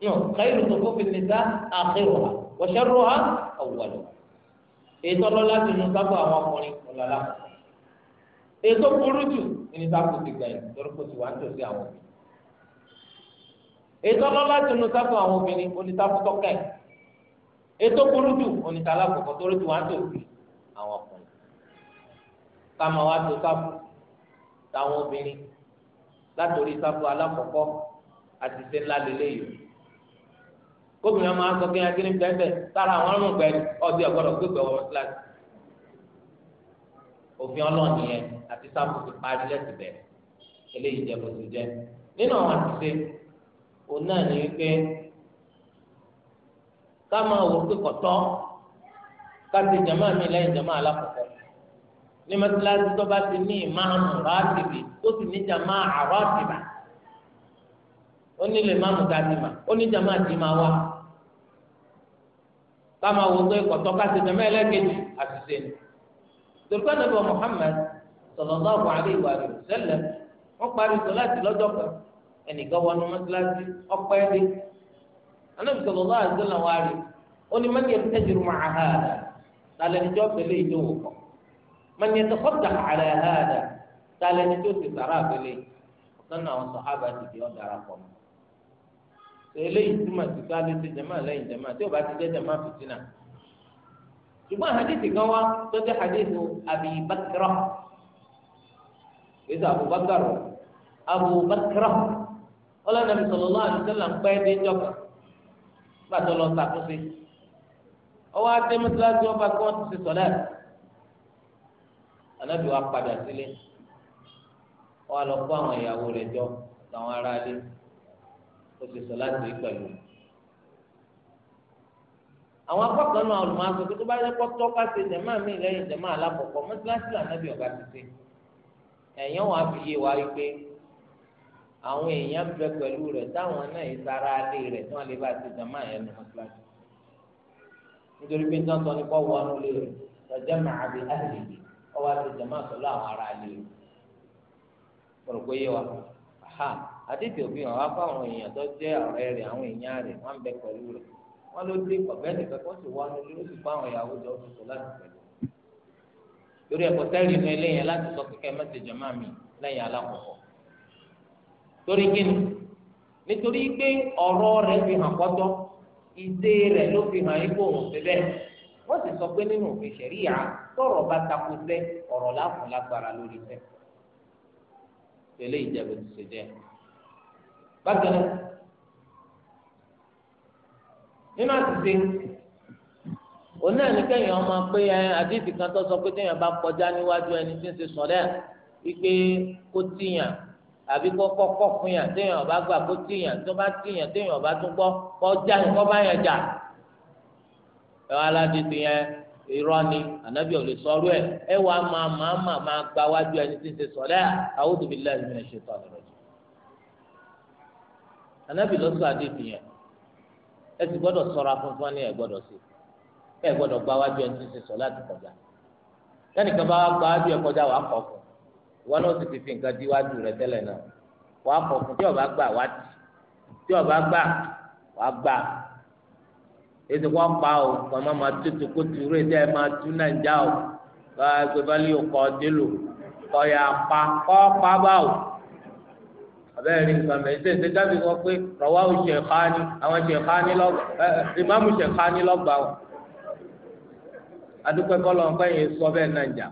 yóò khairu sufufi nisa akhiruha wa sharruha awwaluha ètò ọlọ́lá ti nu sábà àwọn ọkùnrin ọ̀làlá ètò burú jù ní sábà ti gbẹ̀yìn torí kò sì wá tòsí àwọn obìnrin ètò ọlọ́lá ti nu sábà àwọn obìnrin onítàkùtọ̀kẹ́ ètò burú jù onítàlákọ̀kọ̀ torí kò wá tòsí àwọn ọkùnrin kàmá wá tó sábà táwọn obìnrin látòrí sábà alákọ̀ọ́kọ́ àti sẹ́ńlá lélẹ́yìí kóbìnrin ọmọ asọ kí akíní bẹ́ẹ̀ sára àwọn ọmọ pẹ̀lú ọbẹ̀ ọ̀gbọ́dọ̀ gbégbé ọwọ́ síláàsì òfin ọlọ́run nìyẹn àti sáfù ti parí lẹ́sìn bẹ̀rẹ̀ eléyìí jẹ́ bó ti jẹ́ nínú àwọn àtúnṣe òun náà ní wípé ká máa wò pé kọ̀tọ́ ká ti jàmá mi lẹ́yìn jàmá alákọ̀ọ́kọ́ ní mọ́tíláṣí tó bá ti ní ìmáàmù rásìbì tó sì ní jàmá àrọ́ọ̀tìbà ó ní lè máàmù dàtìmà ó ní jàmá àtìmá wa kama wo pé kọtọ kasi tẹmẹ ẹlẹkẹjì àtìsẹ ni tòlùkọ nàbẹ wa Muhammad sallallahu alaihi wa sallam wọn parí sọláàtì lọ́jọ́ kan ẹnìkan wọnú mọ́sálásí ọpẹ ẹdí anabi sallallahu alaihi wa sallam wa rí oní mẹni ẹni tẹjú mọ àhàdà lálẹ níjọ pẹlẹ ìdówó kọ mẹni ẹni tẹkọta àlẹ àhàdà lálẹ níjọ ti sàrà pẹlẹ ọkàn eléyìí túmọ̀ sí pé alẹ́ ti jẹ̀mọ́ lẹ́yìn jẹ̀mọ́ tí o bá ti jẹ́ jẹ̀mọ́ fìtínà. ṣùgbọ́n hadithi kan wá tó jẹ́ hadithu Abi Bakra yíṣẹ́ Abu Bakra Abu Bakra ọlọ́nà mi sallallahu alaihi wasallam ń pẹ́ dé jọ́kà nígbà tó lọ sàkóso ọwọ́ adé mọ́tíláṣí ọba kí wọ́n ti ṣe sọ̀lẹ́ anábì wa padà sílé wọ́n á lọ kó àwọn ìyàwó rẹ̀ jọ làwọn ará ilé ó ti sọ láti rí pẹ̀lú. àwọn akọ́kọ́ náà olùmọ̀ọ́sọ pé tó bá yẹ kọ́tọ́ ká ṣe jẹ̀mọ́ mi lẹ́yìn jẹ̀mọ́ alákọ̀ọ́kọ́ mọ́tíláṣí lànàbí ọ̀gá ti ṣe ẹ̀yàn wàá fi yé wa pé àwọn èèyàn bẹ pẹ̀lú rẹ̀ táwọn náà yìí sára alé rẹ̀ tí wọ́n lè bá ti jẹ̀mọ́ àyẹ̀ ní mọ́tíláṣí nítorí pé nítorí ni kọ́ wọnú lé rẹ̀ lọ́jọ́ àdìtì òbí hàn wá fáwọn èèyàn tó jẹ́ ọ̀rẹ́ rẹ̀ àwọn èèyàn rẹ̀ wọ́n ń bẹ pẹ̀lú rẹ̀ wọ́n ló dé ọ̀bẹ nìkan kó sì wá lórí ó sì bá àwọn ìyàwó jọ tuntun láti pẹ̀lú. lórí ẹ̀kọ́ tẹ́lẹ̀ inú ilé yẹn láti sọ kíkẹ́ mẹ́sẹ̀jọ máa mi lẹ́yìn alákọ̀ọ́kọ́. torí kíni nítorí pé ọ̀rọ̀ rẹ̀ fi hàn kọ́tọ́ ìdè rẹ̀ ló fi hàn ipò òun ti bẹ́ẹ̀ wọ́n sì sọ pé nínú òfin ṣẹ̀ríyà tọ̀rọ̀ bá takò sẹ́ ọ̀rọ̀ láàfin lágbára lórí sẹ́ tẹ́lẹ̀ ìjẹ́bù ti ṣe jẹ́ bákan náà nínú àtìsí òun náà ní kẹ́yìn ọmọ pé àdìsí kan tó sọ pé téèyàn bá kọjá níwájú ẹni tí ń ṣe sọ̀rẹ́ wípé kó tíyàn àbí kó kọ́kọ́ fún yàn téèyàn ọba gbà kó tíyàn tó bá tíyàn téèyàn ọba tún gbọ́ kọ́ já kọ́ bá yàn jà ẹ̀wọ̀n aládìsí yẹn irọ́ ni ànábì ò lè sọ̀rọ̀ ẹ̀ ẹ̀ wàá máa máa máa gba wájú ẹni tí ń ṣe sọ̀rẹ́ àwọn òdòdó ilé ẹ̀ anabi lọsọ àdéhùn yẹn ẹ sì gbọ́dọ̀ ṣọ́ra funfun ni ẹ gbọ́dọ̀ sí ẹ gbọ́dọ̀ gba wájú ẹni tí ń ṣe sọ láti kọjá sẹnìkan bá gba wájú ẹ kọjá wàá kọ fún wọn náà sì ti fi nǹkan di wájú rẹ tẹ́lẹ̀ náà wàá kọ fún tí ọba gbà wá tì tí ọba gbà wàá gbà ètò wọn pa o màmá máa tutù kó turu ètò ẹ máa tú nàìjà o gbẹbálí o kọ délò kọ yà pa kọ pa báwo abẹ́rẹ́ rí nǹkan mẹ́ ṣe ṣe dábì wọn pé rọwá o ṣe ká ní àwọn ṣe ká ní lọ́gbà ẹ ìmáàmù ṣe ká ní lọ́gbà wọn. adúpẹ́ kọ́lọ́ nǹkan yẹn sọ bẹ́ẹ̀ náà jà.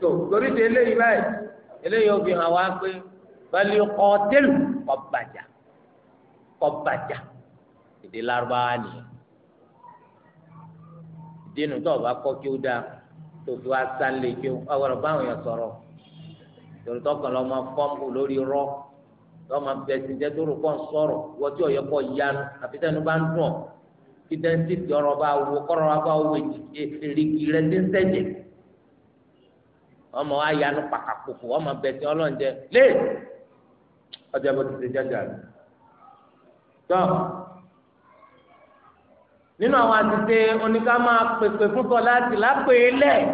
tó torí ti eléyìí báyìí eléyìí òfin hàn wá pé bali kọ́tẹ́lù kọ́bàjà kọ́bàjà èdè lárúbáwá nìyẹn. ìdí inú tó o bá kọ́ kí ó dáa tó fi wá sálé kí ó àwọn ọ̀rọ̀ báwọn yẹn sọ̀rọ̀ torí tọkàn lọ máa fọ́ọ̀mù lórí rọ lọ́mọ bẹ̀sìn jẹ́ tó rò kọ́ sọ̀rọ̀ wọ́n tí ọ̀yọ́ kọ́ yanu àfi tẹnu bá ń dùn ọ́ kí tẹ́ǹtì tí ọ̀rọ̀ bá wo kọ́rọ̀ wa bá wo èrìgì e, rẹ ti ń sẹ́jẹ̀ ọmọ wa yanu pàkàkùkù ọmọ bẹ̀sìn ọlọ́njẹ lé ọjọ́ bó ti ṣe jáde àná tọ́ nínú àwọn àtìsẹ́ oníkà máa pèpè fún sọ láti lápè é lẹ́ẹ̀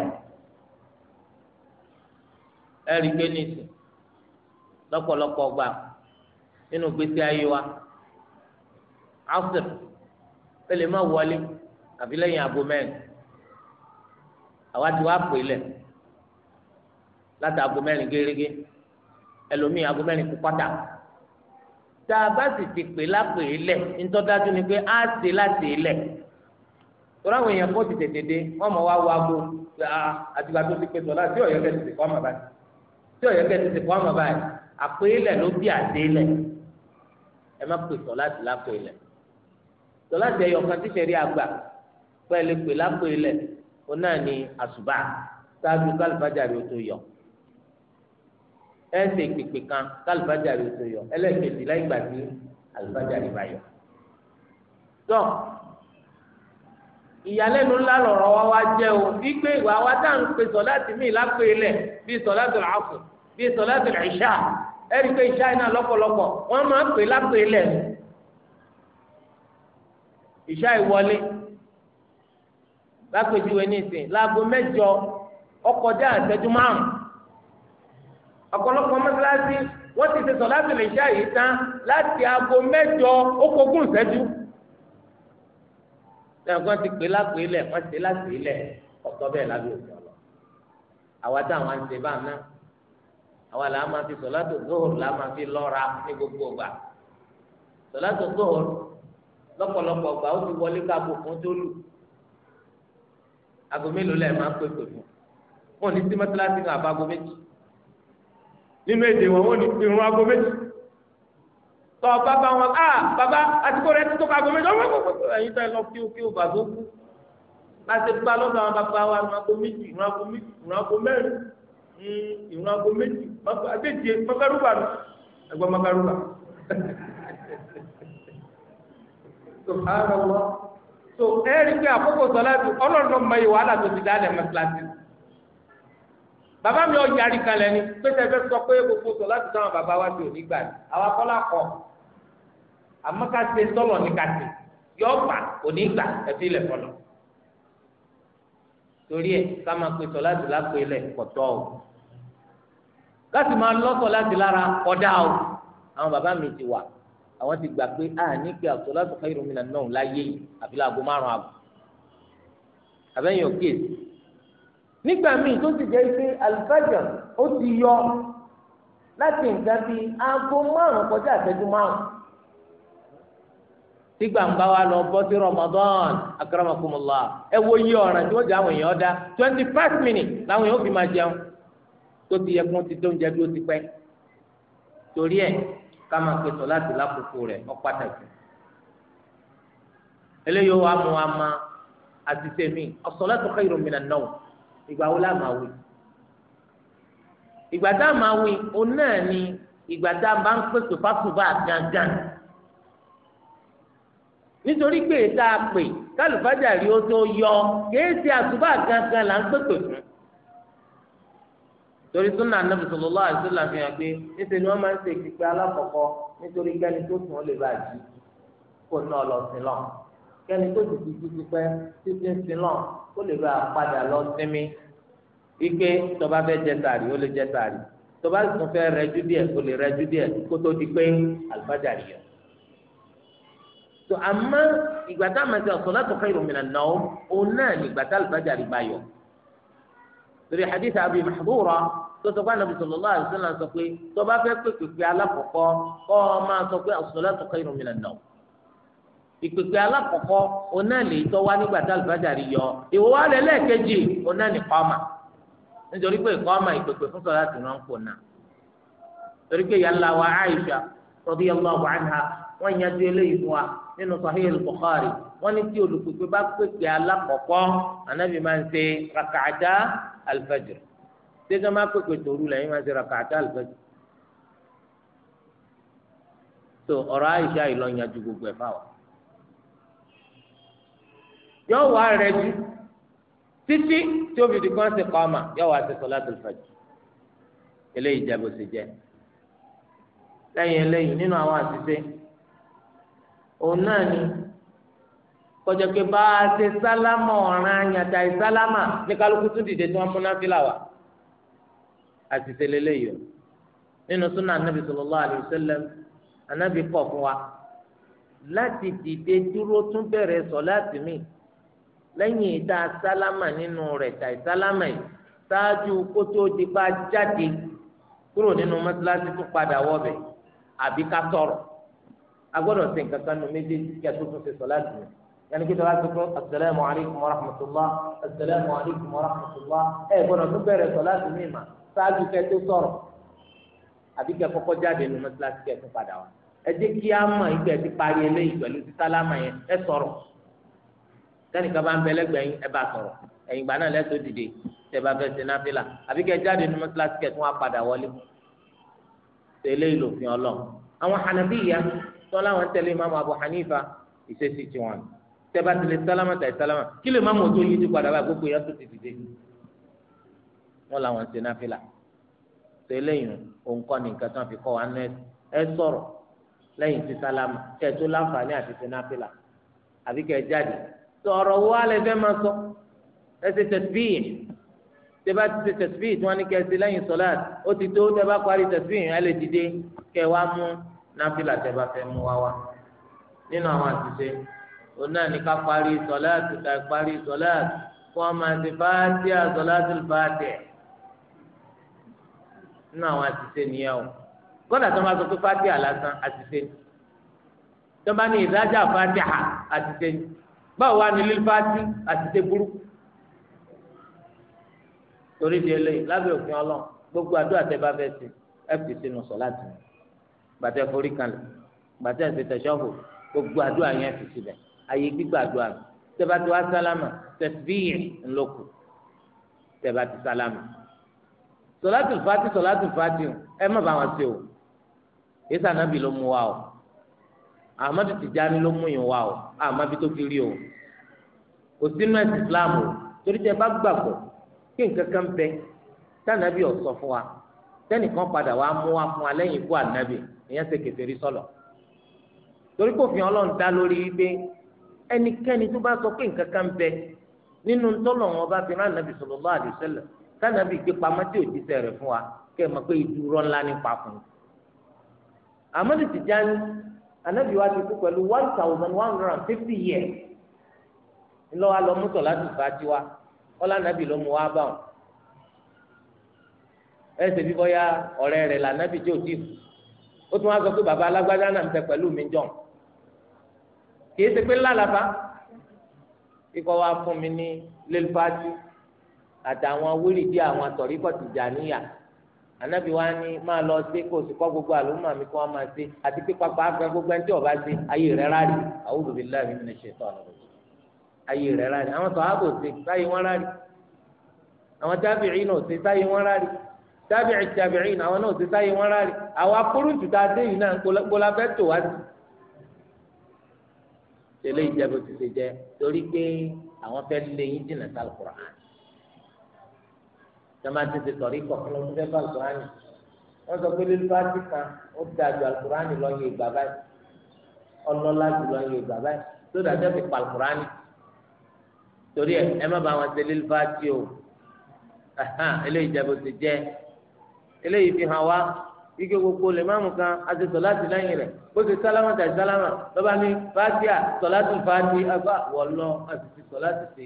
ẹ̀rí gbé nìsín lọ́pọ̀lọpọ̀ gbà nínú gbèsè ayé wa asr ó lè má wọlé àbí lẹ́yìn aago mẹ́rin àwa ti wá pè lẹ̀ láti aago mẹ́rin gérégé ẹlòmíì aago mẹ́rin kú pátá tá a bá sì ti pè lápè lẹ̀ ńtọ́dájú ni pé á ṣe láti lẹ̀ tọ́lá àwọn èèyàn kó ti tètè dé wọ́n mọ̀ wá wo aago ah, àtìgbà tó ti pè tọ́lá sí ọ̀yọ́ kẹ́sì kọ́ ọmọ báyìí tí ọ̀yọ́ kẹ́ ti ti kọ́ ọmọ báyìí àpéélẹ̀ ló bí àdéélẹ̀ ẹ má pè sọ láti lápéélẹ̀ sọ láti ẹyọ kan tí sẹ́rí àgbà pẹ́ẹ́lẹ́ pè lápéélẹ̀ ó náà ní àṣùbà ṣáájú kálífàjárì ó tó yọ ẹ ń ṣe ìpèpè kan kálífàjárì ó tó yọ ẹlẹ́ẹ̀kejì láì gbà sí àlùfàjárì bá yọ ìyàlẹ́nu ńlá lọ̀rọ̀ wa wá jẹ́ o wípé ìwà wa dá ń pe sọ̀láàtì míì lápè lẹ̀ bíi sọ̀láàtì àfù bíi sọ̀láàtì ìṣá ẹ̀rí pé ìṣá iná lọ́pọ̀lọpọ̀ wọ́n máa pè lápè lẹ̀ ìṣá ìwọlé lápèjúwe ní ìsìn láago mẹ́jọ ọkọjá àtẹ́jú márùn ọ̀pọ̀lọpọ̀ mọ́sálásí wọ́n ti ṣe sọ̀láàtì ìṣá yìí tán láti aago mẹ́jọ ó kogún ìṣẹ́jú lẹ́yìn kan ti pè lápè lẹ̀ wọ́n ti láti lẹ̀ ọ̀tọ́ bẹ́ẹ̀ lábẹ́ òfin ọ̀lọ́ àwa táwọn ń ṣe báà náà àwa làá máa fi sọ̀látò gbóhùn làá máa fi lọ́ra ní gbogbo ọgbà sọ̀látò gbóhùn lọ́pọ̀lọpọ̀ ọgbà ó ti wọlé káàbò fún tó lù aago mélòó lẹ́ẹ̀ máa ń pèpè fún wọn ní símọ́tíláṣí kan àbágo méjì nínú èdè wọn wọn ní irun aago méjì tọ́ ọba wọn a ah, bàbá àtikó rẹ ti tó kago méjì ọmọ gbogbo ẹ̀yin tó ẹ lọ kí o kí o bà tó kú láti gba lọ́dọ̀ àwọn bàbá wa ìrún ago méjì ìrún ago hmm, méjì ìrún ago mẹ́rin ìrún ago méjì àgbèjì mọ́kàrúbà ẹ̀gbọ́n mọ́kàrúbà subhanallah so ẹ̀rí pé àkókò sọlá ti ọlọ́run mọ ìwà àlàtò ti dáadẹ́ mẹ́tíláṣí bàbá mi ọjà rí kan lẹ́ni pé tẹ́fẹ́ sọ pé gbogbo sọlá ti dáhùn bàbá wa ti ò ní gbà ní àwọn akọ́lá kọ́ àmọ́ ká ṣe tọ́lọ̀ ní ká ṣe yọ gbà òní gbà ẹbí lẹ̀ fọlọ́ torí ẹ ká máa pe sọ láti lápè lẹ̀ pọ̀tọ́ o láti máa lọ́sọ̀ láti lára kọ́dá o àwọn bàbá mi ti wà àwọn ti gbà pé a ní pé àtọ́ láti ká irun mi nà náà láyé yìí àfi láago márùn àbọ̀ àbẹ́yìn òkè nígbà míì tó ti jẹ́ pé alifájà ó ti yọ láti nǹkan bíi aago márùn kọjá àtẹ́jú márùn tígbà ń bá wa lọ bọ́ sí Ramadan akramakumullah ẹ wo yí ọ̀ràn tí wọ́n jẹ́ àwọn èèyàn dá twenty five minutes làwọn èèyàn fi máa jẹun tó ti yẹ kó ti tó oúnjẹ dúró ti pẹ́ torí ẹ̀ ká máa pèsè láti lákòókò rẹ̀ ó pàtàkì eléyìí wa mú wa ma àti tèmi as-salatu khayrun minan nawm ìgbà wo la máa wí ìgbà tá a máa wí òun náà ni ìgbà tá a bá ń pèsè fásùbà gángan nítorí pé ètò àpè kálùfájà rí ó tó yọ kìí ṣe àsùbà gangan là ń pèpè fún torí súnà nàbì sallallahu alaihi wasallam fi hàn pé níṣẹ́ ni wọ́n máa ń ṣe ìpìpẹ alákọ̀ọ́kọ́ nítorí kẹ́ni tó sùn ó lè bá jí kó náà lọ sí lọ kẹ́ni tó ti ti ti pẹ́ títí sí lọ kó lè bá padà lọ sinmi ike tọba fẹ́ jẹ sààrì ó lè jẹ sààrì tọba tún fẹ́ rẹjú díẹ̀ kó lè rẹjú díẹ̀ kó tó di pé àlùfájà rí yọ tó àmọ́ ìgbà tá a máa ti as-salatu khayrun minan nawm òun náà ní ìgbà tá al-fajr bá yọ. lórí hadith Abi Mahdura tó sọ pé anabi sallallahu alaihi wasallam sọ pé tó bá fẹ́ pé pèpè alákọ̀ọ́kọ́ kọ́ ọ máa sọ pé as-salatu khayrun minan nawm. ìpèpè alákọ̀ọ́kọ́ òun náà lè tọ́ wá nígbà tá al-fajr yọ ìwọ wá lẹ lẹ́ẹ̀kejì òun náà ní kọ́ọ̀mà nítorí pé ìkọ́ọ̀mà ìpèpè fún radiyallahu anha wọ́n yanjú eléyìí fún wa nínú sahih al-bukhari wọ́n ní tí olùpèpè bá pèpè alákọ̀ọ́kọ́ anabi máa ń ṣe rakata alfajr tẹ́tẹ́ máa pèpè tòru lẹ́yìn máa ń ṣe rakata alfajr tó ọ̀rọ̀ àyíṣà yìí lọ yanjú gbogbo ẹ̀ fáwọn. yọ wá rẹ jù títí tí ó fi ṣe kọ́ ọ́ yọ wá ṣe salatul fajr eléyìí jẹ́ bó ṣe jẹ́ lẹ́yìn eléyìí nínú àwọn àṣìṣe òun náà ni kọjá pé bá a ṣe sálámà ọ̀ràn àyàtà ìsálámà ní kálukú tún dìde tí wọ́n múná fílà wá àṣìṣe lélẹ́yìí o nínú súnà anábì sallallahu alaihi wasallam anábì kọ̀ fún wa láti dìde dúró tún bẹ̀rẹ̀ sọ̀láàtì mi lẹ́yìn ìta sálámà nínú rẹ̀ tà ìsálámà yìí ṣáájú kótó dípa jáde kúrò nínú mọ́tíláṣí tún padà wọ́ bẹ̀ẹ́ àbí ká tọrọ agbọ́dọ̀ ṣe nǹkan kan nu méjèèjì kí a tó tún ṣe sọlá dùn yẹn kí tọ́lá tó kọ́ asalaamu alaykum wa rahmatulah asalaamu alaykum wa rahmatulah ẹ gbọ́dọ̀ tó bẹ̀rẹ̀ sọlá dùn mí mà ṣáájú kẹ́ tó sọ̀rọ̀ àbí kẹ́ kọ́kọ́ jáde nu mọ́tíláṣí kẹ́ tó padà wá ẹ jẹ́ kí a mọ̀ ìgbẹ́ ti parí eléyìí pẹ̀lú sísálámà yẹn ẹ sọ̀rọ̀ sẹ́nìkan bá ń bẹ lẹ́gbẹ̀ẹ́ yín ẹ bá sọ̀rọ̀ ẹ̀yìn ìgbà náà lẹ́tọ́ dìde tẹ́ bá fẹ́ ṣe àbí kẹ́ jáde nu mọ́tíláṣí kẹ́ tó wá padà wọlé tẹ̀lé ìlòfin ọlọ́run àwọn hanabiya tọ́lá wọn tẹ̀lé imam abu hanifa ìṣesí tiwọn tẹ́bà tẹ̀lé sálámà tàì sálámà kí lè má mọ̀ tó yíjú padà báyìí gbogbo yẹn tó ti dìde wọn làwọn ń ṣe náfìlà tẹ̀lé yìí òǹkọ́ ni nǹkan tó ń fi kọ́ wa ẹ sọ̀rọ̀ lẹ́yìn tí sálámà kẹ́ tó láǹfààní àti ṣe náfìlà àbí kẹ́ jáde sọ̀rọ̀ wo alẹ́ fẹ́ máa sọ ẹ ti tẹ̀síyìn tẹ́bá ti ṣe tẹ̀sífì tí wọ́n ní kẹ́sì lẹ́yìn sọ́láàt ó ti tó tẹ́bá parí tẹ̀sífì yẹn ẹ lè dìde kẹ́ wá mú náfìlà tẹ́bá fẹ́ mú wá wá nínú àwọn àtúnṣe òun náà ní ká parí sọ́láàt ká parí sọ́láàt kó wọ́n máa ṣe fáátì àsọ́láàt fáátì nínú àwọn àtúnṣe nìyẹn o kódà tó máa sọ pé fáátì àlásán àtúnṣe tó bá ní ìdájà fáátì àtúnṣe báwo wá ní lílfáátì àtúnṣe burúkú torí di eléyìí lábẹ́ òfin ọlọ́run gbogbo àdúrà tẹ bá fẹ́ sí ẹ fi sínú sọ̀láàtì gbàtẹ́ forí kalẹ̀ gbàtẹ́ ṣe tẹ̀sọ́fò gbogbo àdúrà yẹn fi síbẹ̀ ayé gbígbà àdúrà mi tẹ́bà tí wàá sálámà tẹ̀síbíyì ńlọ́kù tẹ́bà tí sálámà sọ̀láàtì fati sọ̀láàtì fati ẹ má bá wọn ṣe o yíṣà nàbì ló mú wa o Ahmadu Tijani ló mú yín wa o àmọ́ bí tó fi rí o kò sínú ẹ̀sìn Islam o torí kí nǹkan kan bẹ tànàbí ọ̀sọ́ fún wa tẹ́nìkan padà wá mú wa fún wa lẹ́yìn ikú ànábì ìyẹn ṣe kèfèrí sọ̀lọ̀ torí kò fi ọlọ́run dá lórí wípé ẹnikẹ́ni tó bá sọ pé nǹkan kan bẹ nínú tọ́lọ̀ wọn bá fi rán ànábì sallallahu alaihi wasallam tànàbí gbé pamọ́ tí òjíṣẹ́ rẹ̀ fún wa kẹ́ ẹ mọ̀ pé ìdúró ńlá nípa fún un Ahmadu Tijani ànábì wa ti kú pẹ̀lú one thousand one hundred and fifty years ńlọ́wọ́ alọ́mútọ̀ láti fàájì ọlá nàbì ló mú wá bá wọn ẹsẹ bí bóyá ọ̀rẹ́ rẹ̀ là nàbì tí ò tí ó tún wá sọ pé bàbá alágbádá náà ń tẹ pẹ̀lú mi jọ kìí ṣe pé lálàbá kíkọ wá fún mi ní lẹlifásí àtàwọn wíìlìdì àwọn àtọ̀ríkọ̀ Tìjàníyà ànábì wa ni máa lọ sí kó o sì kọ́ gbogbo àlùmọ́ mi kó wọ́n máa ṣe àti pípa pàápàá gbogbo ẹni tí ọba ṣe ayé rẹ̀ rárẹ̀ a'udhu billahi minash shaitani rajim ayé rẹ̀ rárí àwọn sọ̀hábò ṣe táyé wọn rárí àwọn tábìrì náà ṣe táyé wọn rárí tábìrì tábìrì náà àwọn náà ṣe táyé wọn rárí àwọn akóróntù tá a dé yìí náà gbọ́lá fẹ́ tò wá sí. tẹ̀lé ìjẹ́bù ti ṣe jẹ́ torí pé àwọn fẹ́ lé yín jìnnà sálù kùrán. sọ́mà ti ṣe sọ̀rí kọ̀ọ̀kan ló ń fẹ́ bá sọ pé lílùbáàtì kan ó dájú alukùránì lọ́yẹ̀ ìgbà báyìí ọlọ́lá jù lọ́yẹ̀ ìgbà báyìí tó dájọ́ fi pàlùkùránì torí ẹ ẹ má bá wọn ṣe lílfàtì o eléyìí jẹ bó ti jẹ eléyìí fi hàn wá ike gbogbo lè máàmù kan àti sọláàtì lẹ́yìn rẹ̀ bó ti sálámà tàbí sálámà lọba ní fàtíà sọláàtì fàtí agbá wọlọ àti ti sọláàtì sí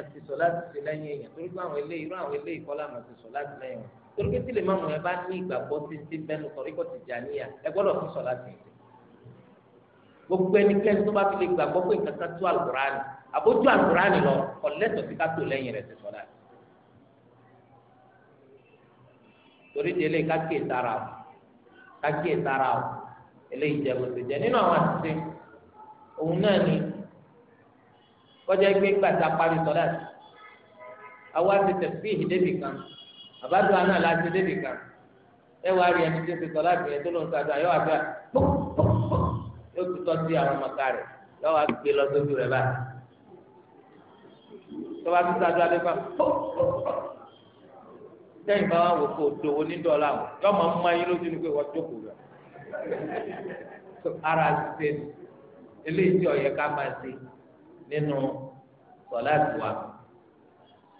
àti sọláàtì sí lẹ́yìn èèyàn torí pé àwọn eléyìí irú àwọn eléyìí kọ́ làmà ti sọláàtì lẹ́yìn wọn torí pé tí lè máàmù yẹn bá ní ìgbàgbọ́ tí ń ti bẹ́nu kọ̀ríkọ̀ ti jà níyà ẹ gbọ́dọ̀ fi sọláàtì gbogbo ẹnikẹ́ni tó bá fi lè gbàgbọ́ pé nǹkan kan tó àlùkò àbójú àlùkùránì lọ ọ̀lẹ́tọ̀ sí ká tó lẹ́yìn rẹ̀ ti sọ náà torí délé ká kí ìtara o ká kí ìtara o eléyìí jẹ gbèsè jẹ nínú àwọn àtúnṣe òun náà ni kọjá gbé gbàtà parí sọlá àwa ti tẹ̀sí ìdébì kan àbádọ́ àná láti débì kan ẹ wá rí ẹni tó ti sọlá bìyẹn tó ló ń sàdó àyọ̀ àbẹ́ yóò tutọ́ sí àwọn ọmọ ká rẹ̀ lọ́wọ́ á gbé lọ sójú rẹ̀ báyìí tọ́ba tó sáájú adéfà sẹ́yìn bá wà wò kó do onídọ́là o yọ máa ń mọ ayé lójú ni pé wọ́n jókòó rẹ̀ ara ṣe eléyìí tí ọ̀yẹ́ ká máa ṣe nínú sọ̀lá tiwa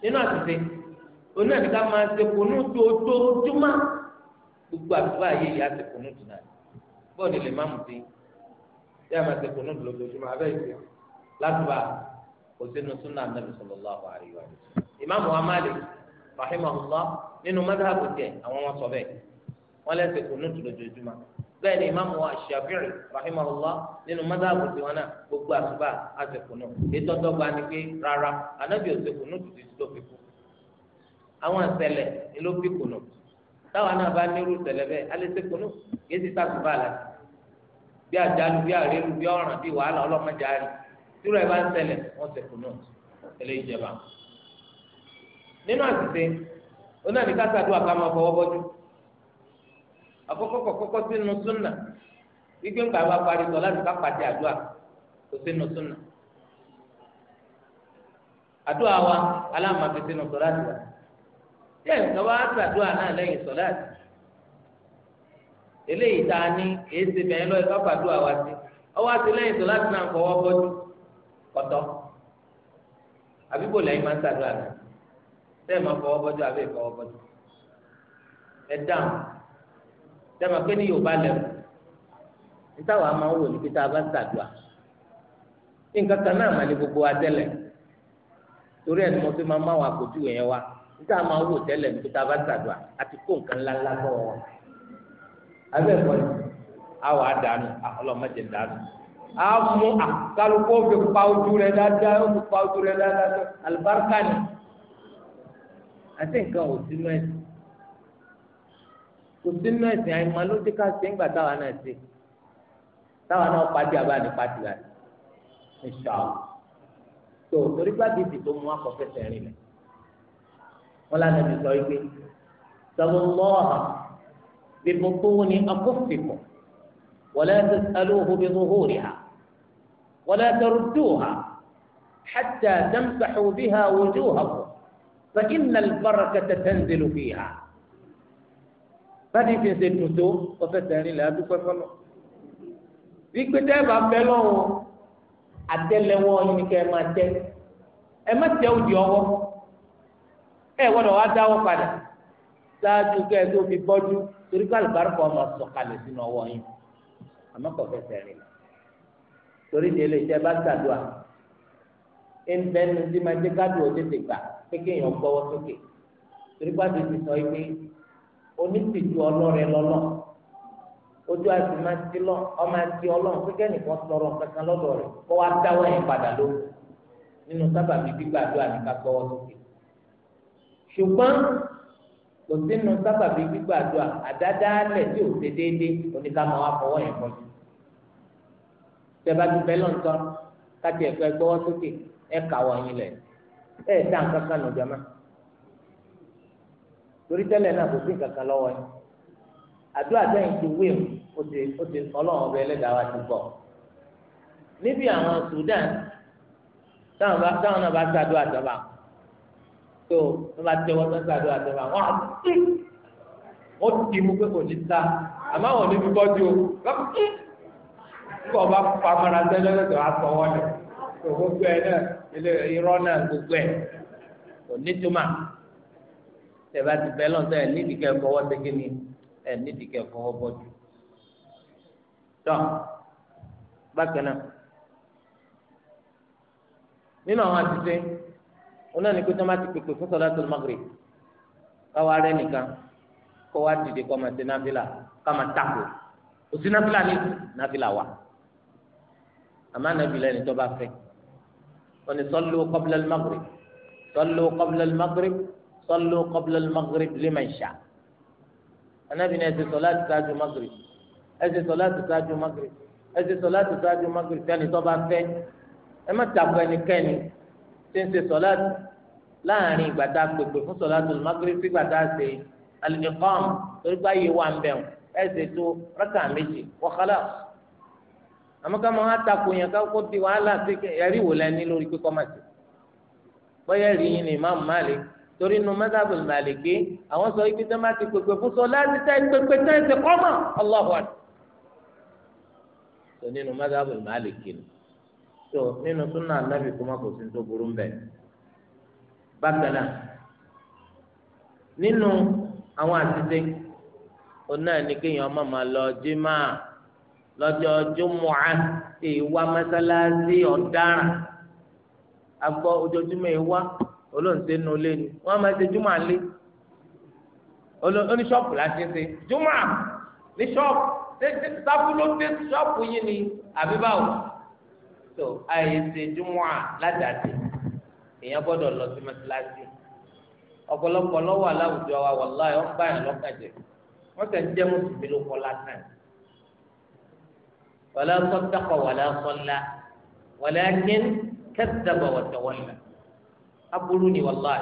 nínú àtúnṣe oní àdìgá máa ṣe kùnú tójójúmọ́ gbogbo àdúrà yìí yà ṣe kùnú dùnà bọ́ọ̀lù lè má mú sí yà máa ṣe kùnú lójoojúmọ́ abẹ́ ìṣe látùbà kò sínú súnà nàbì sallallahu alaihi wa sallam ìmáàmù wa Malik rahimahullah nínú madhabu tiẹ̀ àwọn wọn sọ bẹ́ẹ̀ wọn lẹsẹ kùnú tùlójoojúmọ́ bẹ́ẹ̀ ni ìmáàmù wa Shafi'i rahimahullah nínú madhabu tiwọn náà gbogbo àtúbà àti kùnú ètò ọdọgba ni pé rárá anábì òsè kùnú tùtù tó fi kú àwọn ìṣẹ̀lẹ̀ ló fi kùnú táwọn náà bá nírú ìṣẹ̀lẹ̀ bẹ́ẹ̀ alẹ ṣe kùnú kí esi tàkùbà láti bí àjálù bí àrélu bí ọ̀ràn bí wàhálà ọlọmọdé àárín tíru ẹ̀ bá ń tẹ̀lẹ̀ wọ́n ti kùnú ẹlẹ́ ìjẹba. nínú àtìsẹ́ onáni kásádùn àkàmọ́ fọwọ́bọ́jú àkọ́kọ́ kọ̀kọ́kọ́ sínú súnà gbígbé ńgbà bá parí sọ láti ká pàdé àdúrà kò sínú súnà. àdúrà wa aláàmàfi sínú sọ láti wà. tí ẹ̀ nǹkan wá sàdúrà náà lẹ́yìn sọ láti. eléyìí tá a ní èé ṣe bẹ̀rẹ̀ lọ́ọ́ ẹ̀ ká pàdúrà wa sí. ọwọ́ àti lẹ́yìn sọ láti náà fọwọ́ bọ́jú kọ́tọ́ àbíbò lẹ́yìn máa ń ṣàdúrà náà tẹ́ẹ̀ máa fọwọ́ bọ́jú àbí ìfọwọ́ bọ́jú ẹ dáhùn tẹ́ẹ̀ máa pé ní Yorùbá lẹ́wọ̀ nítawọ̀ a máa ń wò ní pété a bá ń ṣàdúrà nǹkan kan náà máa ní gbogbo wa tẹ́lẹ̀ torí ẹ̀ ni mo fi máa máa wà kójú yẹn wa níta máa wò tẹ́lẹ̀ ní pété a bá ń ṣàdúrà àti kó nǹkan ńláńlá bọ̀ wọn abẹ́ ẹ̀kọ́ ni àwọn àdánù àkọlọ́mọdé dánù a mú a kálukó fi pa ojú rẹ dáadáa ó fi pa ojú rẹ dáadáa alibarika ni àti nǹkan ò sínú ẹsìn kò sínú ẹsìn àìmọ̀ ló ti ká sí ńgbà táwa náà ṣe táwa náà pàdé àbáni pàdé rẹ ìṣọ tó torí gbàgede tó mú akọfẹsẹ rìn lẹ wọn lànà ti sọ igbe sọmọ mọ ọhàn bí mo tó ní akófìkọ wọlé ẹsẹ alóhùn bí mo hó rí ha. ولا تردوها حتى تمسحوا بها وجوهكم فإن البركة تنزل فيها فدي في سنتو وفتاني لا تكفلوا wípé tẹ́ẹ̀bà bẹ́ lọ́wọ́ àtẹlẹwọ́ yìí kẹ́ ẹ máa tẹ́ ẹ má tẹ́ òdì ọwọ́ ẹ gbọ́dọ̀ wá dáwọ́ padà ṣáájú kẹ́ ẹ tó fi bọ́jú torí ká àlùbáríkà ọmọ sọ̀kalẹ̀ sínú ọwọ́ yìí àmọ́ kò fẹsẹ̀ rìn lọ torí di ilé iṣẹ́ bá ṣàdúrà ẹnbẹ́nu tí máa jẹ́ kádùn òtítì gbà kékeré yẹn gbọ́wọ́ sókè torí pàṣẹ ti sọ pé onítìjú ọlọ́rẹ lọ́lọ́ ojú àti máa ti lọ ọmọ àti ọlọ́run kékeré nìkan sọ̀rọ̀ kankan lọ́dọ̀ rẹ̀ kó wá dáwọ́ yẹn padà ló nínú sábàbí gbígbàdúrà ní ká gbọ́wọ́ sókè ṣùgbọ́n kò sínú sábàbí gbígbàdúrà àdádáálẹ̀ tí ò ṣe déédéé oníkàmọ́ wa fọwọ́ yẹn kọjú tẹ̀bá ti bẹ́ẹ̀ lọ́ntọ́ káti ẹ̀kọ́ ẹgbọ́wọ́ sókè ẹ̀ kàwọ́ yín lẹ̀ ẹ̀ dá nǹkan kan nù jama torí tẹ́lẹ̀ náà kò sí nǹkan kan lọ́wọ́ yín àdúrà sẹ́yìn ti wé o ti o ti ọlọ́run ọbẹ̀ ẹlẹ́dàá wa ti bọ̀ níbi àwọn Sudan táwọn náà bá ṣàdúrà jọba tó wọn bá tẹwọ́ tó ṣàdúrà jọba wọn á ti ó ti mú pé kò ní ta àmọ́ àwọn ò ní fi bọ́ ju o kí ọba pamọ́ra sẹ́lẹ̀lẹ́sẹ̀ wá sọ wọ́n lẹ̀ tó gbogbo ẹ̀ náà ilé irọ́ náà gbogbo ẹ̀ kò nítumà tẹ̀bá ti bẹ́ẹ̀ lọ́sẹ̀ ẹ̀ nídìí kẹ́ fọwọ́ segin ni ẹ̀ nídìí kẹ́ fọwọ́ bọ́jú. tọ́ bákan náà nínú àwọn àtúnṣe wọn náà ní pé tọ́mátì pèpè fún sọlá tó magre káwa rẹ nìkan kó wa dìde kó ma ṣe náfìlà ká ma tako òsì ni náfìlà wa àmọ́ anabi lẹni tó bá fẹ́ wọn ni sallu qabla al-maghrib sallu qabla al-maghrib sallu qabla al-maghrib liman sha anabi ni ẹ ṣe sọláàtì ṣáájú maghrib ẹ ṣe sọláàtì ṣáájú maghrib ẹ ṣe sọláàtì ṣáájú maghrib fẹni tó bá fẹ́ ẹ má takò ẹnikẹ́ni tí ń ṣe sọláàtì láàrin fún sọláàtì maghrib sí ìgbà tá a ṣe al-iqama wa ń bẹ̀rù ẹ ṣètò rákà méjì àmọ́ ká máa takò yẹn káwọ́ kó di wàhálà sí ẹ̀rí wò lẹ́ni lórí pé kọ́mọ̀tì bóyá ẹ̀rí yìí ni Imam Malik torí nu mẹ́tàbù Màlíkì àwọn sọ ibi tó máa ti pèpè fún sọ láti tẹ́ pèpè tẹ́ ẹsẹ̀ kọ́mọ̀ Allahu Akbar tó nínú mẹ́tàbù Màlíkì ni tó nínú súnà anábì kó kò sí tó burú ń bẹ̀. nínú àwọn àtijọ́ òun náà ni kéèyàn má máa lọ jímáà lọ́jọ́ júmọ̀á ìwà mọ́sálásí ọ̀daràn agbọ́ ojoojúmọ́ ìwà olóńsé nu lé ni wọ́n máa ṣe júmọ̀ lé oní ṣọ́ọ̀pù láti ṣe júmọ̀ ní ṣọ́ọ̀pù sáfù ló dé ṣọ́ọ̀pù yìí ni àbí báwo tó àyè ṣe júmọ̀ ládàáṣe èèyàn gbọ́dọ̀ lọ sí mọ́sálásí ọ̀pọ̀lọpọ̀ lọ́wọ́ aláwùjọ wa wàláì ọ̀ ń báyà wọ́n tẹ̀ ń jẹ́ mùsùlùmí kọ́ lásán ولا صدق ولا صلى ولكن كذب وتولى أقولني والله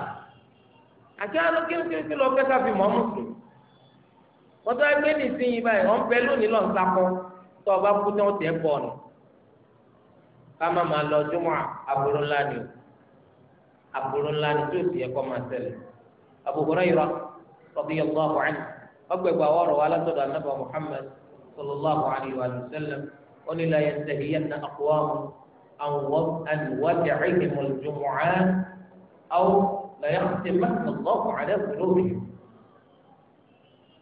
àkàrà kéwkéwké lọ fẹ́ في mọ́ mùsùlùmí wọ́tọ́ ẹgbẹ́ nìsinyìí báyìí wọ́n bẹ lónìí lọ́n sakọ tó ọba kú tán tẹ̀ pọ̀ nù káma máa lọ jùmọ̀ àbúrò ńlá ni o àbúrò ńlá ni tó tiẹ̀ kọ́ máa ṣẹlẹ̀ Abu Hurairah radiyallahu anhu ọgbẹ̀gbà ọ̀rọ̀ wa látọ̀dọ̀ anábà Muhammad sallallahu alayhi wa sallam. قل لا ينتهين أقوام عن ودعهم الجمعان أو لا يختمن الله على قلوبهم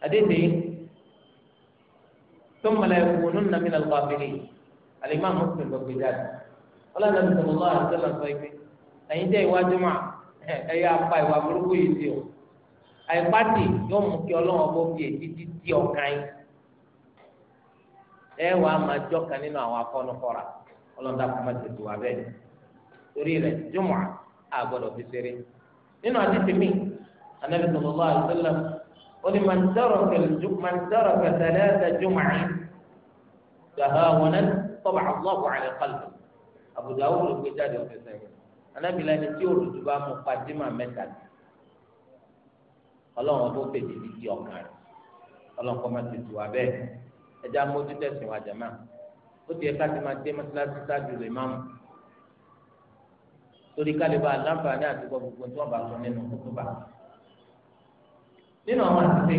أديتي ثم لا يكونن من الغافلين الإمام مسلم بالبداية قال النبي صلى الله عليه وسلم صيفي أين جاي واجمع أي أبقى وأبركوا يسير أي باتي يوم كي الله أبوكي تتي تي أوكاين ẹ wàá máa jọ́ kan nínú àwọn akọ́nukọ́ra ọlọ́dà kò má tètè wà bẹ́ẹ̀ torí rẹ̀ jùmọ̀ a gbọ́dọ̀ fi ṣeré nínú àdìsí mi anabi sallallahu alaihi wasallam ó ní man taraka thalatha jùmọ̀ tahawanan taba'a Allahu ala qalbi Abu Dawud ló gbé jáde òfin sẹ́yìn anabi lẹni tí olùdó bá mú fatima mẹ́ta ni tó fèjì ní kí ọkàn rẹ̀ ọlọ́run kọ́ má tètè wà bẹ́ẹ̀ ẹja mójú tẹ̀sìn wa jàmá ó ti ẹ̀ka ti máa dé mọ́sálásí ṣáájú lè máa mú torí kálíbà láǹfààní àti gbọ́ gbogbo tí wọ́n bá sọ nínú kútúbà nínú àwọn àtúnṣe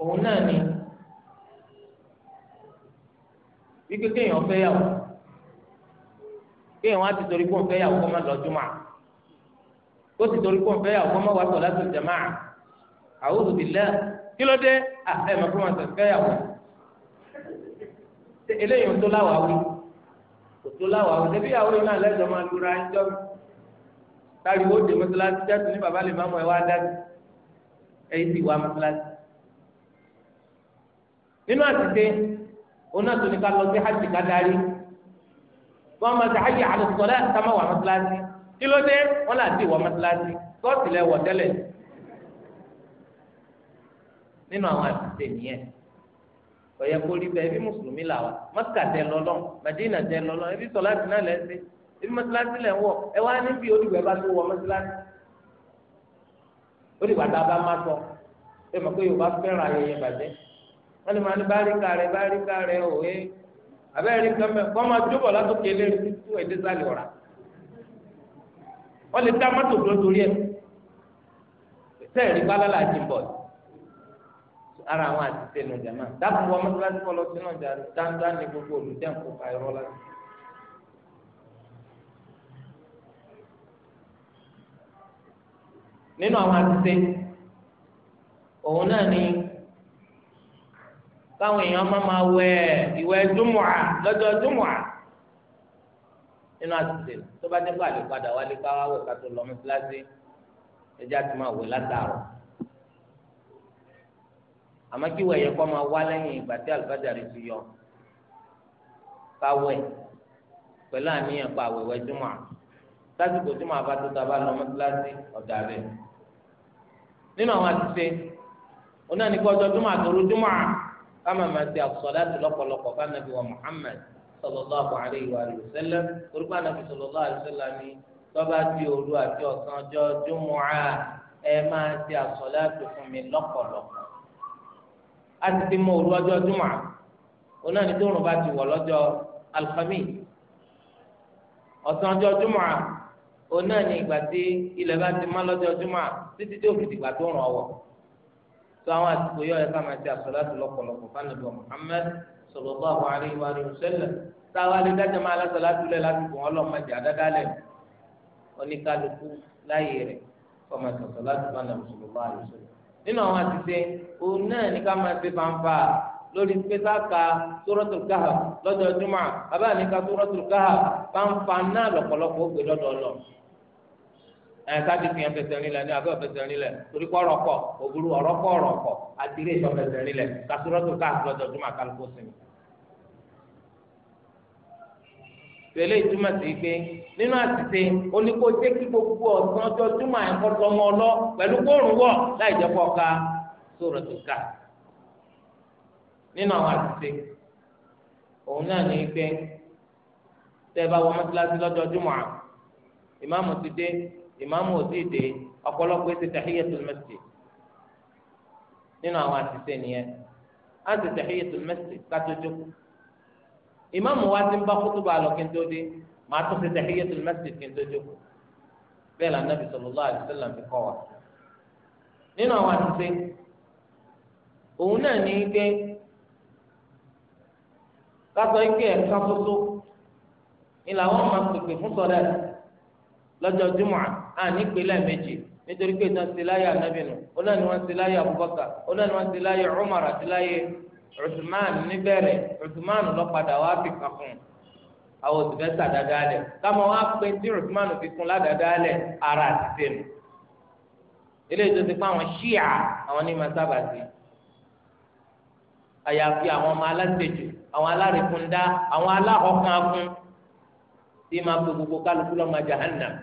òun náà ni wípé kéèyàn fẹ́ yàwó kéèyàn á ti torí kó ń fẹ́ yàwó kó má lọ jùmọ̀ kó ti torí kó ń fẹ́ yàwó kó má wà sọ láti jàmá a'udhu billah kí ló dé ẹ mọ̀ fún wọn sọ fẹ́ yàwó eléyìí ń tó láwàá wí kò tó láwàá wí débi yàwó yìí náà lẹ́jọ́ máa lura ẹjọ́ mi táyì wó dé mọ́sálásí jẹ́tù ní bàbá lè má mọ̀ ẹ wá dá ẹyí sì wá mọ́sálásí. nínú àtìsé onátò ní ká lọ sí hajj ká darí wọn máa ti hajj àlùsọ̀rẹ́ àtàmáwá mọ́sálásí kí ló dé wọn là ti wọ mọ́sálásí kóòtù lẹ wọ tẹ́lẹ̀ nínú àwọn àtúnṣe nìyẹn ọ̀yẹ́ kó rí bẹ́ẹ̀ ẹbí mùsùlùmí là wà mọ́tà tẹ lọ́lọ́ màdínà tẹ lọ́lọ́ ẹbí sọ láti náà lẹ́sẹ̀ ẹbí mọ́tíláṣí lẹ̀ ń wọ̀ ẹ wá níbi olùgbẹ́ bá tó wọ mọ́tíláṣí olùgbà tá a bá má sọ ẹ mọ̀ pé Yorùbá fẹ́ràn ayẹyẹ bàjẹ́ wọ́n ní màá ní bá rí ká rẹ bá rí ká rẹ òwe abẹ́rẹ́ nǹkan mẹ́ kọ́ máa látòkè lérí títú èdè sálẹ̀ ọ̀rá wọ́n lè dá mọ́tò dúró torí ẹ̀ sẹ́ẹ̀rí bá lálàá ara àwọn àtìsẹ nù jàmá dákun wọn mọsálásí kọlọ sínú ọjà dáńdá ní gbogbo olùdẹ́ǹkó àìrọ́ láti. nínú àwọn àtìsẹ òun náà ni káwọn èèyàn má máa wẹ ìwẹ̀ júmùà lọ́jọ́ júmùà nínú àtìsẹ tó bá dé pàdé padà wálé káwá wẹ̀ ká tó lọ mọsálásí ẹjẹ àti máa wẹ̀ látàárọ̀ àmọ́ kí wẹ̀yẹ kọ́ máa wá lẹ́yìn ìgbà tí àlùfáàjàre ti yọ káwẹ̀ pẹ̀lú àníyàn pa àwẹ̀wẹ̀ júmọ̀ lásìkò júmọ̀ àbátó tá a bá lọ mọ́tíláṣí ọ̀dà rẹ̀ nínú àwọn àtúnṣe onáà ní kó ọjọ́ júmọ̀ àtòrú júmọ̀ káma máa ti àsọ̀láàtì lọ́pọ̀lọpọ̀ bá nàbí wa Muhammad sallallahu alayhi wa sallam orúkọ ànàbí sallallahu alayhi wa sallam ni tọ́ba di òru àti ọ̀sán ọjọ́ júmọ̀ ẹ máa ti àsọ̀láàtì fún mi lọ́pọ̀lọpọ̀ a ti ti mọ òru ọjọ́ júmọ̀ òun náà ní tóorùn bá ti wọ̀ lọ́jọ́ alùpàmì ọ̀sán ọjọ́ júmọ̀ òun náà ní ìgbà tí ilẹ̀ bá ti mọ́ lọ́jọ́ júmọ̀ títí tí òfin ìgbà tó ràn ọwọ́ tó àwọn àsìkò yọ ẹ káma ti àsọdátù lọ́pọ̀lọpọ̀ fánàbí Muhammad sallallahu alaihi wa sallam táwa lè dájọ máa lásọdátù lẹ láti bùn ọlọmọdé àdádálẹ oníkálukú láyé rẹ kọmọ sọsọ láti fánàbí sallallahu alaihi wa sallam. nínú àwọn àtìsẹ òun náà ní ká máa ṣe fanfa lórí pẹ́sàkà sórọ́tò lọ́jọ́ júmọ́ bàbá mi fanfa náà ó gbé lọ́dọ̀ fi hàn fẹsẹ̀ nílẹ̀ ní abẹ́ nílẹ̀ torí kọ́ ọ̀rọ̀ kọ̀ òbúrú ọ̀rọ̀ ọ̀rọ̀ kọ̀ fẹsẹ̀ nílẹ̀ lọ́jọ́ júmọ́ kálukú tẹ̀lé ìtumọ̀ sí pé nínú àtìsí oníkó jẹ́ kí gbogbo ọ̀sán ọjọ́ túmọ̀ ẹ̀kọ́ tọmọ ọlọ́ pẹ̀lú kóòrùn wọ̀ láì jẹ́ kó ka sóòrò tó kà nínú àwọn àtìsí òun náà ní pé tẹ́ ẹ bá wọ mọ́tíláṣí lọ́jọ́ túmọ̀ à ìmáàmù ti dé ìmáàmù ò tí dé ọ̀pọ̀lọpọ̀ ètò tahiyatul masjid nínú àwọn àtìsí nìyẹn á ti tahiyatul masjid jókòó ìmáàmù wa ti ń bá kútúbà lọ kí n tó dé màá tún ṣe tahiyatul masjid kí n tó jókòó bẹ́ẹ̀ la nàbì sallallahu alaihi wasallam fi kọ́ wa. nínú àwọn àtúnṣe òun náà ní pé kásọ ike ẹ̀ka soso ni làwọn máa pèpè fún sọ̀rọ̀ ẹ̀ lọ́jọ́ jùmọ̀ àní pèlẹ́ méjì nítorí pé ìtàn ti láyé ànábìnú ó náà ni wọ́n ti Abubakar ó náà ni wọ́n ti Umar àti Usman níbẹ̀rẹ̀ Usman lọ padà wá fi kàn fún un àwọn òsìfẹ́ sàdáadáa lẹ̀ káwọn wá pé tí Usman fi kún ládàádáa lẹ̀ ara àti sẹ́nu eléyìí tó ti pa àwọn ṣíà àwọn ní ma sábà sí àyàfi àwọn ọmọ alásèjù àwọn alárìkúndá àwọn aláhọkànkún tí ma gbogbo kálukú lọ́ọ́ ma jahannam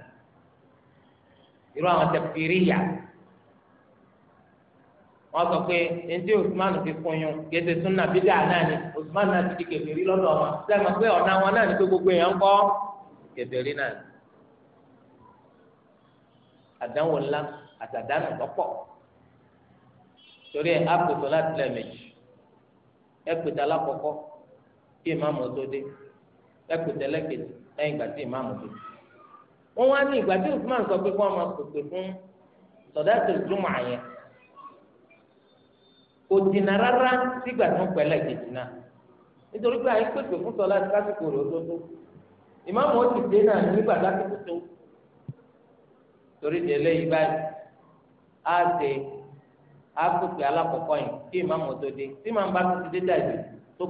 irú àwọn tẹ̀pìrìyà wọ́n sọ pé ntí usman fi fún yín gèdè sunna bídà náà ni usman náà ti di kèfèrí lọ́dọ̀ wọn sẹ́mi pé ọ̀nà wọn náà ni pé gbogbo èèyàn ń kọ́ kèfèrí náà ni. àdánwò ńlá àtàdánù lọ́pọ̀ torí ẹ̀ á pèsè láti lẹ́ẹ̀mejì ẹ pèsè alákọ̀ọ́kọ́ kí ìmáàmù tó dé ẹ pèsè ẹlẹ́kejì lẹ́yìn ìgbà tí ìmáàmù tó dé. wọ́n wá ní ìgbà tí usman sọ pé kí wọ́n máa pèsè fún sọ̀dá kò dìnnà rárá sígbà tó ń pẹ̀lẹ́ kejì náà nítorí pé àyè pèsè fún sọlá lásìkò rẹ̀ òdodo ìmáàmù ó ti dé náà nígbà lásìkò tó torí de eléyìí báyìí á ṣe á pèsè alákọ̀ọ́kọ́ yìí kí ìmáàmù ó tó dé tí bá tó ti dé dàgbé tó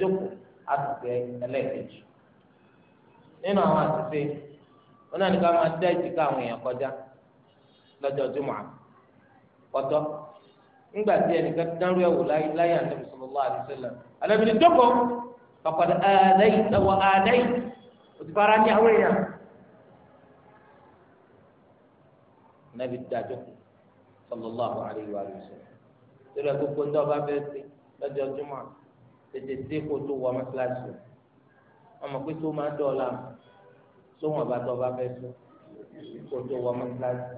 tó á ẹlẹ́ẹ̀kejì nínú àwọn àṣìṣe wọn náà ní ká máa dá nígbà tí ẹnìkan dánrú ẹ̀wò láyé ànábì sallallahu alaihi wasallam ànábì ní jókòó kọ̀kọ̀dọ̀ àdáyì ẹ̀wọ̀ àdáyì òtìfara ní àwọn èèyàn ànábì dájọ́ sallallahu alaihi wasallam lórí agogo ń dọ́ba bẹ́ẹ̀ sí lọ́jọ́ jùmọ̀ tètè sí kó tó wọ mọ́sálásí ọmọ pé tó máa dọ̀ọ̀la tó wọn bá dọ́ba bẹ́ẹ̀ sí kó tó wọ mọ́sálásí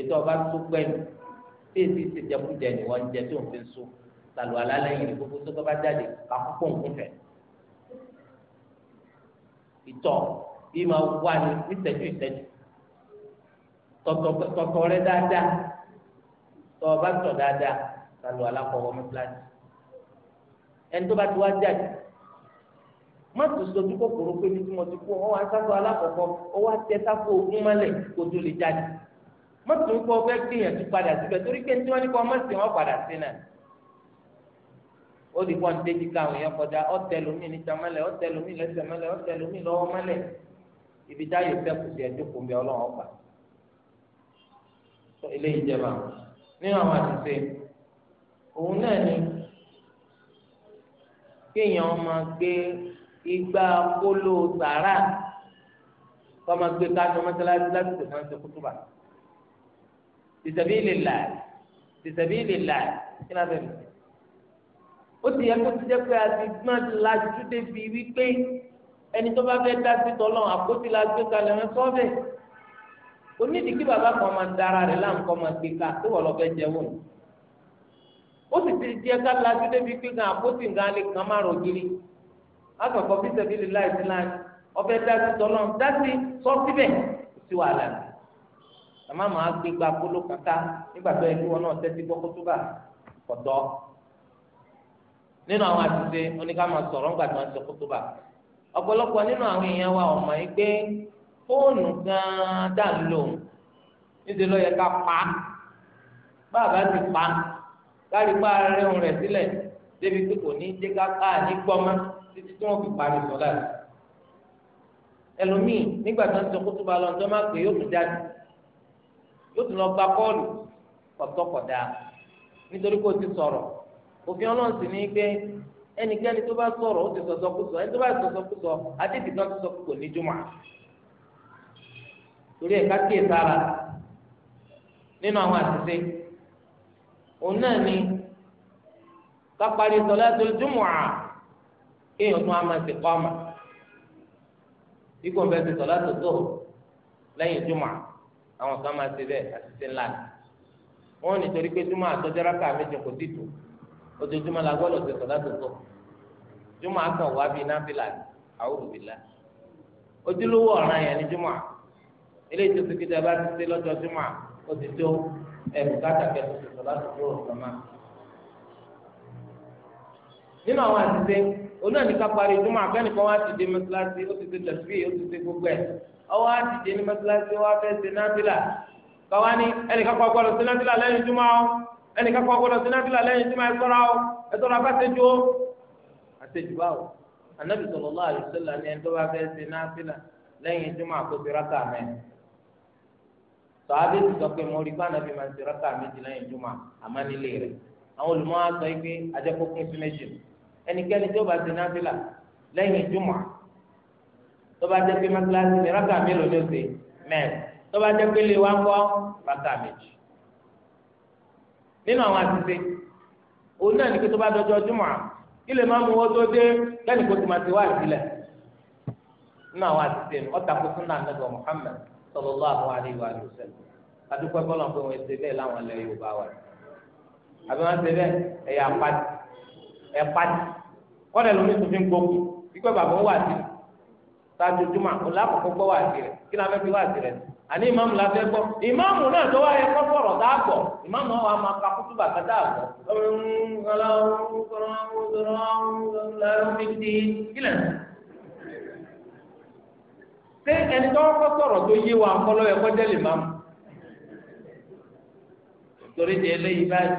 ètò ọba tó gbẹ̀yìn tí èsì ti jẹkújẹ ni wọ́n jẹ tí òun fi so sàlù alálẹ́yìn gbogbo tó kọ́ bá jáde kakúkú òun fẹ̀. ìtọ̀ bí máa wá ní ìtẹ́jú ìtẹ́jú tọ̀tọ̀ rẹ dáadáa tọ̀ bá tọ̀ dáadáa sàlù alákọ̀wọ́ mi pílásì. ẹni tó bá ti wá jáde má tó sojú kòkòrò pé ní tí mo ti kú ọ wá sáfù alákọ̀ọ́kọ́ ọ wá tẹ sáfù ogún mọ́lẹ̀ kó tó lè jáde mọ́tò ń kọ́ fẹ́ gbìyànjú padà síbẹ̀ torí pé tí wọ́n ní kọ́ mọ́tò wọn padà sí náà ó di pọ́n déjì káwọn èèyàn kọjá ọ̀tẹ̀ lómi níta mọ́lẹ̀ ọ̀tẹ̀ lómi lẹ́sẹ̀ mọ́lẹ̀ ọ̀tẹ̀ lómi lọ́wọ́ mọ́lẹ̀ ibi táyọ̀ sẹ́kù sí ẹjọ́ kò ń bẹ ọlọ́run ọ̀pá eléyìí jẹba nínú àwọn àtúnṣe òun náà ni kéèyàn máa gbé igba kóló sàrà kọ́ máa gbé kájọ mọ́tálásí lásìkò náà ṣe kútùbà fisabilillah fisabilillah kí ló fẹ́ mi. ó ti yẹ kó ti jẹ́ pé a ti gbọ́n lajú débi wípé ẹni tó bá fẹ́ dá sí tọ́lọ́ àpótí la gbé kalẹ̀ wọn sọ́ọ̀bẹ̀ onídìí kí bàbá kan máa dára rẹ̀ láǹkọ́ máa gbé ká tó wọ́n lọ fẹ́ jẹun ó sì ti jẹ́ ká lajú débi pé gan àpótí nǹkan lè kàn máa rò gírí akọ̀kọ̀ fisabilillah ìsìláàmù ọ̀fẹ́ dá sí tọ́lọ́ dá sí sọ́ọ̀síbẹ̀ sí wàhálà rẹ̀ àmọ́ àmọ́ agbégbá kóló kàkà nígbà tó yẹ kí wọn náà tẹ́tí gbọ́ kótóbà kọ̀tọ́ nínú àwọn àtúnṣe oníkàmọ̀ sọ̀rọ̀ ńgbà tí wọ́n ti kótóbà ọ̀pọ̀lọpọ̀ nínú àwọn èèyàn wa ọ̀mọ̀ yìí pé fóònù gan-an dà ń lò níṣẹ́ ló yẹ ká pa bàbá ti pa kárí pa rẹ̀hùn rẹ̀ sílẹ̀ débi pé kò ní dé káká ní gbọ́mọ́ títí tí wọ́n fi parí sọ̀lá ẹlòmíì nígbà tí wọ́n ti sọ kótóbà lọ́njọ́ má tó tún lọ gba kọ́ọ̀lù kọ̀tọ́kọ̀dá nítorí kó o ti sọ̀rọ̀ òfin ọlọ́run sì ní pé ẹnikẹ́ni tó bá sọ̀rọ̀ ó ti sọ̀sọ́kùsọ ẹni tó bá sọ̀sọ́kùsọ àdéhìí kan sọ kò ní jùmọ̀ torí ẹ̀ka kíyè sára nínú àwọn àṣìṣe òun náà ni ká parí sọlá tó jùmọ̀ à kéèyàn tún á máa ti kọ́ ọ̀mà bí kò ń ti sọlá tó tó lẹ́yìn jùmọ̀ à àwọn kan máa ṣe bẹ́ẹ̀ àṣìṣe ńlá ni wọ́n nítorí pé júmọ́ àtọ́jọ́ráka méjì kò tí tó ojoojúmọ́ la gbọ́dọ̀ ṣe sọ̀dá tó tó júmọ́ àkàn wá bíi nábìlà ni àwòrán bìlà ojúlówó ọ̀ràn yẹn ni júmọ́ eléyìí tó ti kí dẹ́ bá ti ṣe lọ́jọ́ júmọ́ ó ti tó ẹ̀rù kátàkẹ́ tó ṣe sọ̀dá tó tó ọ̀sán nínú àwọn àṣìṣe onáà ní ká parí júmọ́ àfẹ́nìkan wá ti di mọ́ṣáláṣí ó ti ṣe tẹ̀síì ó ti ṣe gbogbo ẹ̀ ọwọ́ àdìjẹ ní mọ́tíláṣí wa fẹ́ ṣe náfìlà báwa ni ẹnìkan kọ́ gbọ́dọ̀ ṣe náfìlà lẹ́yìn júmọ́ o ẹnìkan kọ́ gbọ́dọ̀ ṣe náfìlà lẹ́yìn júmọ́ ẹ ṣọ́ra o ẹ ṣọ́ra bá ṣẹ́jú o àṣejù báwo anabi sallallahu alaihi wasallam ni ẹni tó bá fẹ́ ṣe náfìlà lẹ́yìn júmọ́ àkóso rákà mẹ́rin sọ́hábí ti sọ pé mo rí báńdà bí màá ti rákà méjì lẹ́yìn júmọ́ àmọ́ nílé rẹ̀ àwọn olùmọ̀ á sọ pé ajẹ́kọ̀ọ́kùn tọ́ba jẹ́ pé mọ́tíláṣí ni rákà mélòó ló ṣe mẹ́rin tọ́ba jẹ́ pé lè wá ń bọ́ rákà méjì. nínú àwọn àtúnṣe òun náà ní kí tọ́ba dọjọ́ júmọ̀ kí lè má mú owó tó dé lẹ́nu kó tó máa ti wá ìsílẹ̀. nínú àwọn àtúnṣe ní ọ̀tà kó súnà nàgbà Muhammad sallallahu alaihi wa sallam adúpẹ́ bọ́lá pé wọ́n ṣe bẹ́ẹ̀ láwọn ilẹ̀ Yorùbá wa àbí wọ́n ṣe bẹ́ẹ̀ ẹ̀yà pàtì ẹ̀ pàtì kọ́dà lómi tó fi ń gbókù ikú ẹ̀ bàbá wọn wà sí i sáájú juma ọlákòókò gbọ́ wá sí rẹ̀ kí ni a fẹ́ fi wá sí rẹ̀ àní ìmáàmù la fẹ́ gbọ́ ìmáàmù náà tó wáyé kọ́ sọ̀rọ̀ tá a gbọ́ ìmáàmù wa máa ka kútu bàtà tá a gbọ́. ṣé ẹni tó tó yé wa kọ́ lọ́wọ́ ẹ̀kọ́ jẹ́ lè máàmù. torí di eléyìí báyìí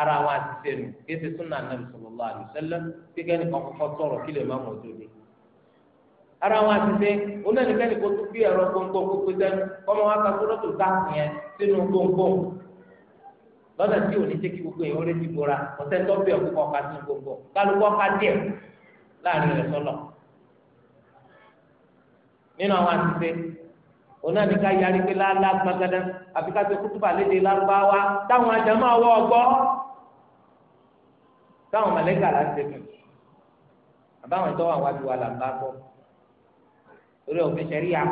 ara wa ti sẹ́nu kí ti sún náà nàbì sallallahu alaihi wasallam kí kẹ́ni kọ́ kọ́kọ́ sọ̀rọ̀ kí lè máàmù ara wọn àtìsẹ onínàìjíríà kò tún bí ẹ̀rọ gbòǹgbò gbogbo sẹnu kọmọ wọn kakú lọtò sáàkì yẹn sínú gbòǹgbò lọ́dọ̀ tí ò ní jẹ́ kí gbogbo èèyàn rẹ̀ ti bora ọ̀sẹ̀ tó bẹ̀ ọ̀kú kọ̀ọ̀ka sínú gbòǹgbò kálukọ́ ká díẹ̀ láàrin rẹ̀ sọ́lọ̀ nínú àwọn àtìsẹ onáni ká yarí pé lálá gbàgádá àfi ká tó kútùbà lédè lárúbáwá táwọn àjàmọ́ àwọ̀ ọgbọ́ táwọn mọ̀lẹ́kà láti ṣe fún àbáwọn ìtọ́wọ́ àwọn àdúrà làǹbá gbọ́ torí òfin ṣẹ̀ríà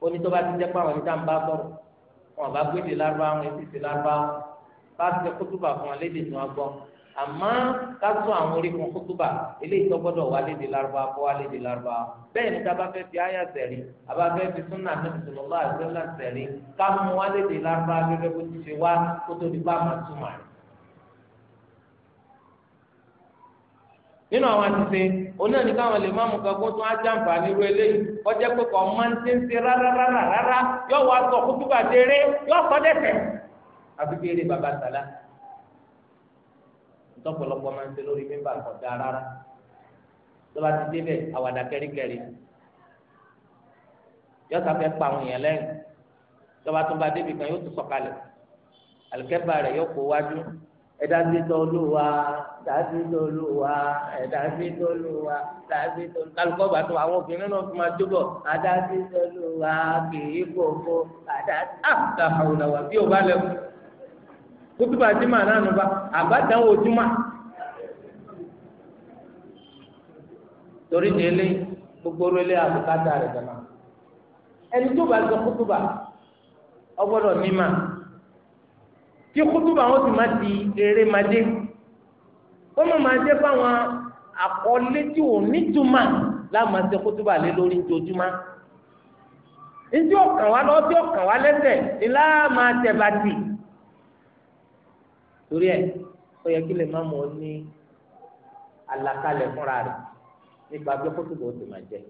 ó ní tó bá ti jẹ́ pé àwọn ìdá ń bá sọ̀rọ̀ wọn bá di lárúbá wọn èsì ti lárúbá wọn bá ti kútùbà fún wọn léde tí wọn gbọ́ àmọ́ ká tún àwọn orí kan kútùbà eléyìí tó gbọ́dọ̀ wá léde lárúbá kó wá léde lárúbá bẹ́ẹ̀ ni tábà fẹ́ fi àyà sẹ̀rí àbá fẹ́ fi súnà àtẹ̀sọ̀lọ́lá àti sẹ́lá sẹ̀rí nínú àwọn àtìsẹ onáà ní káwọn lè má mú kankan tó á jàǹfà nírú eléyìí ọjọ́ pé kò máa ń ṣe ń ṣe rárá rárá rárá yóò wá sọ kó túbà déré yóò sọ dẹsẹ àfi bí eré baba sàlá ntọpọlọpọ máa ń ṣe lórí mímbà kọjá rárá tó bá ti débẹ̀ àwàdà kẹríkẹrí yóò sáfẹ́ pa àwọn èèyàn lẹ́yìn tó bá tún bá débi kan yóò tún sọ̀kalẹ̀ àlùkẹ́bà rẹ̀ yóò kó wájú ẹ̀dá bí tọ́lú wa dàbí tọ́lú wa ẹ̀dá bí wa bá tó àwọn obìnrin náà fi máa jóbọ̀ àdá bí wa kìí gbòǹgbò àdá àbùkà àwùlà wà bí o bá lẹ̀ kú. bá torí délé gbogbo rẹlẹ dàmà ẹni tó bá mímà. kí kútùbà wọn sì máa di eré máa dé ó mọ̀ máa dé fáwọn àkọlé tí ò nítumà láàmà ṣe kútùbà lé lórí ojoojúmọ́ ntí ọkàn wa lọ́ọ́ tí ọkàn wa lẹ́sẹ̀ ni láàmà tẹ̀bàtì torí ẹ̀ ó yẹ kí lè má mọ̀ ọ́ ní àlàkalẹ̀ fúnra rẹ̀ nípa bí kútùbà ó ti máa jẹ́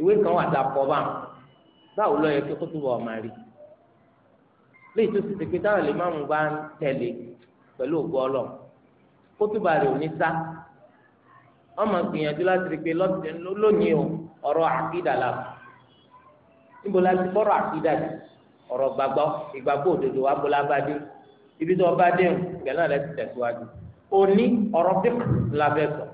ìwé kan wà dà pọ̀ báwọn báwo ló yẹ kí kó túbọ̀ máa rí léyìí tó ti ṣe pé táwọn lè máàmù bá ń tẹ̀lé pẹ̀lú ògbó ọlọ́run kó túbọ̀ rẹ̀ ò ní sá wọ́n gbìyànjú láti rí pé lónìí ọ̀rọ̀ àkídà la níbo la ti bọ́rọ̀ àkídà dì ọ̀rọ̀ gbàgbọ́ ìgbàgbọ́ òdodo wa bó la bá dé ibi tó ọba dé o ìgbà náà lẹ ti tẹ̀síwájú òní ọ̀rọ̀ fíkà la fẹ́ sọ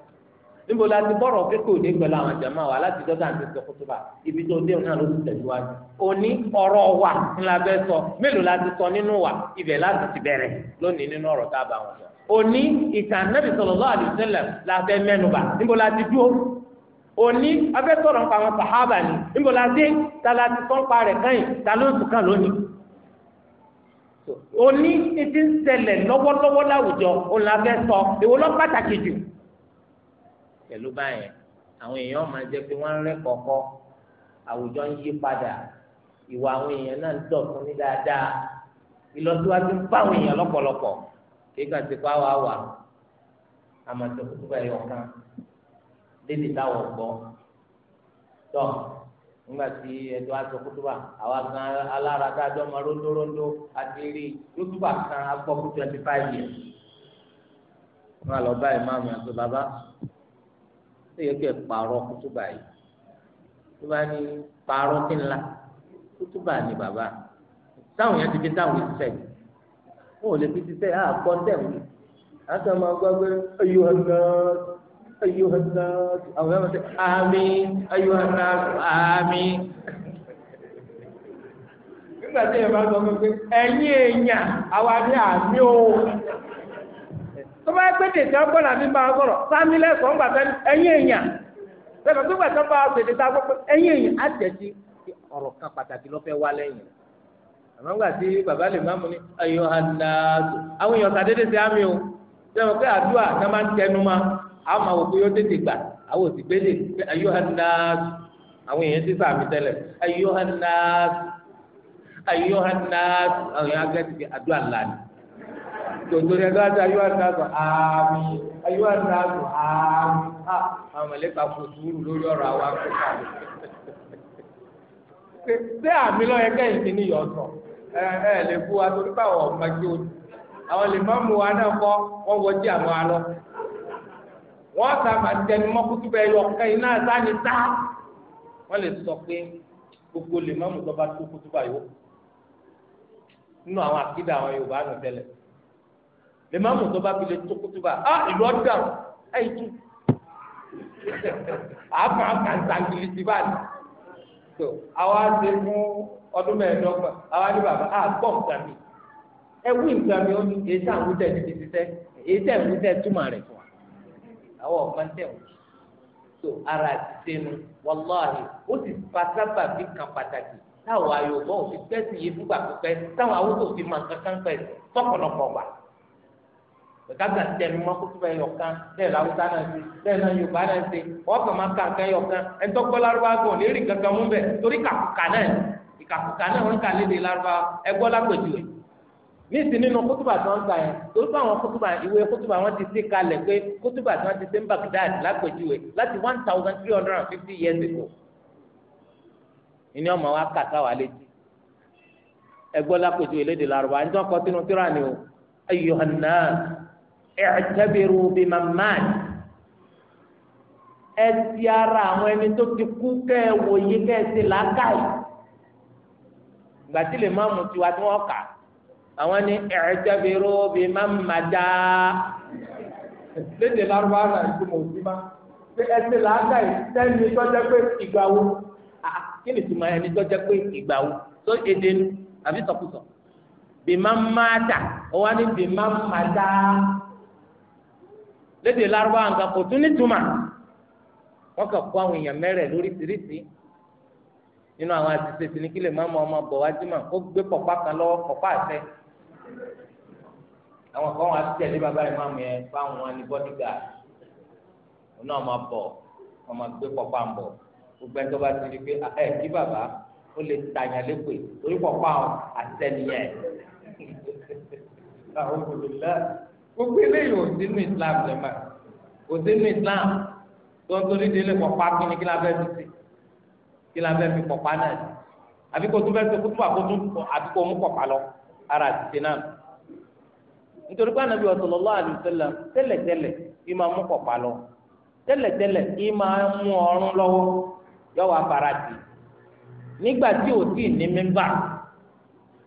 níbo la ti bọ̀rọ̀ kékeré òní pẹ̀lú àwọn jàmá wa láti dọ́tà àti sọkútùbà ibi tó dé náà ló ti tẹ̀síwájú òní ọ̀rọ̀ wa ńlá bẹ́ sọ mélòó la ti sọ nínú wa ibẹ̀ láti ti bẹ̀rẹ̀ lónìí nínú ọ̀rọ̀ tá a bá wọn sọ òní ìtàn Nábì sallallahu alaihi wasallam la fẹ́ mẹ́nuba níbo la ti dúró òní abẹ́ sọ̀rọ̀ nípa àwọn sàhábà ni níbo la dé ta la ti sọ́n pa rẹ̀ káyìn ta ló tún kàn lónìí òní ti ń ṣẹlẹ̀ la fẹ́ sọ èwo ló pàtàkì pẹ̀lú báyẹn àwọn èèyàn máa jẹ́ pé wọ́n ń rẹ́ kọ̀ọ̀kọ́ àwùjọ ń yí padà ìwà àwọn èèyàn náà ń dọ̀tún ní dáadáa ìlọsíwájú ń bá àwọn èèyàn lọ́pọ̀lọpọ̀ kéka ti pa wá wà àmọ̀tẹ́ kúkúbà ẹ̀yọ̀ kan débi táwọn gbọ́ tọ́ nígbà tí ẹjọ́ aṣọ kúkúbà àwa kan alára dájọ́ ọmọ rondórondó àti rí kúkúbà kan agbọ́ fún twenty five years wọn lọ bá ìmáàmù àti bàbá ó yẹ kí ẹ pààrọ̀ kútúbà yìí tó bá ní pààrọ̀ kí ńlá kútúbà ni bàbá táwọn yẹn ti fi táwọn ti sẹ́yìn wọn ò lè fi ti sẹ́yìn àá kọ́ tẹ̀wé àti àwọn agbágbé ayò hànà ayò hànà àwọn yẹn wọ́n ti àmì ayò hànà àmì nígbà tí ẹ bá sọ fún mi pé ẹ̀yin èèyàn àwa ní àmì o tó bá pé tètè ọgbọ́n làbí bá a sọ̀rọ̀ sami lẹ́sọ̀ọ́ ńgbà fẹ́ ẹ̀yìn èèyàn bẹ́ẹ̀ tó gbà tó bá a pètè tá a gbọ́ pé ẹ̀yìn èèyàn á tẹ̀sí ọ̀rọ̀ kan pàtàkì lọ́fẹ́ wá lẹ́yìn rẹ̀ àmọ́ ńgbà tí bàbá lè má mu ní ayọ̀ hànàdù àwọn èèyàn sàdédé sí àmì o sẹ́wọ̀n pé àdúrà náà máa ń tẹnu ma àwọn máa wò pé yóò tètè gbà àwọn ò sì gbélé pé ayọ̀ hànàdù àwọn èèyàn ti sàmì tẹ́lẹ̀ ayọ̀ hànàdù ayọ̀ hànàdù àwọn èèyàn á gẹ́sì pé àdúrà lánàá tòtòrí ẹgbẹ́ àti ayé àtàkùn àmì ayé àtàkùn àmì àwọn mẹlẹ́ka kò sùúrù lórí ọ̀rọ̀ àwọn akẹ́kọ̀ọ́ rẹ̀. ṣé àmì lọ́yẹ kẹ́yìn ti ní yọ̀ọ̀tọ̀ ẹ ẹ lè bu àtòrí báwọn ọ̀ma kí o àwọn lè má mú wa náà kọ́ wọ́n wọ jí àwọn alọ́. wọ́n sá máa tẹnu mọ́ kútu bẹ́ẹ̀ yọ kẹ́yìn náà sáni tá. wọ́n lè sọ pé gbogbo lè má mú tọ́ bá tó kútu báyìí nínú àwọn àkídà àwọn Yorùbá nù tẹ́lẹ̀ lè má mú tó bá fi lè tó kótó bá a ah, ìlú ọ̀dà ẹ̀yìn tó àmọ́ àkàntàngìlì ti bá ní. tó àwa ṣe fún ọdún mẹ́ẹ̀ẹ́dọ́gbọ̀n àwa ní bàbá a ah, gbọ́ nǹkan mi ẹ wí nǹkan mi ó ní èyí tá à ń wú ti tẹ́ èyí tẹ̀ ń wú túmọ̀ rẹ̀ fún wa àwọn ọ̀gbọ́n tẹ̀ wọ́n tó ara ti sẹ́nu wàláhì ó fa sábà bí kan pàtàkì táwọn fi fúgbà pípẹ́ táwọn fi máa kankan gbà. gbàgbà tẹnu mọ́ kótó bẹ́ẹ̀ yọ̀kan bẹ́ẹ̀ làwùsá náà ṣe bẹ́ẹ̀ náà yorùbá náà ṣe wọ́n kàn máa kàǹkà yọ̀kan ẹ̀ńtọ́gbọ́ lárúbá gbọ̀n lérí kankan mú bẹ́ẹ̀ torí kàkùkà náà ìkàkùkà náà wọ́n kà lédè lárúbá ẹgbọ́ lápẹ̀jù rẹ̀ ní ìsìn nínú kótóbà tí wọ́n gbà yẹn torí pé àwọn kótóbà ìwé kótóbà wọn ti ṣe kalẹ̀ pé kótóbà tí wọ́n ti ṣe ń Baghdad lápẹ̀jùwe láti one thousand three hundred and fifty years ago ìní ọmọ wa kà sáwà létí ẹgbọ́ lápẹ̀jùwe lédè lárúbá ẹni tí wọ́n kọ́ ẹ̀ẹ́dẹ́bẹ̀rù bí mamman ẹ ti ara àwọn ẹni tó ti kú kẹ́ ẹ wòye kẹ́ ẹ ti làákàyè gbàtí lè má mu tiwa tí wọ́n kà àwọn ni ẹ̀ẹ́dẹ́bẹ̀rù bí mamada lédè lárúbá náà ìlú mọ̀ọ́sí má pé ẹ ti làákàyè sẹ́ni tọ́jẹ́ pé ìgbà wo ah, kí ni tuma ẹni tọ́jẹ́ pé ìgbà wo tó èdè nu àbí sọkúsọ bí mamada ó wá ní bí mamada lédè lárúbá nǹkan kò tún nítumà wọn kàn kó àwọn èèyàn mẹ́rẹ̀ lóríṣiríṣi nínú àwọn àtìsẹ tìní kí lè má mọ ọmọ bọ wá jìmà ó gbé pọpá kan lọ́wọ́ pọpá àtẹ àwọn kan wà tẹ̀lé bàbá yìí máa mú yẹn fáwọn wọn ní bọdígà wọn náà máa bọ wọn máa gbé pọpá ń bọ gbogbo ẹjọ bá ti di pé ah, ẹ kí bàbá ó lè tàyàn lépè torí pọpá àtẹ nìyẹn. gbogbo eléyìí ò sí nínú islam jẹba kò sí nínú islam tó ń torí délé pọpá kíni kí la fẹ́ fi sí kí la fẹ́ fi pọpá náà sí àbí kò tún fẹ́ fi kútu àkótó àbí kò mú pọpá lọ ara àtìsí náà nítorí pé anabi sallallahu alaihi wasallam tẹ́lẹ̀tẹ́lẹ̀ kí máa mú pọpá lọ tẹ́lẹ̀tẹ́lẹ̀ kí máa mú ọrùn lọ́wọ́ yọwọ afarati nígbà tí o ti ní mímbà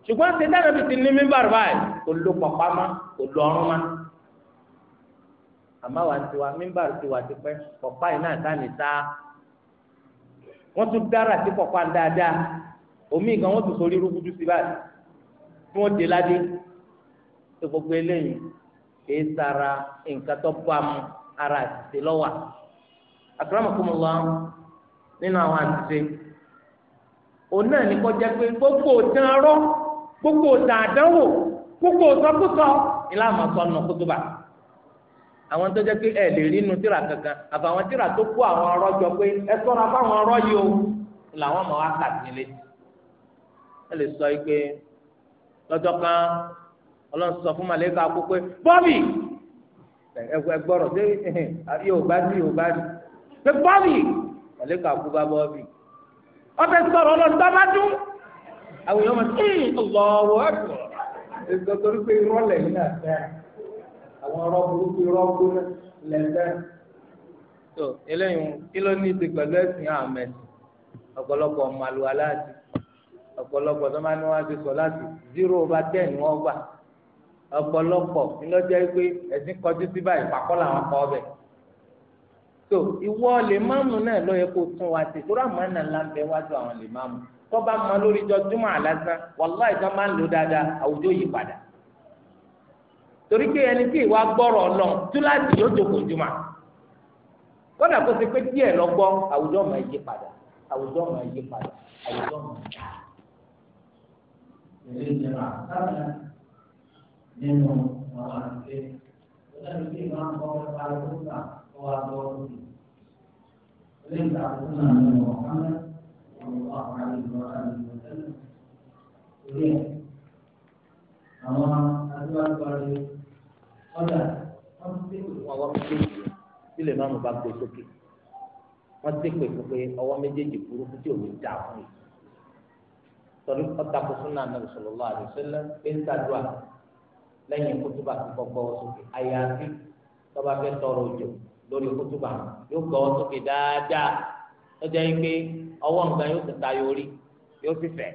ṣùgbọ́n ṣe dáná bìtì ní mímbà báyìí kò ló pọpá má kò lọ ọrùn má àmọ́ wa ti wa mímbà ti wa ti pẹ́ pọ̀pá yìí náà sáà ní sá wọ́n tún dára sí pọ̀pá dáadáa omi gan wọ́n tún sọ ríru kújú sí báyìí tí wọ́n dé ládé tó gbogbo eléyìí kì í sara nǹkan tó bá mu ara àtìsé lọ́wọ́ akramakumullah nínú àwọn àtìsé òun náà ní kọjá pé gbogbo òtán arọ gbogbo òtán àdánwò gbogbo òtán kúsọ ìlànà sọnù kútùbà àwọn tó jẹ́ pé ẹ lè rí inú tíra kankan àbàwọn tíra tó kó àwọn ọ̀rọ̀ jọ pé ẹ sọ́ra fáwọn ọ̀rọ̀ yìí o làwọn ọmọ wa kà sílé ẹ lè sọ pé lọ́jọ́ kan ọlọ́run sọ fún màlẹ́kà kó pé bọ́bì ẹ gbọ́rọ̀ dé yorùbá sí yorùbá sí pé bọ́bì màlẹ́kà kó bá bọ́bì ọbẹ̀ sọ̀rọ̀ ọlọ́run bá àwọn èèyàn máa ń sọ ọlọ́wọ́ àwọn ọ̀rọ̀ burúkú irọ́ kú lẹ́sẹ̀. tó eléyìí kí ló ní ti pẹ̀lú ẹ̀sìn àmẹ́sì ọ̀pọ̀lọpọ̀ màlúwa láti ọ̀pọ̀lọpọ̀ tó máa ní wọ́n ti sọ láti zero over ten ni wọ́n gbà ọ̀pọ̀lọpọ̀ ńlọ́jọ́ pé ẹ̀sìn kọjú sí báyìí pàkọ́ làwọn kọ́ ọbẹ̀ tó ìwọ lè máàmù náà ló yẹ kó tún wa sí tó ráàmù náà ńlá ń bẹ wá sí àwọn lè máàmù tó bá mọ lórí jọ júmọ̀ àlásán wàláì torí pé ẹni tí ìwà gbọ́rọ̀ lọ túláàsì yóò jókòó jùmọ̀ kódà kó ti pé díẹ̀ lọ gbọ́ àwùjọ máa yí padà àwùjọ máa yí padà àwùjọ máa yí padà. Ìlú ìjọba sábà nínú ọ̀rọ̀ àti ọ̀dọ́dún tí ìwà ń bọ́ nípa ìwúta tó wà lọ́wọ́ lórí. Ilé ìtàkùn náà ní ọ̀kan ọ̀rọ̀ àpárí ìwà àdìgbò tẹ́lẹ̀. Ìwé àwọn adúlágbára kọ́dà wọ́n ti pè fún ọwọ́ méjèèjì tí lè má mú bá gbé sókè wọ́n ti pè fún pé ọwọ́ méjèèjì burúkú tí òun dà fún yìí tọ́lú ọ̀tàkùn fún náà nàbì sallallahu alaihi wasallam pé ń tàdúrà lẹ́yìn kótóbà kíkọ́ gbọ́wọ́ sókè àyàfi tọ́ba fẹ́ tọrọ òjò lórí kótóbà yóò gbọ́wọ́ sókè dáadáa lọ́jọ́ yìí pé ọwọ́ nǹkan yóò tẹ̀ta yorí yóò sì fẹ̀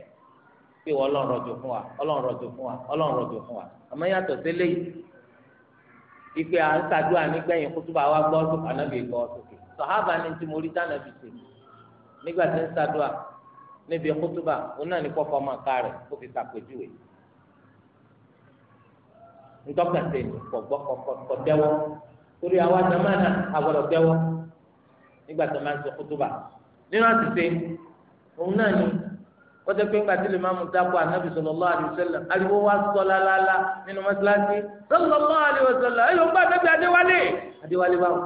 pé ọlọ́run rọ̀jò fún wa ọlọ́run rọ̀jò fún wa ọlọ́run rọ̀jò fún wa àmọ́ yàtọ̀ sí léyìí ìpè à ń ṣàdúrà nígbẹ̀yìn kó túbọ̀ àwa gbọ́ sókè ànábì gbọ́ sókè sọ̀hábà ni ti mo rí tànàbì sè nígbà tí ń ṣàdúrà níbi kútúbà òun náà ní kọ́kọ́ máa ká rẹ̀ kó fi ṣàpèjúwe ntọ́kàtẹ́ ní kọ̀gbọ́ kọ̀kọ́ tẹ́wọ́ torí àwa jamana àgbọ̀dọ̀ tẹ́wọ́ nígbà tí wọ́n máa ń ṣe kútúbà nínú àtúnṣe òun náà ní kọjá pé ńgbà tí lè máa mú dákọ ànábì sallallahu alaihi wasallam ariwo wa sọ lálálá nínú mọ́sálásí sallallahu alaihi wasallam ẹ̀yọ́ ń bá ànábì adéwálé adéwálé báwo.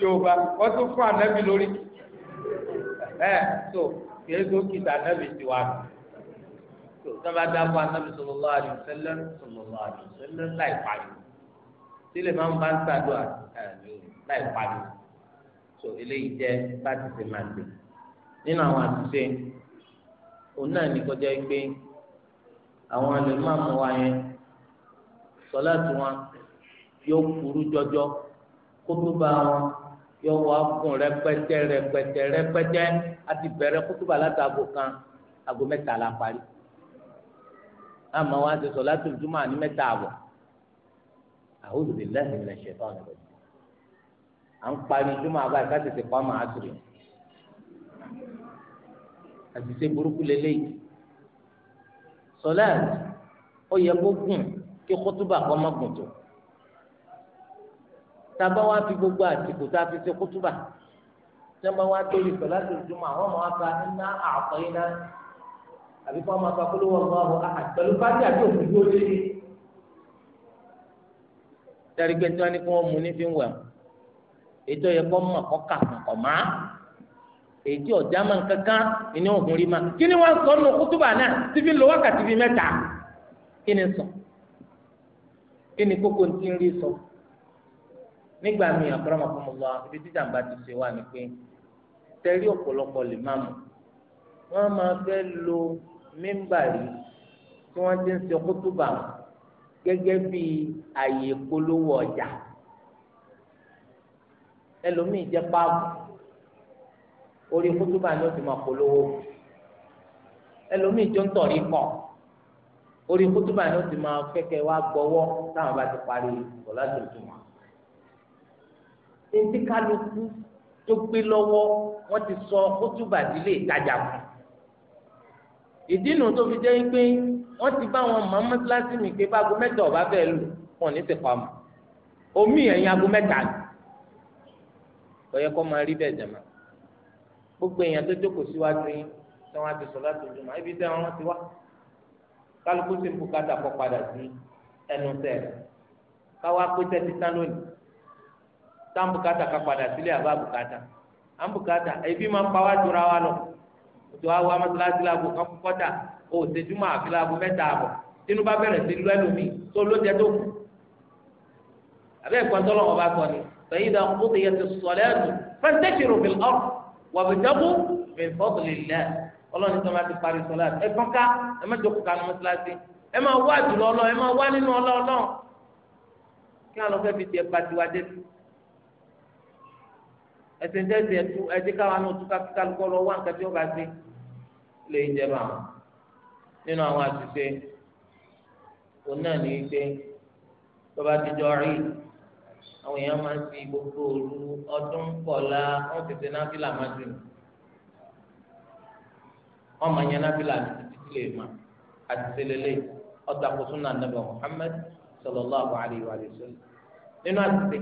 yorùbá wọ́n tún fún ànábì lórí ẹ̀ tó kìí tó kìí ànábì tiwa tó sábà dákọ ànábì sallallahu alaihi wasallam sallallahu alaihi láì pariwo tí lè máa ń bá ń sàdúrà tó eléyìí jẹ bá ti ṣe máa ṣe nínú àwọn àtúnṣe òun náà ní kọjá pé àwọn àlùmọ́ọ̀mù wa yẹn sọlá tí wọn yóò kúrú jọjọ kótóbá wọn yóò wá gùn rẹpẹtẹ rẹpẹtẹ rẹpẹtẹ àti bẹ̀rẹ̀ kótóbá látàgò kan àgọ́ mẹ́ta la parí àmọ́ wa ti sọlá tó dùmọ àní mẹ́ta àbọ̀ a'udhu billahi minash shaitani rajim à ń parí júmọ̀ àbáyé ká tètè pa ọmọ àtúrì àtìsé burúkú lélẹ́yìí sọláàtì ó yẹ kó gùn kí kótóbà kọ́ má gùn tó tábà wá fi gbogbo àtìkù tá a fi ṣe kótóbà tí wọ́n bá wá sọláàtì júmọ̀ àwọn ọmọ wa ka iná àkọ́ iná àbí kó ọmọ akọ kólówó ọmọ ọmọ àtẹlú fájà tó kú tó dé. dárí pé kí wọ́n mú ní fi ń wẹ̀ ètò yẹ kọ́ mọ̀ kọ́ kà fún kọ̀ má ètò ọ̀já máa ń kankan ní òògùn rí ma kí ni wọ́n sọ nù kútùbà náà tí fi lọ wákàtí fi mẹ́ta kí ni sọ kí ni kókó ti ń rí sọ nígbà míì àkọ́rọ́mọ fún mi lọ ibi tí jàǹbá ti ṣe wà ní pé tẹ́rí ọ̀pọ̀lọpọ̀ lè má mọ̀ wọ́n máa fẹ́ lo mímbàrí tí wọ́n ti ń ṣe kútùbà gẹ́gẹ́ bí àyè polówó ọjà ẹlòmíì jẹ́ páàbù orí kútúbà ni ó ti máa polówó ẹlòmíì jọ ń tọ̀rí kọ̀ orí kútúbà ni ó ti máa kẹ́kẹ́ wá gbọ́wọ́ táwọn bá ti parí ọ̀la tuntun wọn. etí kálukú tó gbé lọ́wọ́ wọ́n ti sọ kútúbà dílé ìtajà fún ìdí tó fi jẹ́ pé wọ́n ti bá wọn mọ mọ́sálásí mi pé báago mẹ́ta ọ̀bá bẹ́ẹ̀ lò wọ́n ní ti pa mọ́ omi ẹ̀yìn aago mẹ́ta ni kọyẹ kọ máa rí bẹ́ẹ̀ jẹma gbogbo èèyàn tó jókòó síwájú yín tí wọn ti sọ láti ojúmọ́ ibi tẹ wọn ti wá kálukú sì ń bu kátà kọ padà sí ẹnu tẹ káwá pé tẹtí tán lónìí tá ń bu kátà ká padà sílé àbá bùkátà à ń bùkátà ebi máa ń pa wá jura wa lọ òtò wa wá mọ́tíláṣí láago kan kú kọ́tà ó ṣèjúmọ́ àfi láago mẹ́ta àbọ̀ tínú bá bẹ̀rẹ̀ sí lọ́ẹ̀lómi tó lóúnjẹ tó kù àbẹ́ ẹ̀kọ́ tọ́lọ́wọ́ bá sọ ni فإذا قضيت الصلاة فانتشروا في الأرض وابتغوا من فضل الله Ọlọ́run ní sọ́mà ti parí sọ́lá ẹ fọ́n ká ẹ má jókòó kanu mọ́sálásí ẹ má wá jùlọ ọlọ́ ẹ má wá nínú ọlọ́ ọlọ́ kí wọn lọ fẹ́ fi tiẹ̀ patiwa dé tu ẹsẹ̀ ń tẹ̀sí ẹtú ẹtí káwọn anú tú kálukọ́ lọ wá nǹkan tí wọ́n bá dé lè jẹba nínú àwọn àtúnṣe òun náà ní í pé bọ́bá ti jọ rí i àwọn èèyàn máa ń fi gbogbo òru ọdún la wọn tètè náfìlà máa dùn wọn máa yan náfìlà títí lè mà àti tẹlẹlẹ ọta kò sún náà nàbẹ Muhammad sallallahu alayhi wa sallam nínú àtìsẹ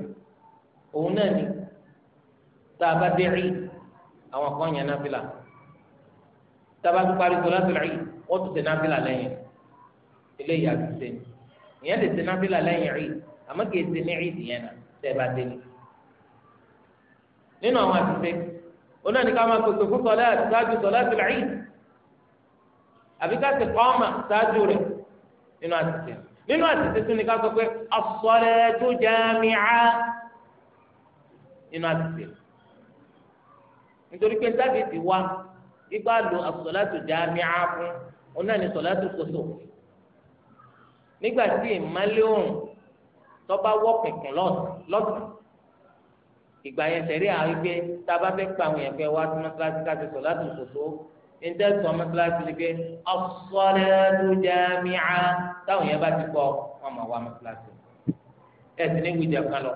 òun náà ni tá a bá dé rí àwọn kan yan náfìlà tá a bá tó parí sọlá tó rí wọn tó tẹ náfìlà lẹ́yìn eléyìí àtìsẹ ìyẹn lè náfìlà lẹ́yìn rí àmọ́ kìí tẹ ní rí ìyẹn náà tẹ́ bá délé nínú àwọn àtúnṣe onáà ní ká máa pèsè fún sọlá ṣáájú sọlá ti rìn àbí ká sì kọ́ ọmọ ṣáájú rẹ̀ nínú àtúnṣe nínú àtúnṣe tún ní ká sọ pé as-salatu jami'a nínú àtúnṣe nítorí pé dábìí ti wá igbá lo as-salatu jami'a fún onáà ní sọlá tó kóso nígbà tí ìmálẹ́ òun tọ́ba wọ́ pẹ̀kùn lọ́sàn ìgbà yẹn sẹ̀rí àwọn gbé tába fẹ́ pa àwọn yẹn fẹ́ wá sí mọ́tíláṣí ká ti sọ láti kòtó níta sọ mọ́tíláṣí ni pé as-salatu jami'a táwọn yẹn bá ti kọ́ wọn máa wá mọ́tíláṣí ẹ̀sìn ní wíjà kan lọ.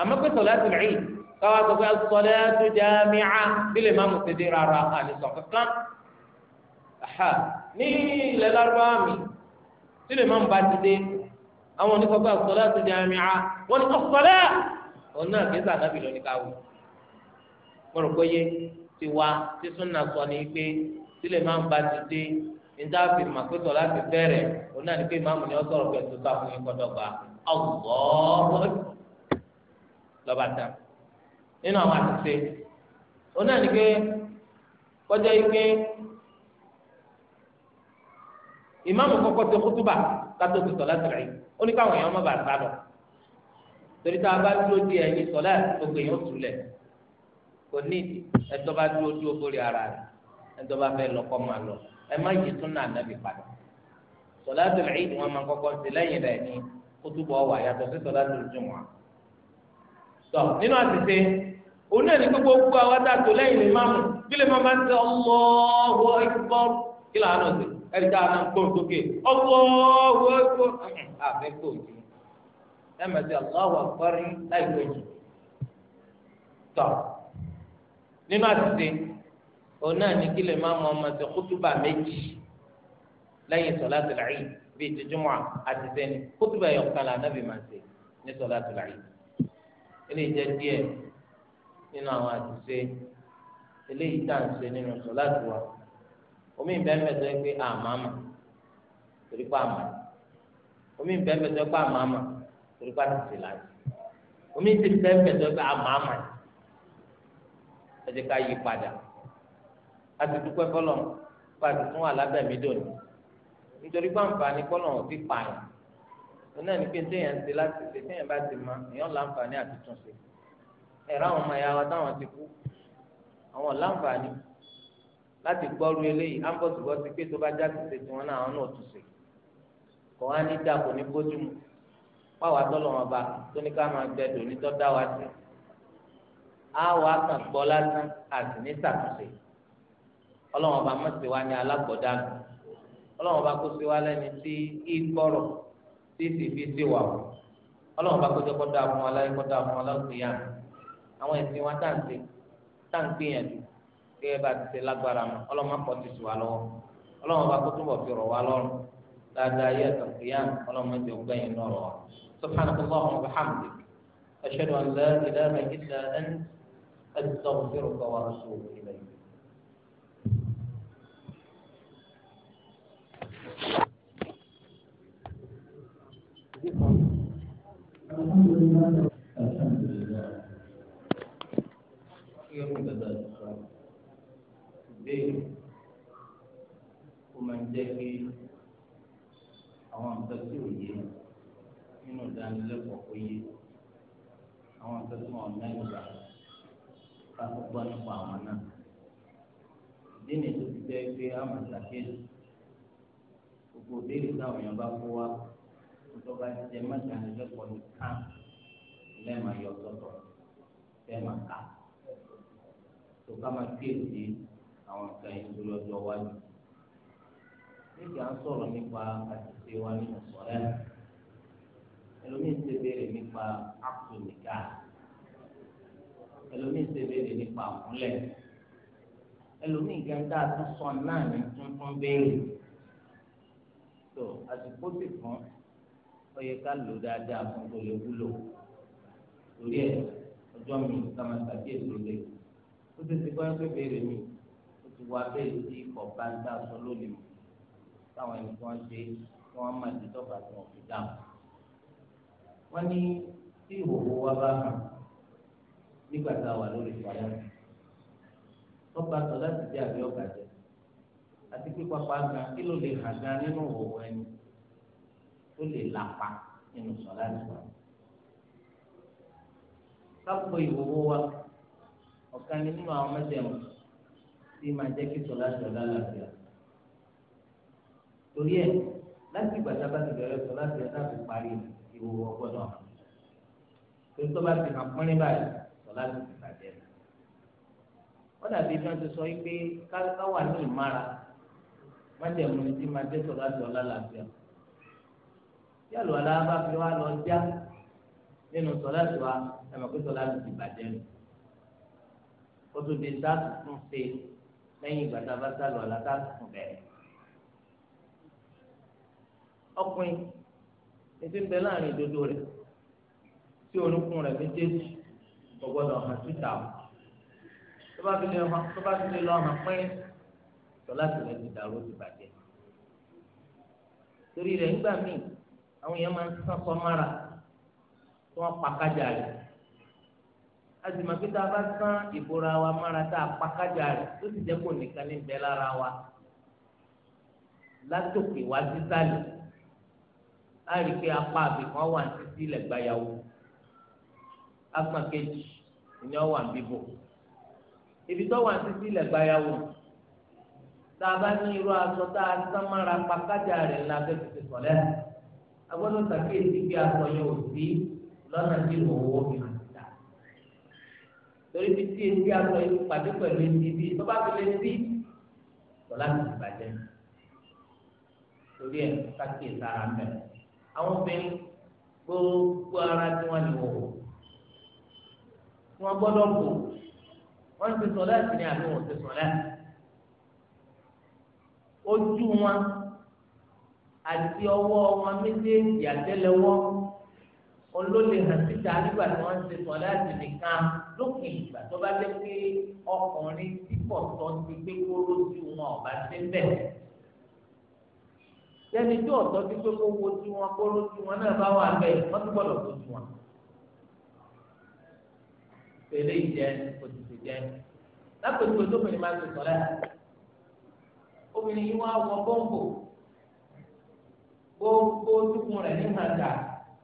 àmọ́ pé salatul Eid káwá sọ pé as-salatu máa mú sèdè rárá àlesọ̀ kankan. ní ilẹ̀ lárúbáwá mi sílẹ̀ máa ń bá ti dé àwọn onífọ̀gbà sọlá ti di àmì à wọ́n ní ọ̀sọ̀lá òun náà kìí sàdábì lónìí káwọ́ mo rò pé yé ti wá tí súnà sọ ni pé sílẹ̀ máa ń ba ti dé níta fi mà pé sọlá ti bẹ̀rẹ̀ òun náà ni pé ìmáàmù ni ó sọ̀rọ̀ pé tó bá fún yín kọ́dọ̀gba ọ̀gbọ́n lọ́ba tán nínú àwọn àtúnṣe òun náà ni pé kọjá yìí pé ìmáàmù kọ́kọ́ ti kútúbà kátó ti sọ̀lá tìrì ó ní káwọn èèyàn má bàa sá lọ torí tá a bá dúró di ẹ̀yìn sọ̀lá gbogbo èèyàn túlẹ̀ kò ní ẹ̀tọ́ bá dúró dúró bórí ara rẹ̀ ẹ̀tọ́ bá fẹ́ lọ́kọ́ máa lọ ẹ má yí tún náà nàbì padà sọ̀lá tìrì ni wọ́n máa kọ́kọ́ ti lẹ́yìn rẹ̀ ní kútúbà ọ̀wà yàtọ̀ sí sọ̀lá tìrì ẹ̀dá náà gbọ́n sókè ọgbọ́wọ́ ẹ̀kọ́ àbẹ́kọ̀ òjì ẹ̀mẹ̀sì Allahu Akbar láìpẹ́ yìí tọ̀ nínú àtìsí òun náà ní kílẹ̀ máa mọ ọmọ ẹ̀sẹ̀ kútùbà méjì lẹ́yìn sọ̀lá tó láàyè bíi tìjúmọ́ àtìsẹ́ ni kútùbà ẹ̀yọ̀kan là nàbì máa ṣe ní sọ̀lá tó eléyìí jẹ́ díẹ̀ nínú àwọn àtìsẹ́ eléyìí tá nínú sọ̀lá tó omi ìbẹ́ẹ̀mẹ̀ tó yẹ pé àmàmà torí pé àmà omi ìbẹ́ẹ̀mẹ̀ tó yẹ pé àmàmà torí pé àtìsí láti omi ti bẹ́ẹ̀mẹ̀ tó yẹ pé àmàmà ẹ jẹ́ ká yí padà àti dúpẹ́ fọlọ́ fún àti fún alábẹ̀mí dòní nítorí pé àǹfààní fọlọ́ ò ti pààyàn tó náà ní pé téèyàn ń ṣe láti ṣe téèyàn bá ti mọ èèyàn láǹfààní àti ẹ̀rọ àwọn ọmọ ìyá wa táwọn ti kú àwọn láǹfààní láti gbọ́rú eléyìí ambọ̀sibọ́sí pé tó bá jáde ṣe tiwọn náà àwọn náà tún ṣe kọ́ wá ní dàpọ̀ ní bójúmu pàwọ́ àtọ́lọ́ wọn bá tó ní ká máa gbẹ dò ní tọ́ dá wa sí á wàá kàn gbọ́ lásán àti ní sàtúnṣe ọlọ́wọ́n bá mọ̀ sí wa ní alágbọ̀dánù ọlọ́wọ́n bá kó sí wa lẹ́ni tí ìgbọ́rọ̀ tí sì fi sí wa o ọlọ́wọ́n bá kójọ́ kọ́dá fún wa láyé kọ́dá fún wa láwùjọ yá àwọn ẹ̀sìn wa kí ẹ bá ti ṣe lágbára mọ́ ọlọ́mọ akọ ti sùn wá lọ́wọ́ ọlọ́mọ bá kó túbọ̀ fi rọ̀ wá lọ́rùn dáadáa yẹ ẹ̀sán kìíyàn ọlọ́mọ ẹ̀jẹ̀ gbẹyìn náà rọ̀ tó ọmọ bá dé lẹ سبحانك اللهم وبحمدك أشهد أن لا إله إلا أنت أستغفرك وأتوب إليك الحمد لله الحمد لله eléyìí ó máa ń jẹ́ pé àwọn nǹkan tí ò yé nínú ìdánilẹ́kọ̀ọ́ kó yé àwọn nǹkan tí wọ́n mẹ́rin gbà ká gbọ́ nípa àwọn náà ìdí tó ti jẹ́ pé a máa gbogbo béèrè táwọn èèyàn bá kó wa tó bá jẹ mẹ́ta ìdánilẹ́kọ̀ọ́ àwọn nǹkan yìí lórí ọjọ́ wájú. níbi à ń sọ̀rọ̀ nípa àtìsí wa nínú sọ̀rẹ́ ẹlòmíì ń ṣèbéèrè nípa ápùlùmíkà ẹlòmíì ń ṣèbéèrè nípa àkúnlẹ̀ ẹlòmíì gẹ́gẹ́ tó sọ náà ní tuntun béèrè tó àsìkò sì fún ó yẹ ká lò dáadáa fún tó lè wúlò torí ẹ ọjọ́ mi ká máa ṣàkíyèsí lé ó ti ti gbọ́ pé béèrè mi ìwà bẹ́ẹ̀ tí ọba ń dá aṣọ lónìí mọ̀ táwọn ẹni tí wọ́n ṣe kí wọ́n má ti tọ́ka tí wọ́n fi dáhùn. wọ́n ní tí ìhòòhò wa bá hàn nígbà tá a wà lórí ìfọyà tọ́ba sọ láti dé àbí ọ̀gá jẹ àti pé pápá gan kí ló lè hàn gan nínú ìhòòhò ẹni tó lè làpá nínú sọ̀lá ìfọyà. ká ìhòòhò wa ọ̀kan nínú àwọn mẹ́tẹ̀ẹ̀mọ́ tí máa jẹ́ kí sọlá sọlá làbíà torí ẹ̀ láti ìgbà sábà ti bẹ̀rẹ̀ sọlá ti ẹ̀ láti parí ìwòwò ọgbọ́dọ̀ torí tó bá ti hàn pínrín báyìí sọlá ti ti bàjẹ́ wọ́n dàbí iná ti sọ pé káwà ní ìmára májẹ̀mú tí máa jẹ́ sọlá sọlá làbíà yálò aláàbá fi wá lọ já nínú sọlá ti wa ẹ̀ mọ̀ pé sọlá ti ti bàjẹ́ lẹ́yìn ìgbà tá a bá sálọ àlàkà sùn bẹ́ẹ̀. ọkùnrin etí ń bẹ láàrin ìdodo rẹ̀ tí orúnkún rẹ̀ méjèèjì kò gbọdọ̀ hàn síta o tó bá fi lè hàn tó bá fi lè lọ hàn pín tó láti ti dàrú ti bàjẹ́. torí rẹ̀ nígbà míì àwọn èèyàn máa ń sán sọ tí wọ́n pa kájà rẹ̀ azìmọ̀ pé tá a bá sán ìbora wa mára tá a pàkájà rẹ̀ tó ti jẹ́ kó nìkan ní bẹ́ẹ̀ lára wa látòkè wá sísàlẹ̀ láàrin pé apá àbìkan wà ní títí lẹ́gbàáyàwó agbọ̀n kejì ni ọ wà bíbò ibi tó wà ní títí lẹ́gbàáyàwó tá a bá ní irú aṣọ tá a sán mára pàkájà rẹ̀ ńlá bẹ́ẹ̀ ti ti sọ̀lẹ́ sàkíyèsí bí aṣọ yẹn sí lọ́nà tí òwò fi torí bí tí etí aṣọ yìí pàdé pẹ̀lú etí bí tó bá fi lè sí lọ́la ti bàjẹ́ torí ẹ̀ káàkiri sára ń bẹ̀. àwọn obìnrin gbogbo ara tí wọ́n lè wò wọ́n gbọ́dọ̀ kù wọ́n ti sọ láti ní àbí wọ́n ti sọ láti. ojú wọn àti ọwọ́ wọn méjèèjì àtẹ́lẹwọ́ olóde hàn síta nígbà tí wọ́n ń ṣe sọ láti nìkan lókè ìgbà tó bá jẹ́ pé ọkùnrin tí pọ̀ tọ́ ti gbé kóró sí wọn ọ̀bá ṣe bẹ́ẹ̀. Yẹ́nì tí ọ̀tọ́ ti gbé kówó sí wọn kóró sí wọn náà bá wà bẹ́ẹ̀ wọ́n ti gbọ́dọ̀ tó sí wọn. Fèrè ìjẹ òtítì jẹ. Lápèjúwe tóbìnrin máa ń ṣe sọ̀rọ̀ Obìnrin yìí wá wọ bọ́ǹbò. Gbogbo ojúkun rẹ̀ ní ìhàjà.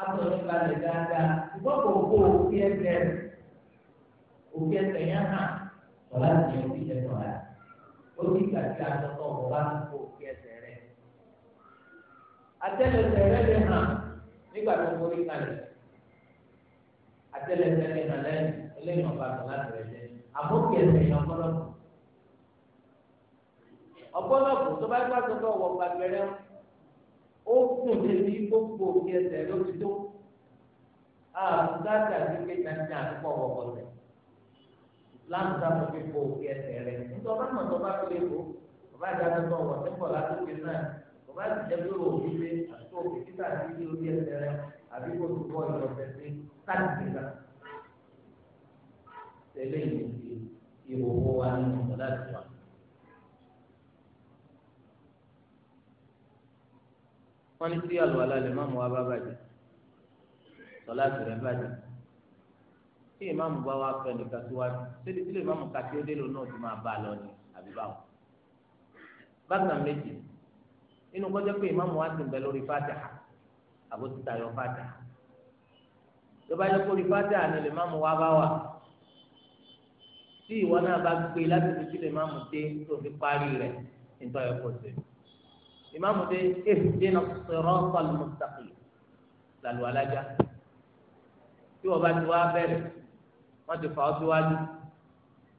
atọ̀rọ̀ balẹ̀ dáadáa ṣùgbọ́n kò kó òkú ẹsẹ̀ rẹ̀ òkú ẹsẹ̀ yẹn hàn ọ̀la ti yẹn fi ẹnu rẹ̀ ó ní ìgbà tí a lọ náà ọ̀la ti kó òkú ẹsẹ̀ rẹ̀ atẹ́lẹsẹ̀ rẹ̀ lè hàn nígbà tó borí kalẹ̀ atẹ́lẹsẹ̀ lè hàn lẹ́yìn eléyìí ọba àtọ̀lá rẹ̀ jẹ́ àbókè ẹsẹ̀ yẹn ọgbọ́dọ̀ ọgbọ́dọ̀ tó bá gbàgbọ́ wọ gbàgbẹ́rẹ́ ó gùn débi gbogbo òkè ẹsẹ̀ ló ti tó àbúgbàtà ti pé tàǹtà àkọ́ ọ̀bọ̀ rẹ̀ láǹtà tó fi bo òkè ẹsẹ̀ rẹ̀ nítorí ọ̀rọ̀ náà tó bá tó lè bò bàbá ìdájọ́ tó wọ̀ sípò látòkè náà bàbá ìjẹ́ pé o fi lé àti òkè títà sí ilé orí ẹsẹ̀ rẹ̀ àbí kò tó bọ́ ìrọ̀lẹ́ sí káàkiri náà tẹ̀lé ìwòsí ìwòwò wa nínú ọ̀dà wọ́n ní sí àlùwàlá lè má wa bá bàjẹ́ sọlá tìrẹ̀ bàjẹ́ tí ìmáàmù bá wá pẹ́ nìkan síwájú síbi tí ìmáàmù kàtí ó délò náà ti máa bá a lọ ni àbí bákan méjì nínú kọjá pé ìmáàmù wa ti ń bẹ lórí fàtàhà àbó ti tayọ fàtàhà tó bá yẹ ni lè wa bá wà tí ìwọ náà bá gbé láti fi sílẹ̀ máàmù dé tó fi parí rẹ̀ nítorí ẹ̀kọ́ sẹ́yìn ìmáàmù dé ihdina sirata al-mustaqim làlù alájà tí wọ́n bá ti wá bẹ̀rẹ̀ wọ́n ti fà ọ́ síwájú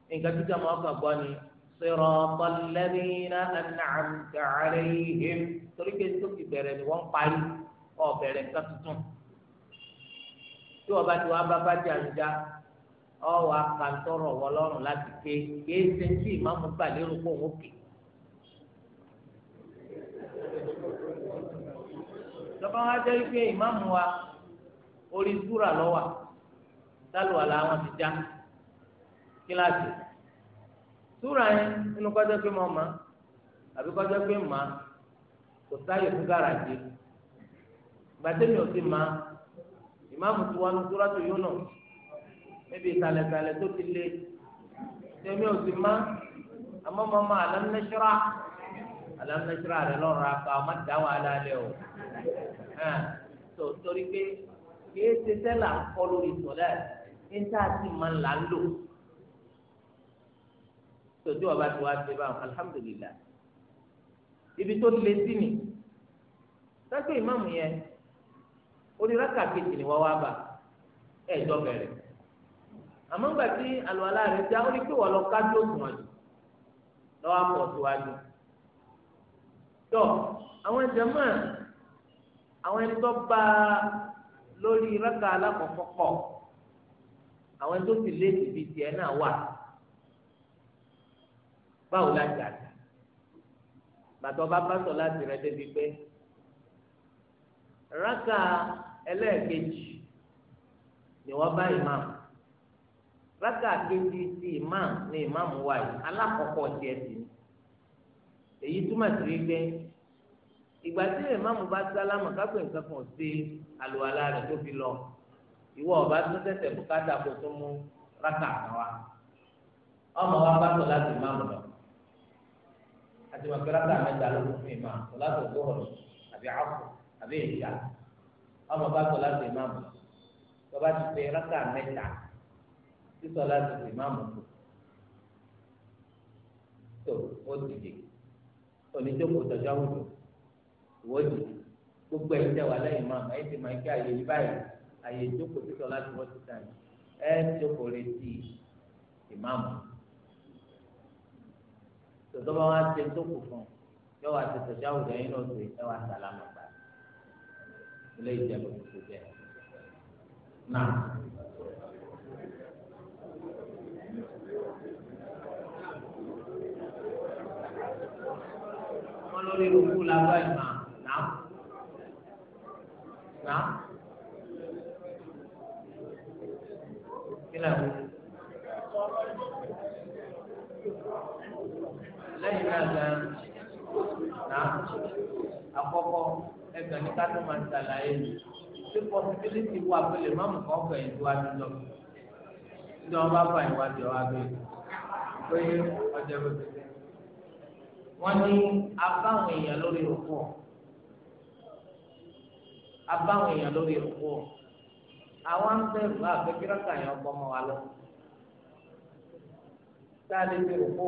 nǹkan tí jàmọ́ ọkàn gbọ́ ni sirata alladhina an'amta alayhim torí pé tó fi bẹ̀rẹ̀ ni wọ́n parí ọ̀ bẹ̀rẹ̀ nǹkan tuntun tí wọ́n bá ti wá bá bá jà ń ọ wà kàńtọ́rọ̀ wọlọ́run láti ké kéésì tí ìmáàmù gbà lérò pé òun kè lọ́ba wa jẹ́ wípé ìmáàmù wa orí súrà lọ́wà sálùwàlà wọn ti já kíláàsì súrà yẹn nínú kọjá pé mo mọ̀ àbí kọjá pé mà kò sáyè fún gàràjì gbàtẹ́mi ò ti mà ìmáàmù tí wọn súrà tó yún náà níbi ìsàlẹ̀sàlẹ̀ tó ti lé tẹ́mi ò ti mà àmọ́ mo mọ̀ àlẹ́ ń lẹ́sọ́rà alámẹ́sírà rẹ lọ́rùn apá ọmọ dá wàhálà lẹ o tó torí pé kìí ṣe sẹ́là ń kọ́ lórí sọ̀lẹ́ níta sí máa ń là ń lò tòjú ọba tí wàá ṣe báwọn alihamudulilayi ibi tó le sí ni sẹ́kẹ̀ ìmáàmù yẹn oníraka kejì ni wọ́n wá bá ẹ̀jọ́ bẹ̀rẹ̀ àmọ́ ńgbà tí àlùwàlá rẹ̀ já ó ní pé wọ́n lọ kájú òṣùwọ̀n jù lọ́wọ́ pọ̀ síwájú tọ àwọn jama àwọn ẹni tó bá lórí rákà alákọ̀ọ́kọ́ pọ̀ àwọn ẹni tó sì léèdì bíi tiẹ̀ náà wà báwo la jà dà bàtọ́ bá bá sọ láti rẹ débi pé rákà ẹlẹ́ẹ̀kejì ni wọ́n bá ìmáàmù rákà kejì ti ìmáàmù ni ìmáàmù wà yìí alákọ̀ọ́kọ́ tiẹ̀ sì ni èyí túmọ̀ sí wípé ìgbà tí ìmáàmù bá sálámù kápẹ́ nǹkan kan sí àlùwàlá rẹ̀ tó fi lọ ìwọ ọba tó tẹ̀sẹ̀ bùkátà kó tó mú rákà kan wá ọmọ wa bá tó láti ìmáàmù lọ àti màkì rákà mẹ́ta ló kún fún ìmáàmù tó láti ògbóhùn àbí àpò àbí ìyá ọmọ bá tó láti ìmáàmù lọ tó bá ti pé rákà mẹ́ta sísọ láti ìmáàmù kù tó ó ti oníjókòó tọ́jọ́ àwùjọ ìwọ́dì gbogbo ẹ̀yin tẹ̀ wà lẹ́yìn máa ẹ̀yin ti máa ń kí àyè yí báyìí àyè ìjókòó títọ́ láti wọ́n ti tàn ẹ̀ jókòó retí ìmáàmù tòtò bá wọn ṣe tó kù fún yóò wá ṣe tòṣà òjò yín náà ṣe ẹ wá sàlámù gbà ilé ìjẹun tó jẹ náà. lórí òkú làbá ìmà náà náà kílẹ̀ wò. lẹ́yìn náà gan náà àkọ́kọ́ ẹgbẹ́ ní kátó máa ń ṣàlàyé ṣé pọ́sibílítì wà pé lè má mú kọ́ fẹ̀yìn tó wá ti lọ. ìjọba bá fà ìwádìí ọ̀hún abẹ́ pé ọjọ́ bẹ̀rẹ̀ wọ́n ní abáwọn èèyàn lórí òkú ọ̀ abáwọn èèyàn lórí òkú ọ̀ àwọn ń bẹ̀rù bá àbẹ̀kírọ́kà yẹn ọgbọ́n mọ́ wa lọ. sáà lè fi òkú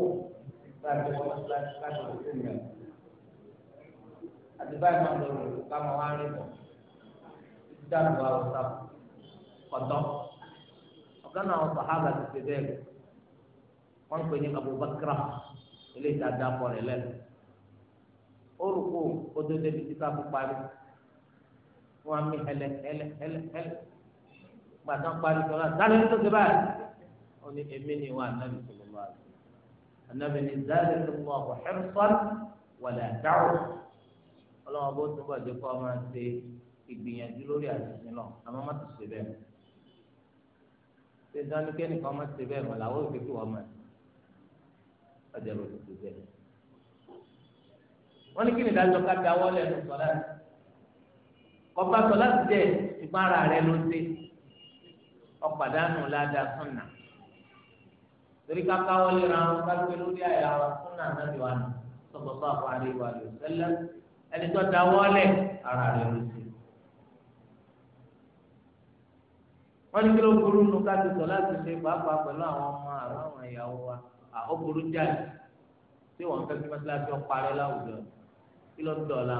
láti wọ́n láti láti òkú yẹn àti báyìí máa ń lọ rò ká máa wá rí bọ̀ dáàbò wa ò ọ̀dọ́ ọ̀gá náà sàhábà ti ṣe bẹ́ẹ̀ wọ́n ń pè ní Abubakar ilé ìtajà kọ rẹ lẹ orúkọ ododo ibi tí káfí parí wọn mi hẹlẹ hẹlẹ hẹlẹ hẹlẹ gbàtà parí sọlá sáré ní tóbi báyìí wọn ni èmi ni wọn anabi sọlọ lọ àti anabi ni zálẹ tó mọ ọkọ hẹrùsọlù wàlẹ àdáwò ọlọ́wọ́n bó túbọ̀ dé kọ́ máa ń ṣe ìgbìyànjú lórí àṣìṣe náà àmọ́ má ti ṣe bẹ́ẹ̀ ṣe dáníkẹ́ nìkan má ti ṣe bẹ́ẹ̀ mọ̀ làwọn òfin kí wọ́n máa ṣe ọjà ló dùdú bẹ́ẹ̀. wọ́n ní kí ni ìdájọ́ ká dáwọ́ lẹ́nu sọ́lá ọba sọ́lá ti dẹ̀ ṣùgbọ́n ara rẹ ló dé ọ̀pàdánù ládàá sùnà torí ká káwọ́ lera wọn ká gbé lórí àyà wa sùnà náà ni wà nù sọ̀tọ̀tọ̀ àpò àríwá rẹ̀ sẹ́lẹ̀ ẹni tó dáwọ́ lẹ̀ ara rẹ ló dé. wọ́n ní kí ló burú nu ká ti sọ pàápàá pẹ̀lú àwọn ọmọ àwọn ìyàwó wa àhóburú jáde tí wọn fẹ́ kí mọ́sálásí ọparẹ́ láwùjọ kí ló ń dọ̀la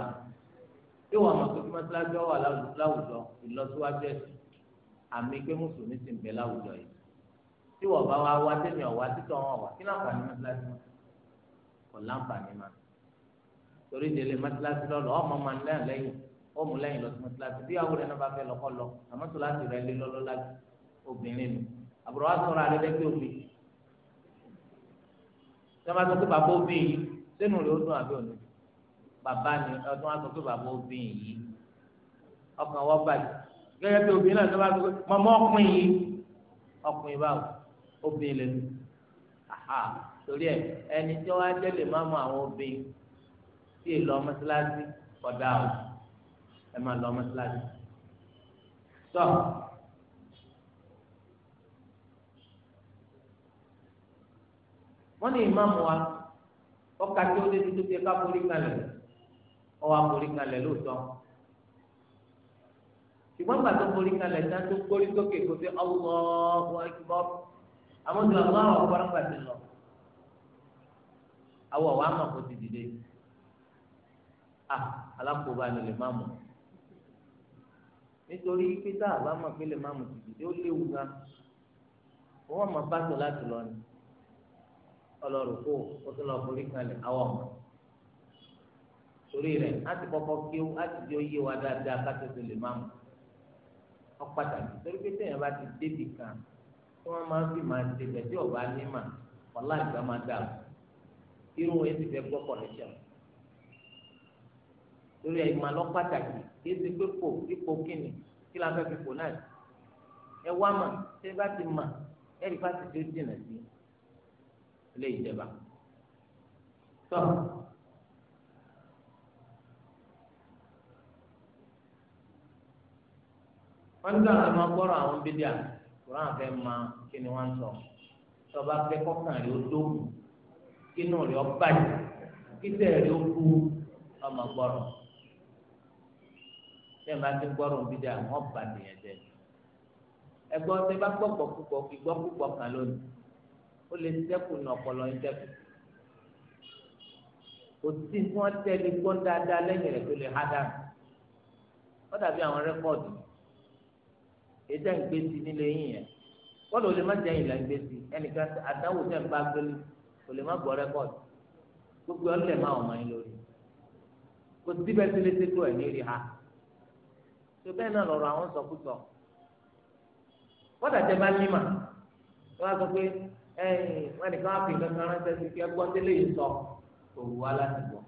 tí wọn mọ̀ kí mọ́sálásí ọwà láwùjọ ìlọsíwájú ẹ̀sìn àmì pé mùsùlùmí sì ń bẹ láwùjọ yìí tí wọn bá wá wá tẹ̀mí ọ̀wá títọ̀ wọn wà kí láǹfààní mọ́sálásí wọn kò láǹfààní ma torí délé mọ́sálásí lọ́lọ́ ọmọ máa ń lẹ́yìn lẹ́yìn ó mú lẹ́yìn lọ sọ́mà sọ pé bàbá obìnrin yìí sínú rẹ̀ ó dùn àbí òní bàbá ni ọdún wa sọ pé bàbá obìnrin yìí ọkàn wọ́n bàjẹ́ gẹ́gẹ́ bí obìnrin náà sọ́mà sọ pé mọ̀mọ́ ọkùnrin yìí ọkùnrin báwo obìnrin lẹ́nu àhà torí ẹ ẹni tí wọ́n á jẹ́ lè má mọ àwọn obìnrin tí èlò ọmọ síláàsì kọ̀dà ọ̀ ẹ máa lọ ọmọ wọ́n ní ìmáàmù wa ọkà tí ó dé tuntun tí ká forí kalẹ̀ ọwọ́ àforí kalẹ̀ lóòótọ́ ṣùgbọ́n gbà tó forí kalẹ̀ tán tó gbórí sókè kó sí Allahu Akbar àwọn tó àwọn àwọn ọ̀pọ̀ nígbà tí lọ àwọn àwọn àmọ̀ kò ti dìde à alákòóbá ni lè máàmù nítorí pété àbámọ̀ pé lè máàmù ti dìde ó léwu gan wọ́n máa bá sọ láti lọ ni ọlọ́rùkú ó tún lọ forí kalẹ̀ àwọn ọmọ torí rẹ̀ láti kọ́kọ́ kí ó láti di oyé wa dáadáa kátó tó lè máa mú ọ pàtàkì torí pé téèyàn bá ti débi kan tí wọ́n máa ń fi máa ṣe bẹ̀ tí ọba ní mà ọ̀la ìgbà máa dà o irú wọn ti fẹ́ gbọ́ kọ̀lẹ́ṣẹ̀ torí ẹ̀ ìmọ̀ lọ pàtàkì kí ti pé kò ipò kíni kí la fẹ́ fi kò náà ẹ wá mà ṣé bá ti mà ẹ rí bá ti tó jìnà sí i ilé ìjẹba tó wọn nígbà tó máa gbọ́rọ̀ àwọn bídíà kúrò àfẹ́ máa kí ni wọ́n ń sọ tọba fẹ́ kọ́kàn rí o dóhùn kí inú rí ọ bàjẹ́ kí sẹ́ẹ̀ rí o kú ọmọ gbọ́rọ̀ tẹ́ ẹ̀ máa ti gbọ́rọ̀ bídíà wọ́n bàjẹ́ yẹn jẹ́ ẹgbọ́n tẹ́ bá gbọ́ pọ̀ púpọ̀ ìgbọ́ púpọ̀ kan lónìí ó lè sẹ́kù ní ọ̀pọ̀lọ́ ń sẹ́kù kò sí tí wọ́n tẹ́lẹ̀ gbọ́n dáadáa lẹ́yìn rẹ̀ tó lè há dànù ó dàbí àwọn rẹ́kọ̀dù ètò ìgbé sí nílé yín yẹn wọ́n lò lè má jẹ́ ìlà ìgbé sí ẹnìkan àdáwò tẹ̀ ń bá gbélé kò lè má gbọ́ rẹ́kọ̀dù gbogbo ọlẹ́ máa wọ̀ máa ń lórí kò sí bẹ́ẹ̀ sílé tí tó ẹ̀ ní rí tó bẹ́ẹ̀ náà lọ́rọ̀ àwọn sọkúsọ wọ́n dàjẹ́ bá ní mà wọ́n á sọ pé ẹ̀yìn wọn nìkan àfi kankan ránṣẹ́ sí kí ẹgbọ́n délé yìí sọ òwú wa láti bọ̀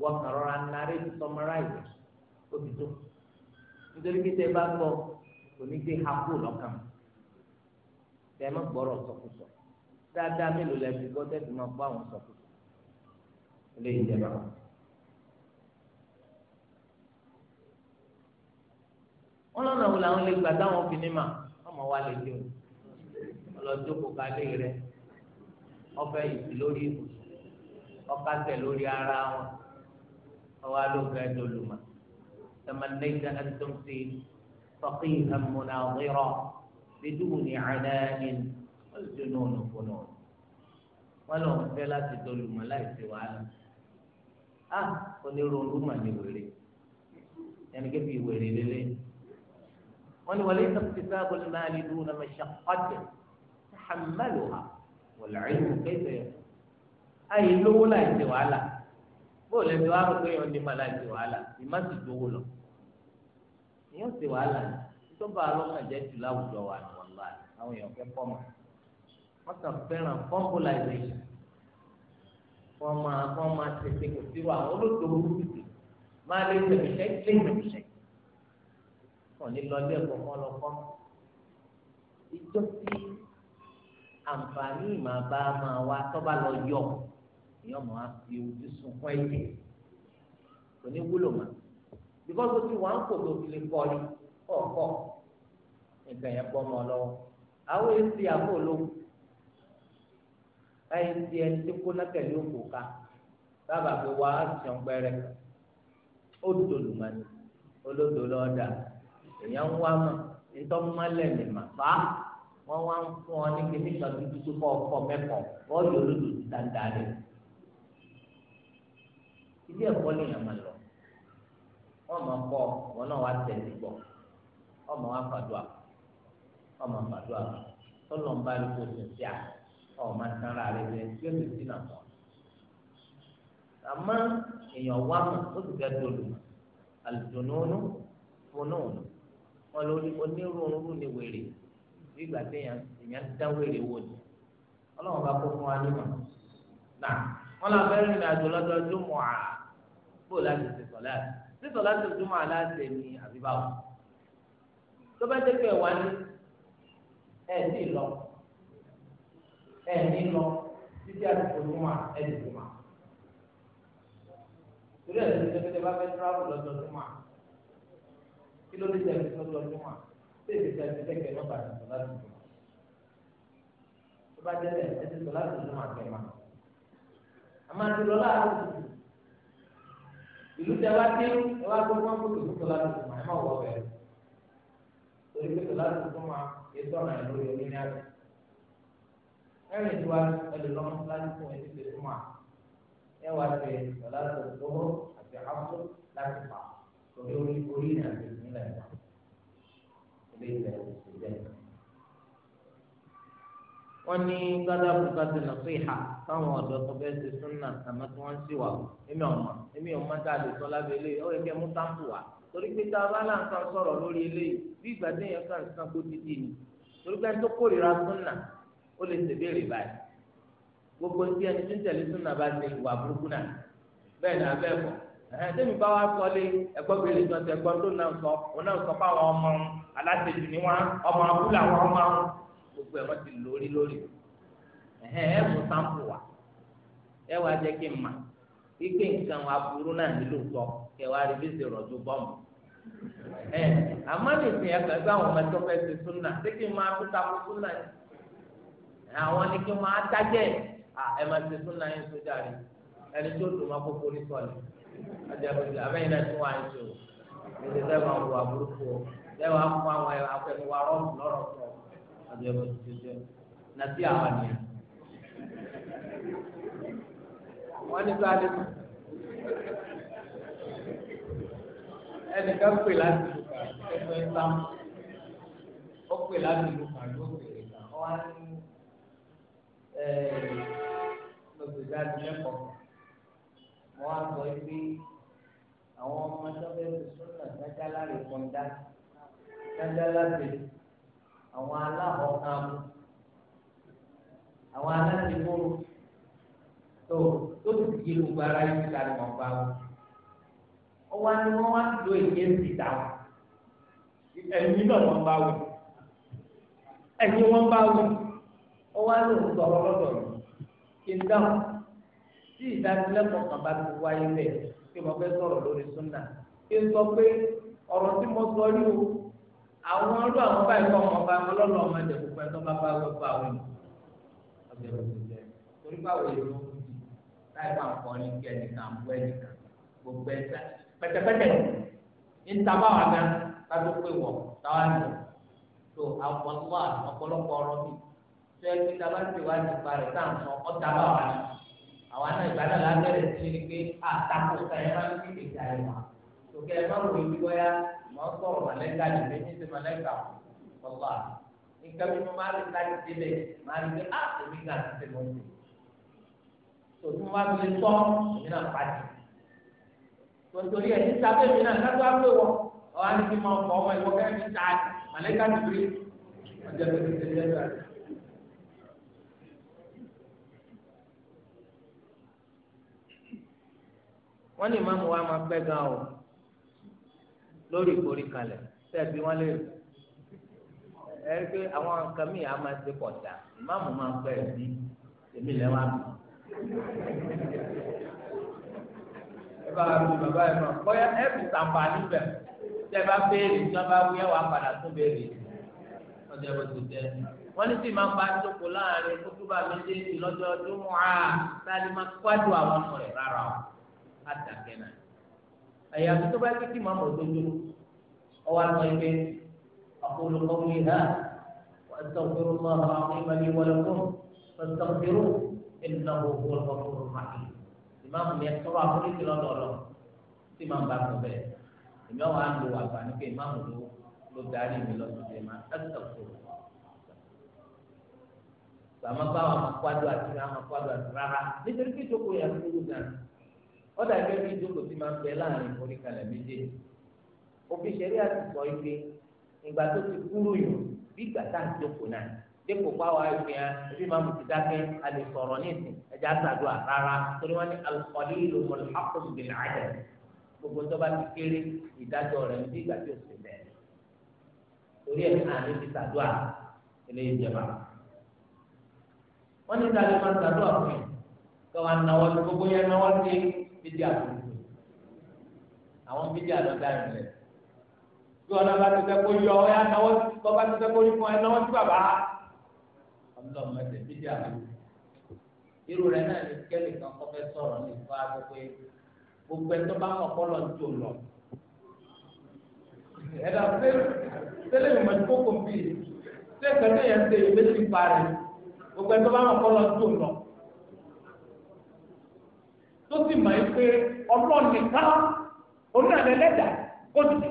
wọ́n kàn rọra narí sọmaráìsì ó ti tó nítorí pé tẹ bá gbọ́ kò ní gbé hapó lọ́kàn tẹ ẹ má gbọ́rọ̀ sọkùsọ dáadáa mélòó lẹ́bi gbọ́ tẹ́tù máa gbọ́ àwọn sọkùsọ ilé ìjẹba. wọ́n lọ́nà wo làwọn lè gbà táwọn obìnrin mà ọmọ wa lè dé o ọlọ́dúnkù kalẹ̀ rẹ ọfẹ́ ìsì lórí ibùsùn ọkàtẹ̀ lórí ara wọn ọwọ́ alóògùn ẹ̀dọ́ lùmọ̀ تمنيت أن تمسي فقيها مناظرا بدون عنان والجنون فنون ولو فلا تدل ملائكة وعلم ah onírúurú mà ní wèrè ẹni kébi wèrè lélẹ̀ wọn ni wọlé sọfisà bọlùmáàlì dùn náà mẹsàkọtì tàhàmàlùhà wọ̀lẹ́rìmù kẹsẹ̀ ayé lówó láì ṣe wàhálà bó lè fi wá rò pé yọ̀ọ́ ní ma láì ṣe wàhálà ìmá sì dówó lọ ìyẹn ṣe wàhálà tó bá a lọ́kàn jẹ́ jù láwùjọ wa ni wọ́n lọ àwọn èèyàn fẹ́ pọ̀ mọ́ wọ́n kàn fẹ́ràn fọ́ńpọ́láìzéṣin wọ́n máa wọ́n máa tètè kò sí wa àwọn olóòtú olùdíje máa lé tẹ̀míṣẹ́ lé tẹ̀míṣẹ́ wọ́n ní lọ ilé ẹ̀kọ́ kọ́ lọ kọ́ ìjọ àǹfààní ìmàbá máa wá tọ́ba lọ yọ èèyàn máa fi ojú sunkún ẹ̀jẹ̀ kò ní wúlò mà bíkọ́sì ó ti wà ń kò tó fi lè kọ́ ni kọ̀ọ̀kọ̀ nǹkan yẹn bọ́ mọ́ lọ́wọ́ àwọn èsì àbò olówó ẹyìn tí ẹni tí kó lákẹ̀lé òkò ká sábà fi wá àtìyàn gbẹrẹ ó dòlù mà ní olódò lọ́ọ́dà èèyàn ń wá mà ń tọ́ mọ́lẹ̀ nìmà fáá wọn wá ń fún ọ ní kíní kan tuntun tó kọ ọkọ mẹkọọ wọn yóò lòdù dáadáa rẹ ilé ẹ̀kọ́ nìyẹn máa lọ wọn máa kọ wọn náà wá tẹsí gbọ wọn máa wá fàdúà wọn máa fàdúà tọlọ ń bá rí kó tó sí à ọ máa tán ara rẹ bẹ yóò lè sí nàá mọ àmọ́ èèyàn wá mọ ó sì fẹ́ dolù àlùdùnúnú fúnúùnù wọn lórí onírúurú ni wèrè bí ìgbà téèyàn èèyàn dáwọ́ èrè wò ni ọlọ́run bá kó fún wa nínú náà wọn lọ fẹ́ẹ́ rìnrìn àjò lọ́dọọdún mọ́ à bó láti ṣe sọ̀lá ṣe sọ̀lá ṣe ojúmọ́ aláṣẹ ni àbí báwo tó bá jẹ́ pé wá ní ẹ̀ ní lọ ẹ̀ ní lọ títí àtúntò ojúmọ́ ẹ̀ ní ojúmọ́ torí ẹ̀ ló ń ṣe pé tẹ bá fẹ́ tíráwù lọ́dọọdún mọ́ kí ló dé tẹ̀ lọ́dọọdún mọ́ tẹ̀lé tí a ti tẹ̀kẹ̀ náà bàtà sọ láti dùn tó bá jẹ́ bẹ́ẹ̀ ẹ ti sọ láti dùn máa fẹ́ ma àmọ́ àti lọ láàárọ̀ ìlú tẹ wá dé ẹ wá gbé wọn kó tòkútò láti dùn máa ẹ má wọ bẹ́ẹ̀ torí pé tòlá tó tó máa yẹ tọ́nà ẹ lórí omi ní àgbẹ̀ ẹ̀rìn tó wá ẹlò lọ́mọ láti fún ẹ títí tó máa ẹ wá tẹ tòlá tó tó àti àpò láti fà torí orí orí kéèyàn ò sí bẹ́ẹ̀. wọ́n ní gádàbù gádàbù nàfíhà táwọn ọ̀dọ́ tó bẹ́ẹ̀ ṣe súnà àmọ́ tí wọ́n ń sì wà èmi ọ̀mọ̀ èmi ọ̀mọ̀ tá a lè sọ lábẹ́ eléyìí ó yẹ kí mú sáǹpù wá torí pé tá a bá láǹkà sọ̀rọ̀ lórí eléyìí bí ìgbà téèyàn kàn sàn kó dídì ni torí pé tó kórìíra súnà ó lè ṣèbéèrè báyìí gbogbo tí ẹni tó ń tẹ̀lé súnà bá ti wà burúkú náà bẹ́ẹ̀ ni abẹ́ bọ̀ ẹ̀ẹ́dẹ́mi bá wa sọ lé ẹ̀gbọ́n bèrè sọ tẹ ẹ̀gbọ́n tó náà sọ òun náà sọ fáwọn ọmọ aláṣẹjù ni wọn ọmọ abúlé àwọn ọmọ gbogbo ẹ̀ wọ́n ti lórí lórí mú sáǹpù wa ike nǹkan aburú náà nílò sọ kẹ wá rí bí ìṣèrọ̀jú bọ́ọ̀mù ẹ àmọ́ nìsín àwọn ọmọ ẹjọ́ fẹ́ẹ́ ti ṣé kí n máa àwọn ni kí n máa dájẹ́ máa àjàgbèsè abẹ́yìn náà tún wà ní tòun èdè tẹ́ máa wù àbúrúkú o tẹ́ wàá fún àwọn afẹnuwa rọ́ọ̀mù lọ́rọ̀ fún ọ àjàgbèsè tètè nàti àwọn nìyẹn. wọ́n ní sáà lè ẹnìkan pè láti lù kà ẹgbẹ́ ńlá ó pè láti lù kà ló pèrè kà ó wá ní ẹ̀ẹ́dọ̀gbẹ̀dá ti lẹ́kọ̀ọ́ wọn á sọ pé àwọn ọmọ sọfẹ sọnà dájálá rẹ kàn dá dájálá rẹ àwọn aláhọ kan àwọn aláṣẹkọrọ tó tó ti di gbogbo ara yìí ká ló wọn bá wọn wọn wá ní wọn wá lo èyí ẹsì dáwọn ẹ̀mí náà wọn bá wọn ẹ̀mí wọn bá wọn wọn wá ń sọ̀rọ̀ lọ́dọ̀ yìí kí n dáhùn tí ìdánilẹ́kọ̀ọ́ kan bá ti wáyé bẹ̀ tí mo fẹ́ sọ̀rọ̀ lórí súnà kí n sọ pé ọ̀rọ̀ tí mo sọ rí o àwọn ọlọ́ àwọn báyìí kọ́ ọmọ bá ọlọ́lọ́ ọmọ ẹ̀jẹ̀ púpọ̀ ẹ̀tọ́ bá bá wọ́n bá wọn ọ̀jẹ̀ ló ti jẹ́ torí báwo lè ló kú jù láì máa kọ́ ní kí ẹnìkan bú ẹnìkan gbogbo ẹ̀ta pẹ̀tẹ̀pẹ̀tẹ̀ ń ta báwa gan kájú pé wọ̀ táwa ń lọ tó àwọn ọ̀pọ̀lọpọ̀ ọ̀rọ̀ àwọn náà ìgbà náà lábẹ́rẹ́ sí ni pé àtakò sáyẹn máa ń fi ìjà ẹ̀ wá tòkẹ́ ẹ máa ń wò wíwọ́ ya mọ̀ ń sọ̀rọ̀ mọ̀lẹ́ka lè lé ní ti mọ̀lẹ́ka ọ̀gbà nǹkan bí mo máa rí láti délé máa rí pé á èmi náà ti tẹ̀lé ọ̀sẹ̀ tòtú máa fi lè tọ́ èmi náà pàdé tòtòrí ẹ̀ títa bẹ́ẹ̀ mi náà kájú àgbẹ̀ wọ ọ̀hán ní kí wọ́n ní ìmáàmù wa máa pẹ́ gan o lórí ìkórè kalẹ̀ tẹ̀sí wọn lè ẹ rí pé àwọn nǹkan míì á máa ṣe pọ̀ dà ìmáàmù máa pẹ́ sí èmi lẹ́wọ̀n àbí ẹ bá mi bàbá ẹ máa bọ́yá ẹ fi sàǹfà níbẹ̀ tẹ bá béèrè tí wọ́n bá wúyẹ́ wàá padà tún béèrè ọjọ́ bó ti jẹ́ wọ́n ní sì máa ń bá láàrin kótóbá méjèèjì lọ́jọ́ ọdún mọ́ra tá a lè máa kwádùn àwọn ọmọ rẹ̀ rárá o àtàkẹ́ náà ẹ̀yà tó bá ké kí màmú òdodo ọwọ́ àlọ́ ẹgbẹ́ أقول قولي هذا وأستغفر الله العظيم لي ولكم فاستغفروه إنه هو الغفور الرحيم ìmáàmù yẹn tọrọ àforíjì lọ́dọ̀ lọ tí màá bá tó bẹ́ẹ̀ èmi àwọn àlò àǹfààní pé ìmáàmù ló ló darí mi lọ́dọ̀ tẹ̀ máa tẹ́tẹ̀ kó o. bàmá bá wà máa kó àdó àti rárá nítorí pé ìjókòó yẹn kúrú gan-an ọ̀dà ẹgbẹ́ bíi ìjókòó ti máa ń bẹ láàrin oríkalẹ̀ méjèèjì òfin ṣẹ̀rí àti sọ ike ìgbà tó ti kúrò yò bí ìgbà tá à ń jókòó náà dípò pàwọ́ àìfihàn ẹbí máa mú ti dákẹ́ àlè sọ̀rọ̀ ní ìsìn ẹja àtàdúrà rárá torí wọ́n ní alùpàdé ìlú mọ̀lẹ́hàkùn bìlẹ̀ àjẹ́ gbogbo tó bá ti kéré ìdájọ́ rẹ̀ ní ìgbà tí ó bẹ̀. torí ẹ̀ àní ti tàdúrà eléyìí jẹba. wọ́n ní ìdájọ́ máa tàdúrà fún yìí kọ́ bídí àdúgbò àwọn bídí àlọ́dá rẹ̀ lẹ̀ bí wọn náà bá ti fẹ́ kó yọ ọ yá náwó tó bá ti fẹ́ kó yí fún ẹ náwó sí bàbá ọlọ́mọdé bídí àdúgbò irú rẹ̀ náà ní kẹ́lì kan kọ́ fẹ́ sọ̀rọ̀ ní ìfọ́ àgbẹ̀pẹ́ gbogbo ẹ̀ bá mọ̀ kọ́ lọ jò lọ ẹ̀dá tẹ́lẹ̀ mi mọ̀ bíi tẹ́lẹ̀ yẹn ń ìgbésí parí gbogbo ẹ̀ bá mọ̀ kọ́ lọ jò lọ tó sì mọ̀ ẹ́ pé ọlọ́run nìkan onílẹ̀ lẹ́dà kó dìde.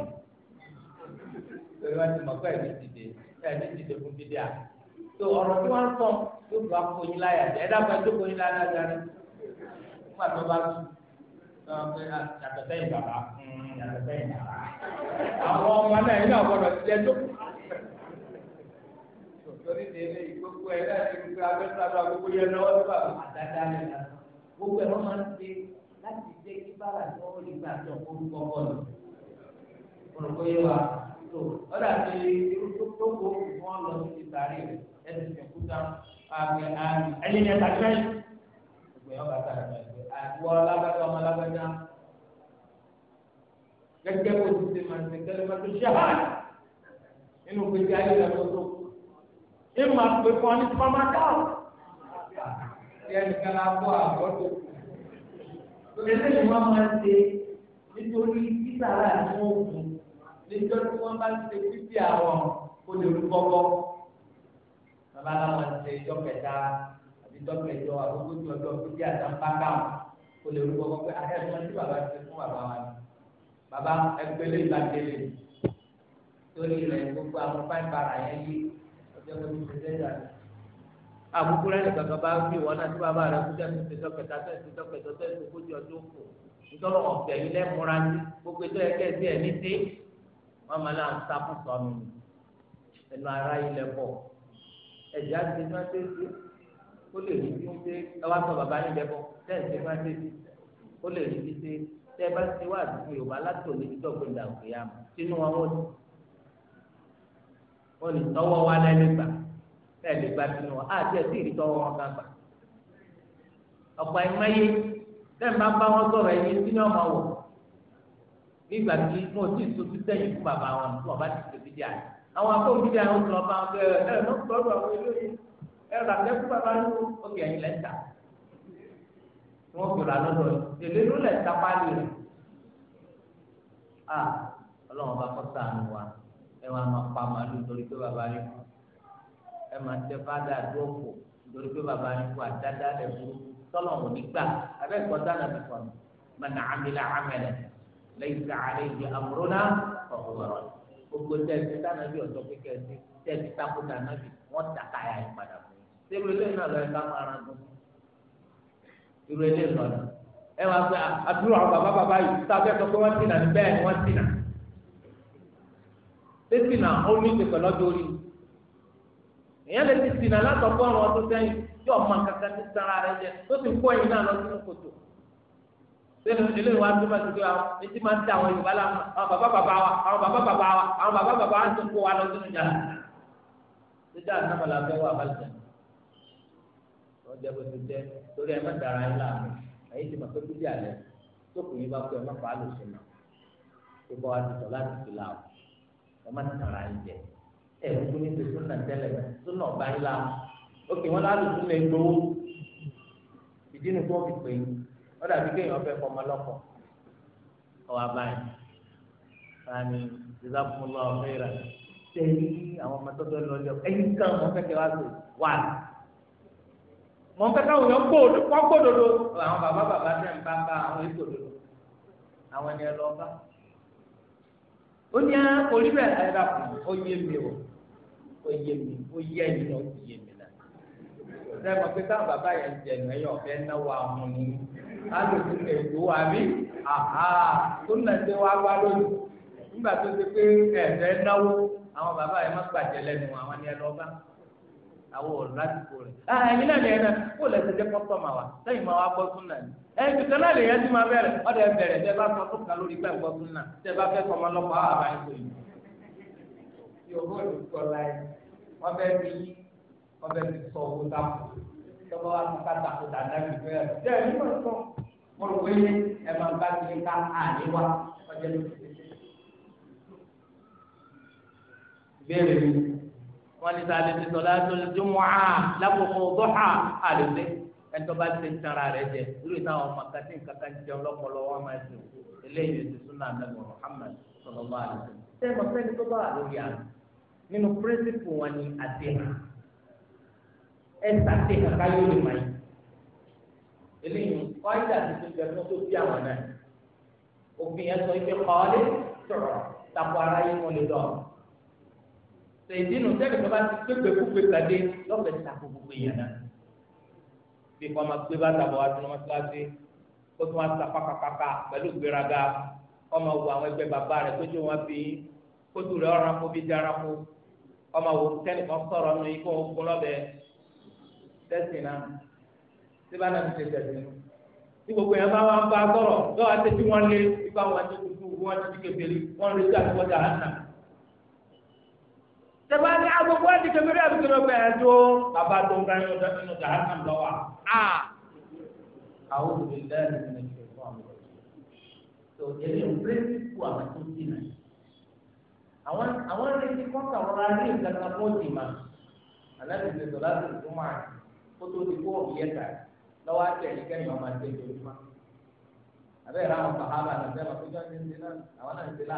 Ìṣòro wa ti mọ̀ pé ẹ̀mí dìde ẹ̀mí dìde fún dídé à. Tó ọ̀rọ̀ tí wọ́n ń sọ yóò bá kóyin láyà jẹ́ ẹ̀dá kan tó kóyin láyà jáde. Fún àtọ́ bá tù Àwọn ọmọ náà yìí náà gbọ́dọ̀ sílẹ̀ torí ní ilé ìgbókò ẹ láti gbogbo abẹ́sọ̀ àbá gbogbo yẹn lọ́wọ́ tó bá àdáda lè lọ gbogbo ẹ̀rọ máa ń ṣe láti jẹ́ kí bára tí wọ́n lè gbà tó orúkọ bọ́ọ̀lù. Olùkọ́ yé wa tó ọ̀dà tí irú tó tó kó fún ọ lọ sí ti sáré ẹ̀sìn ìfẹ̀kúta àgbẹ̀ àmì ẹ̀yìn ẹ̀ta fẹ́. Gbogbo ẹ̀rọ bàtà rẹ̀ àgbọ̀ alágbàdo ọmọ alágbàdá. Gẹ́gẹ́ bó ti ṣe máa ń ṣe kẹ́lẹ́ máa tó ṣe hàn nínú gbèsè ayé rẹ̀ tó Ìmọ̀ àpè kan ní tí ẹnìkan la kó àgọ́ tó kù. Eléyìí wọ́n máa ń ṣe nítorí títàrà ní òògùn níjọ́ tí wọ́n bá ń ṣe fífi àwọn olùkọ́kọ́. Bàbá náà máa ń ṣe ìjọ kẹta àbí ìjọ kẹjọ àkókò tí ọjọ́ fífi àtàǹpá káwọn olùkọ́kọ́ pé akẹ́kọ̀ọ́ tí bàbá ti fún bàbá wa ni. Bàbá ẹgbẹ́lẹ́ ìgbàgbẹ́lẹ́ torí rẹ̀ gbogbo àwọn fáìbàrà yẹn yí ọjọ́ tó ti ṣe dẹ́jà ni àbùkù rẹ nìkan kan bá fi wọn náà tí bàbá rẹ kú sẹ́sìn ti sọ́kẹ̀tà sẹ́sìn sọ́kẹ̀tà sẹ́sìn ogójì ọdún kù nítorí ọ̀fẹ́ yìí lẹ́múra ní gbogbo ètò ẹ̀kẹ́ sí ẹ̀ ní sí wọn máa náà ń sá fún sọnù ẹnu ara yìí lẹ pọ̀ ẹ̀jẹ̀ á ti máa dé sí ó lè rí bí ṣe ẹ wá sọ bàbá yìí lẹ pọ̀ tẹ́ẹ̀sì máa dé sí ó lè rí bí ṣe tẹ́ ẹ bá ti wá àdúgbò yorùbá látò lè ti dọ̀gbìn sínú wọn wọ́n ní tọ́wọ́ wa lẹ́nu gbà ẹ̀ẹ́dì gba tinú wọn àti ẹ̀sìn ìrìtọ́ wọn kan gbà. ọ̀pọ̀ ẹ̀mẹ́yé lẹ́yìn bá bá wọn sọ̀rọ̀ ẹ̀yìn tí ní ọmọ wọ̀ nígbà tí mo ti sojú sẹ́yìn fún bàbá wọn tí wọ́n bá ti ṣe fídíà àwọn akóhùn fídíà ń sọ bá wọn bẹ́ẹ̀ ẹ̀ ló ń tọ́jú àwọn eléyìí ẹ̀ rà lẹ́kú bàbá ló ókè ẹ̀yìn lẹ́ńtà wọ́n fi rà lọ́dọ̀ èlé ló lẹ̀ tapá lè rẹ̀ à ah, ọlọ́run bá kọ́ sáà nù wa ẹ wàá máa pa màálù torí pé bàbá rẹ̀ kọ́ ẹ máa tẹ fáadà àdó òfò nítorí pé bàbá yín kú àdáda rẹ̀ fún tọ́lọ̀ wọn nígbà abẹ́ ìkọ́tà náà ti kọ́ni mọ̀nà àmìlà àmẹ́lẹ̀ lẹ́yìn tí àárẹ̀ yìí àmúrónà ọ̀gbọ̀rọ̀ gbogbo tẹ̀sí tànàbí ọ̀tọ̀ kékeré tẹ̀sí tako tànàbí wọ́n tàkà yà yín padà fún yín sẹ́rù eléyìí náà lọ́ọ́ ká máa rán dùn irú eléyìí lọ́ọ́ ẹ wá pé ah, àdúrà àwọn bàbá bàbá yìí èèyàn lè ti sìnà látọ̀kọ́ ọ̀rọ̀ ọdún sẹ́yìn tí ọmọ kankan ti sara rẹ jẹ tó sì kó ẹ̀yìn náà lọ sínú kòtò sẹ́nu eléyìí wá dúró àti gbéra ní ti máa ń tẹ àwọn Yorùbá láwọn àwọn bàbá bàbá wa àwọn bàbá bàbá wa àwọn bàbá bàbá wa ti kó wa lọ sínú jàlá títí àtàwọn làbẹ́ wà balùwẹ̀ wọ́n jẹ́ bó ti jẹ́ torí ẹ̀ má dara ẹ̀ láàmú ẹ̀yí ti máa pépé díà lẹ̀ tó kù ẹ kúkú ní sèso náà tẹ́lẹ̀ súnà ọba ńlá òkè wọn lálù súnà gbowó ìdí nu kó fi pè é wọn dàbí kéèyàn fẹ́ fọmọ lọ́kọ ọwọ́ abáyé sani ìsàkùnlọ ọmọọyẹrẹ sẹ́yìn àwọn ọmọ tọdọ lọlẹ ẹ̀yìn kan wọn fẹ́ kẹ wá sí wà wọn fẹ́ káwọn yẹn kó kó dodo àwọn bàbá bàbá tẹ n bá bá àwọn èso dodo àwọn ẹni ẹ lọ bá ó ní ah, orí bẹ́ẹ̀ ẹ̀rọ ó yé mi o ó yé mi ó yé ẹ̀yin náà ó yé mi náà ṣe mọ̀ pé táwọn bàbá yẹn jẹnu ẹ̀yọ̀ ọ̀fẹ́ náwó àwọn ni alòkù èkó àbí àhà tó nà ṣe wá wá lónìí nígbà tó ṣe pé ẹ̀fẹ́ náwó àwọn bàbá yẹn má gbàjẹ́ lẹ́nu àwọn ni ẹ lọ́ bá àwọn ọ̀rọ̀ lásìkò rẹ̀. Ah, ẹ̀yin náà lè yẹn náà kó lè ṣe jẹ́ kọ́sọ́mà wa sẹ́yìn máa wá gbọ́ súnà ni. ẹ̀yin tuntun náà lè yẹn ti máa bẹ̀rẹ̀ ọ̀dẹ̀ bẹ̀rẹ̀ tẹ́ bá sọ fún kan lórí pẹ́ gbọ́ súnà tẹ́ bá fẹ́ kọ́mọ lọ́pọ̀ àwọn àbá ìkó yìí. yòówó ló sọ láyé wọ́n fẹ́ fi yí wọ́n fẹ́ fi sọ owó dáko tọ́gbọ́n wa ti ká dàkó dàdá mi bẹ́ẹ̀ bẹ́ẹ̀ wọn ní sáà lè ti sọ láti lè ti mú a lákòókò dọ́xà àlùfẹ́ ẹ̀tọ́ bá ti tara rẹ̀ jẹ irú ìtàn ọmọ kàtí nǹkan jẹ ọlọ́pọlọ wọn máa ti eléyìí ti súnà nàbẹ Muhammad sọlọ bá a lè ṣe mọ sẹni tó bá wà lórí àná nínú píríncípù wọn ni àdéhà ẹ sàté kàkà yóò lè máa yìí eléyìí kọ́ ayé àti tuntun tó bí àwọn náà òfin yẹn sọ kọ́ọ́lé sọ̀rọ̀ tàpọ̀ ara yìí wọn sèdínù sẹ́ni tó bá ti pépè púpè kàdé lọ́fẹ̀ẹ́ ti tako gbogbo èèyàn náà bí kò máa gbé bàtà bọ̀ wá sínú mọ́tíláṣí kó tó máa sapá kàkàkà pẹ̀lú gbéraga kó máa wo àwọn ẹgbẹ́ bàbá rẹ̀ péjú wọn fi kó tó rẹ̀ ọ̀ràn kó bí di ara kó kó máa wo sẹ́ni kan sọ̀rọ̀ nù yìí kó wọn kó lọ́bẹ̀ tẹ́sí náà tí bá náà ti tẹ̀sí nù tí gbogbo yẹn bá wọn bá sọ̀rọ̀ lọ́wọ́ àti tí wọ́n lé ipa wọn ti kú tẹ̀bá ní agbègbè ẹ̀dí kẹmẹ́rẹ́ àbíkẹ́rẹ́ ọgbà ẹ̀ tó bàbá tó ń ga yín ọjọ́ nínú dàá náà lọ wà. àwọn olùdílé lẹ́yìn ní ṣe fún àwọn ọ̀rọ̀ tó èmi ò pé kú àwọn tó ti nà. àwọn àwọn retí kọ́ńtà wọn rárí ìkàtà fún òdì mà ànábì lè sọ láti ìlú máa kó tó di kó òbí ẹ̀ka lọ́wọ́ àti ẹ̀yìn kẹ́yìn ọmọ àti ẹ̀jọ̀ ìfúnma. àbẹ́rẹ́ àwọn sàhábà àti ẹ̀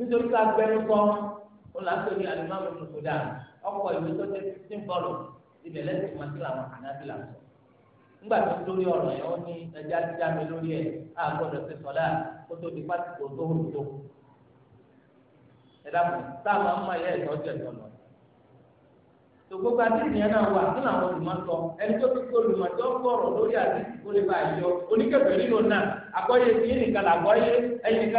nítorí ká gbẹnu kọ ó là ń ọkọ ìwé tó tẹ fifteen bọọlù ibẹ̀ lẹ́sẹ̀ kùmà sí làwọn ànábì là sọ tó ń lórí ọ̀rọ̀ yẹn ó ní ẹja já mi lórí ẹ̀ á gbọ́dọ̀ sí sọ́lá kó tó di pásítọ̀ tó hù tó ẹ̀dá kù táwọn ọmọ yẹn yẹn náà wà kí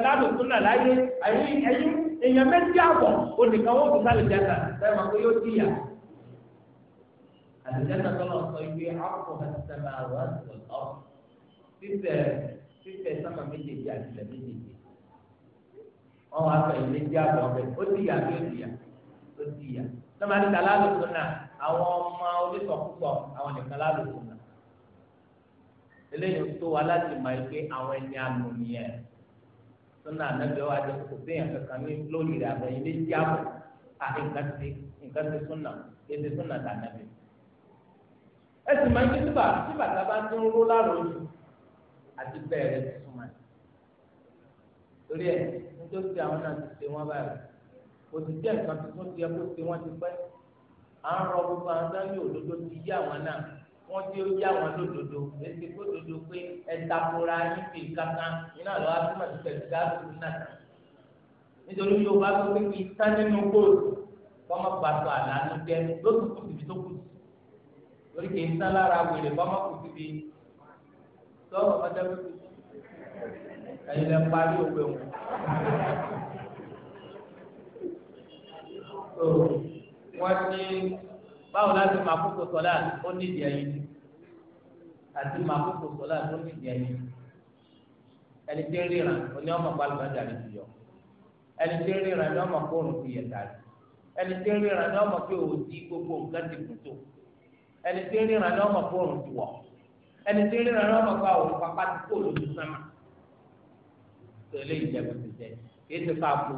làwọn àyìn ẹ̀yìn èèyàn méjì àbọ̀ onìkan wọ́n tún sálẹ̀ jẹ́ta bẹ́ẹ̀ máa kó yóò di yà. àlùjáde tọ́lọ̀ sọ ìwé àpò ẹ̀sẹ̀mà wà lọ́tọ̀ fífẹ̀ fífẹ̀ sábà méjèèjì àti ilẹ̀ méjèèjì. wọ́n wá sọ ìwé méjì àbọ̀ ọ̀bẹ ó di yà bí ó di yà ó di yà. sábà ní kàlá lòkùn náà àwọn ọmọ onísọ̀kúsọ̀ àwọn nìkan lálòkùn náà. eléyìí tó wa láti sunna anabi wa jẹ kó sèyàn kankan ní lórí rẹ àbẹ̀yìn lè jí àbọ̀ à nǹkan ti nǹkan ti sunna ètè sunna tà nàbì. ẹ sì máa ń tún bá tí bàtà bá tún ró lárò yìí àti bẹ́ẹ̀rẹ̀ ti súnmọ́ ẹ̀. torí ẹ nítorí tí àwọn náà ti ṣe wọn báyìí kò sì jẹ́ nǹkan tuntun tí ẹ kó ṣe wọ́n ti pẹ́ à ń rọ gbogbo àwọn sáyẹn òdodo ti yí àwọn náà wọ́n ti rí àwọn lódodo èsì kó dodo pé ẹ̀dàkùnra yín fi kankan iná lọ́wọ́ àtúmọ̀ ti tẹ̀lé gáàsì náà nítorí yóò bá tó pé kí n sá nínú góòlù kọ́mọ gbàtọ̀ àdánù jẹ lóṣù kù síbi tó kù lórí kì í sá lára wèrè kọ́mọ kù síbi sọ́ọ̀rọ̀ ọjọ́ pípé ẹ̀yin lẹ parí òwe wọn. wọ́n ti báwo láti máa kókò sọlá ó ní ìdí ẹyin àti máa kókò sọlá ó ní ìdí ẹyin ẹni tí ń ríran oní ọmọ pálọmọ dàrí ti yọ ẹni tí ń ríran ní ọmọ kóòrùn ti yẹ dàrí ẹni tí ń ríran ní ọmọ pé òun ti gbogbo nǹkan ti kù tó ẹni tí ń ríran ní ọmọ kóòrùn ti wọ ẹni tí ń ríran ní ọmọ pé pápá ti kó lójú sánmà tẹ́lẹ̀ ìjẹun ti jẹ kí èsì fàákù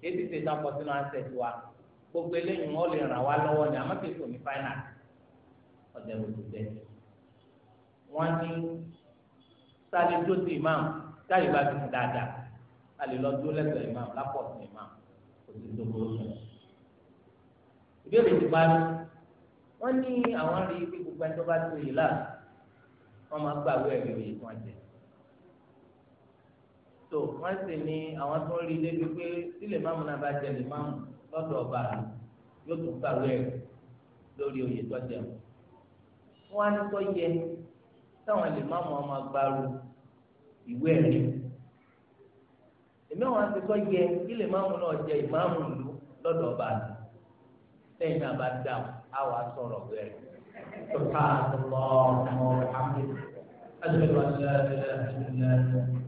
kí èsì tẹ sáfọ sínú àṣẹ tiwa gbogbo eléyìí wọn lè ràn wá lọ́wọ́ ni àmọ́ kìí ní final ọ̀dẹ̀ òdùdẹ̀ wọn ní sáré tó ti imam táyì bá ti dáadáa a lè lọ dúró lẹ́gbẹ̀ẹ́ imam lápọ̀ sí imam kò sí tó burú fún un ìbéèrè ti parí wọn ní àwọn rí i pé gbogbo ẹni tó bá ti yìí láàbù wọn máa gbàgbé ẹ̀rí òye tí wọn jẹ tó wọn sì ní àwọn tó ń rí i débi sílè máàmù náà bá jẹ lọ́dọ̀ ọba rẹ̀ yóò tún kàwé rẹ̀ lórí oyè tó jẹun. wọ́n á ní kó yẹ táwọn lè má mọ ọmọ agbárò ìwé ẹ̀rí. èmi àwọn akẹ́kọ̀ọ́ yẹ kí lè má mú náà jẹ ìmáàmù ìlú lọ́dọ̀ ọba rẹ̀ lẹ́yìn a bá dà á wà sọ̀rọ̀ rẹ̀. سبحان الله وبحمده أشهد أن لا إله إلا أنت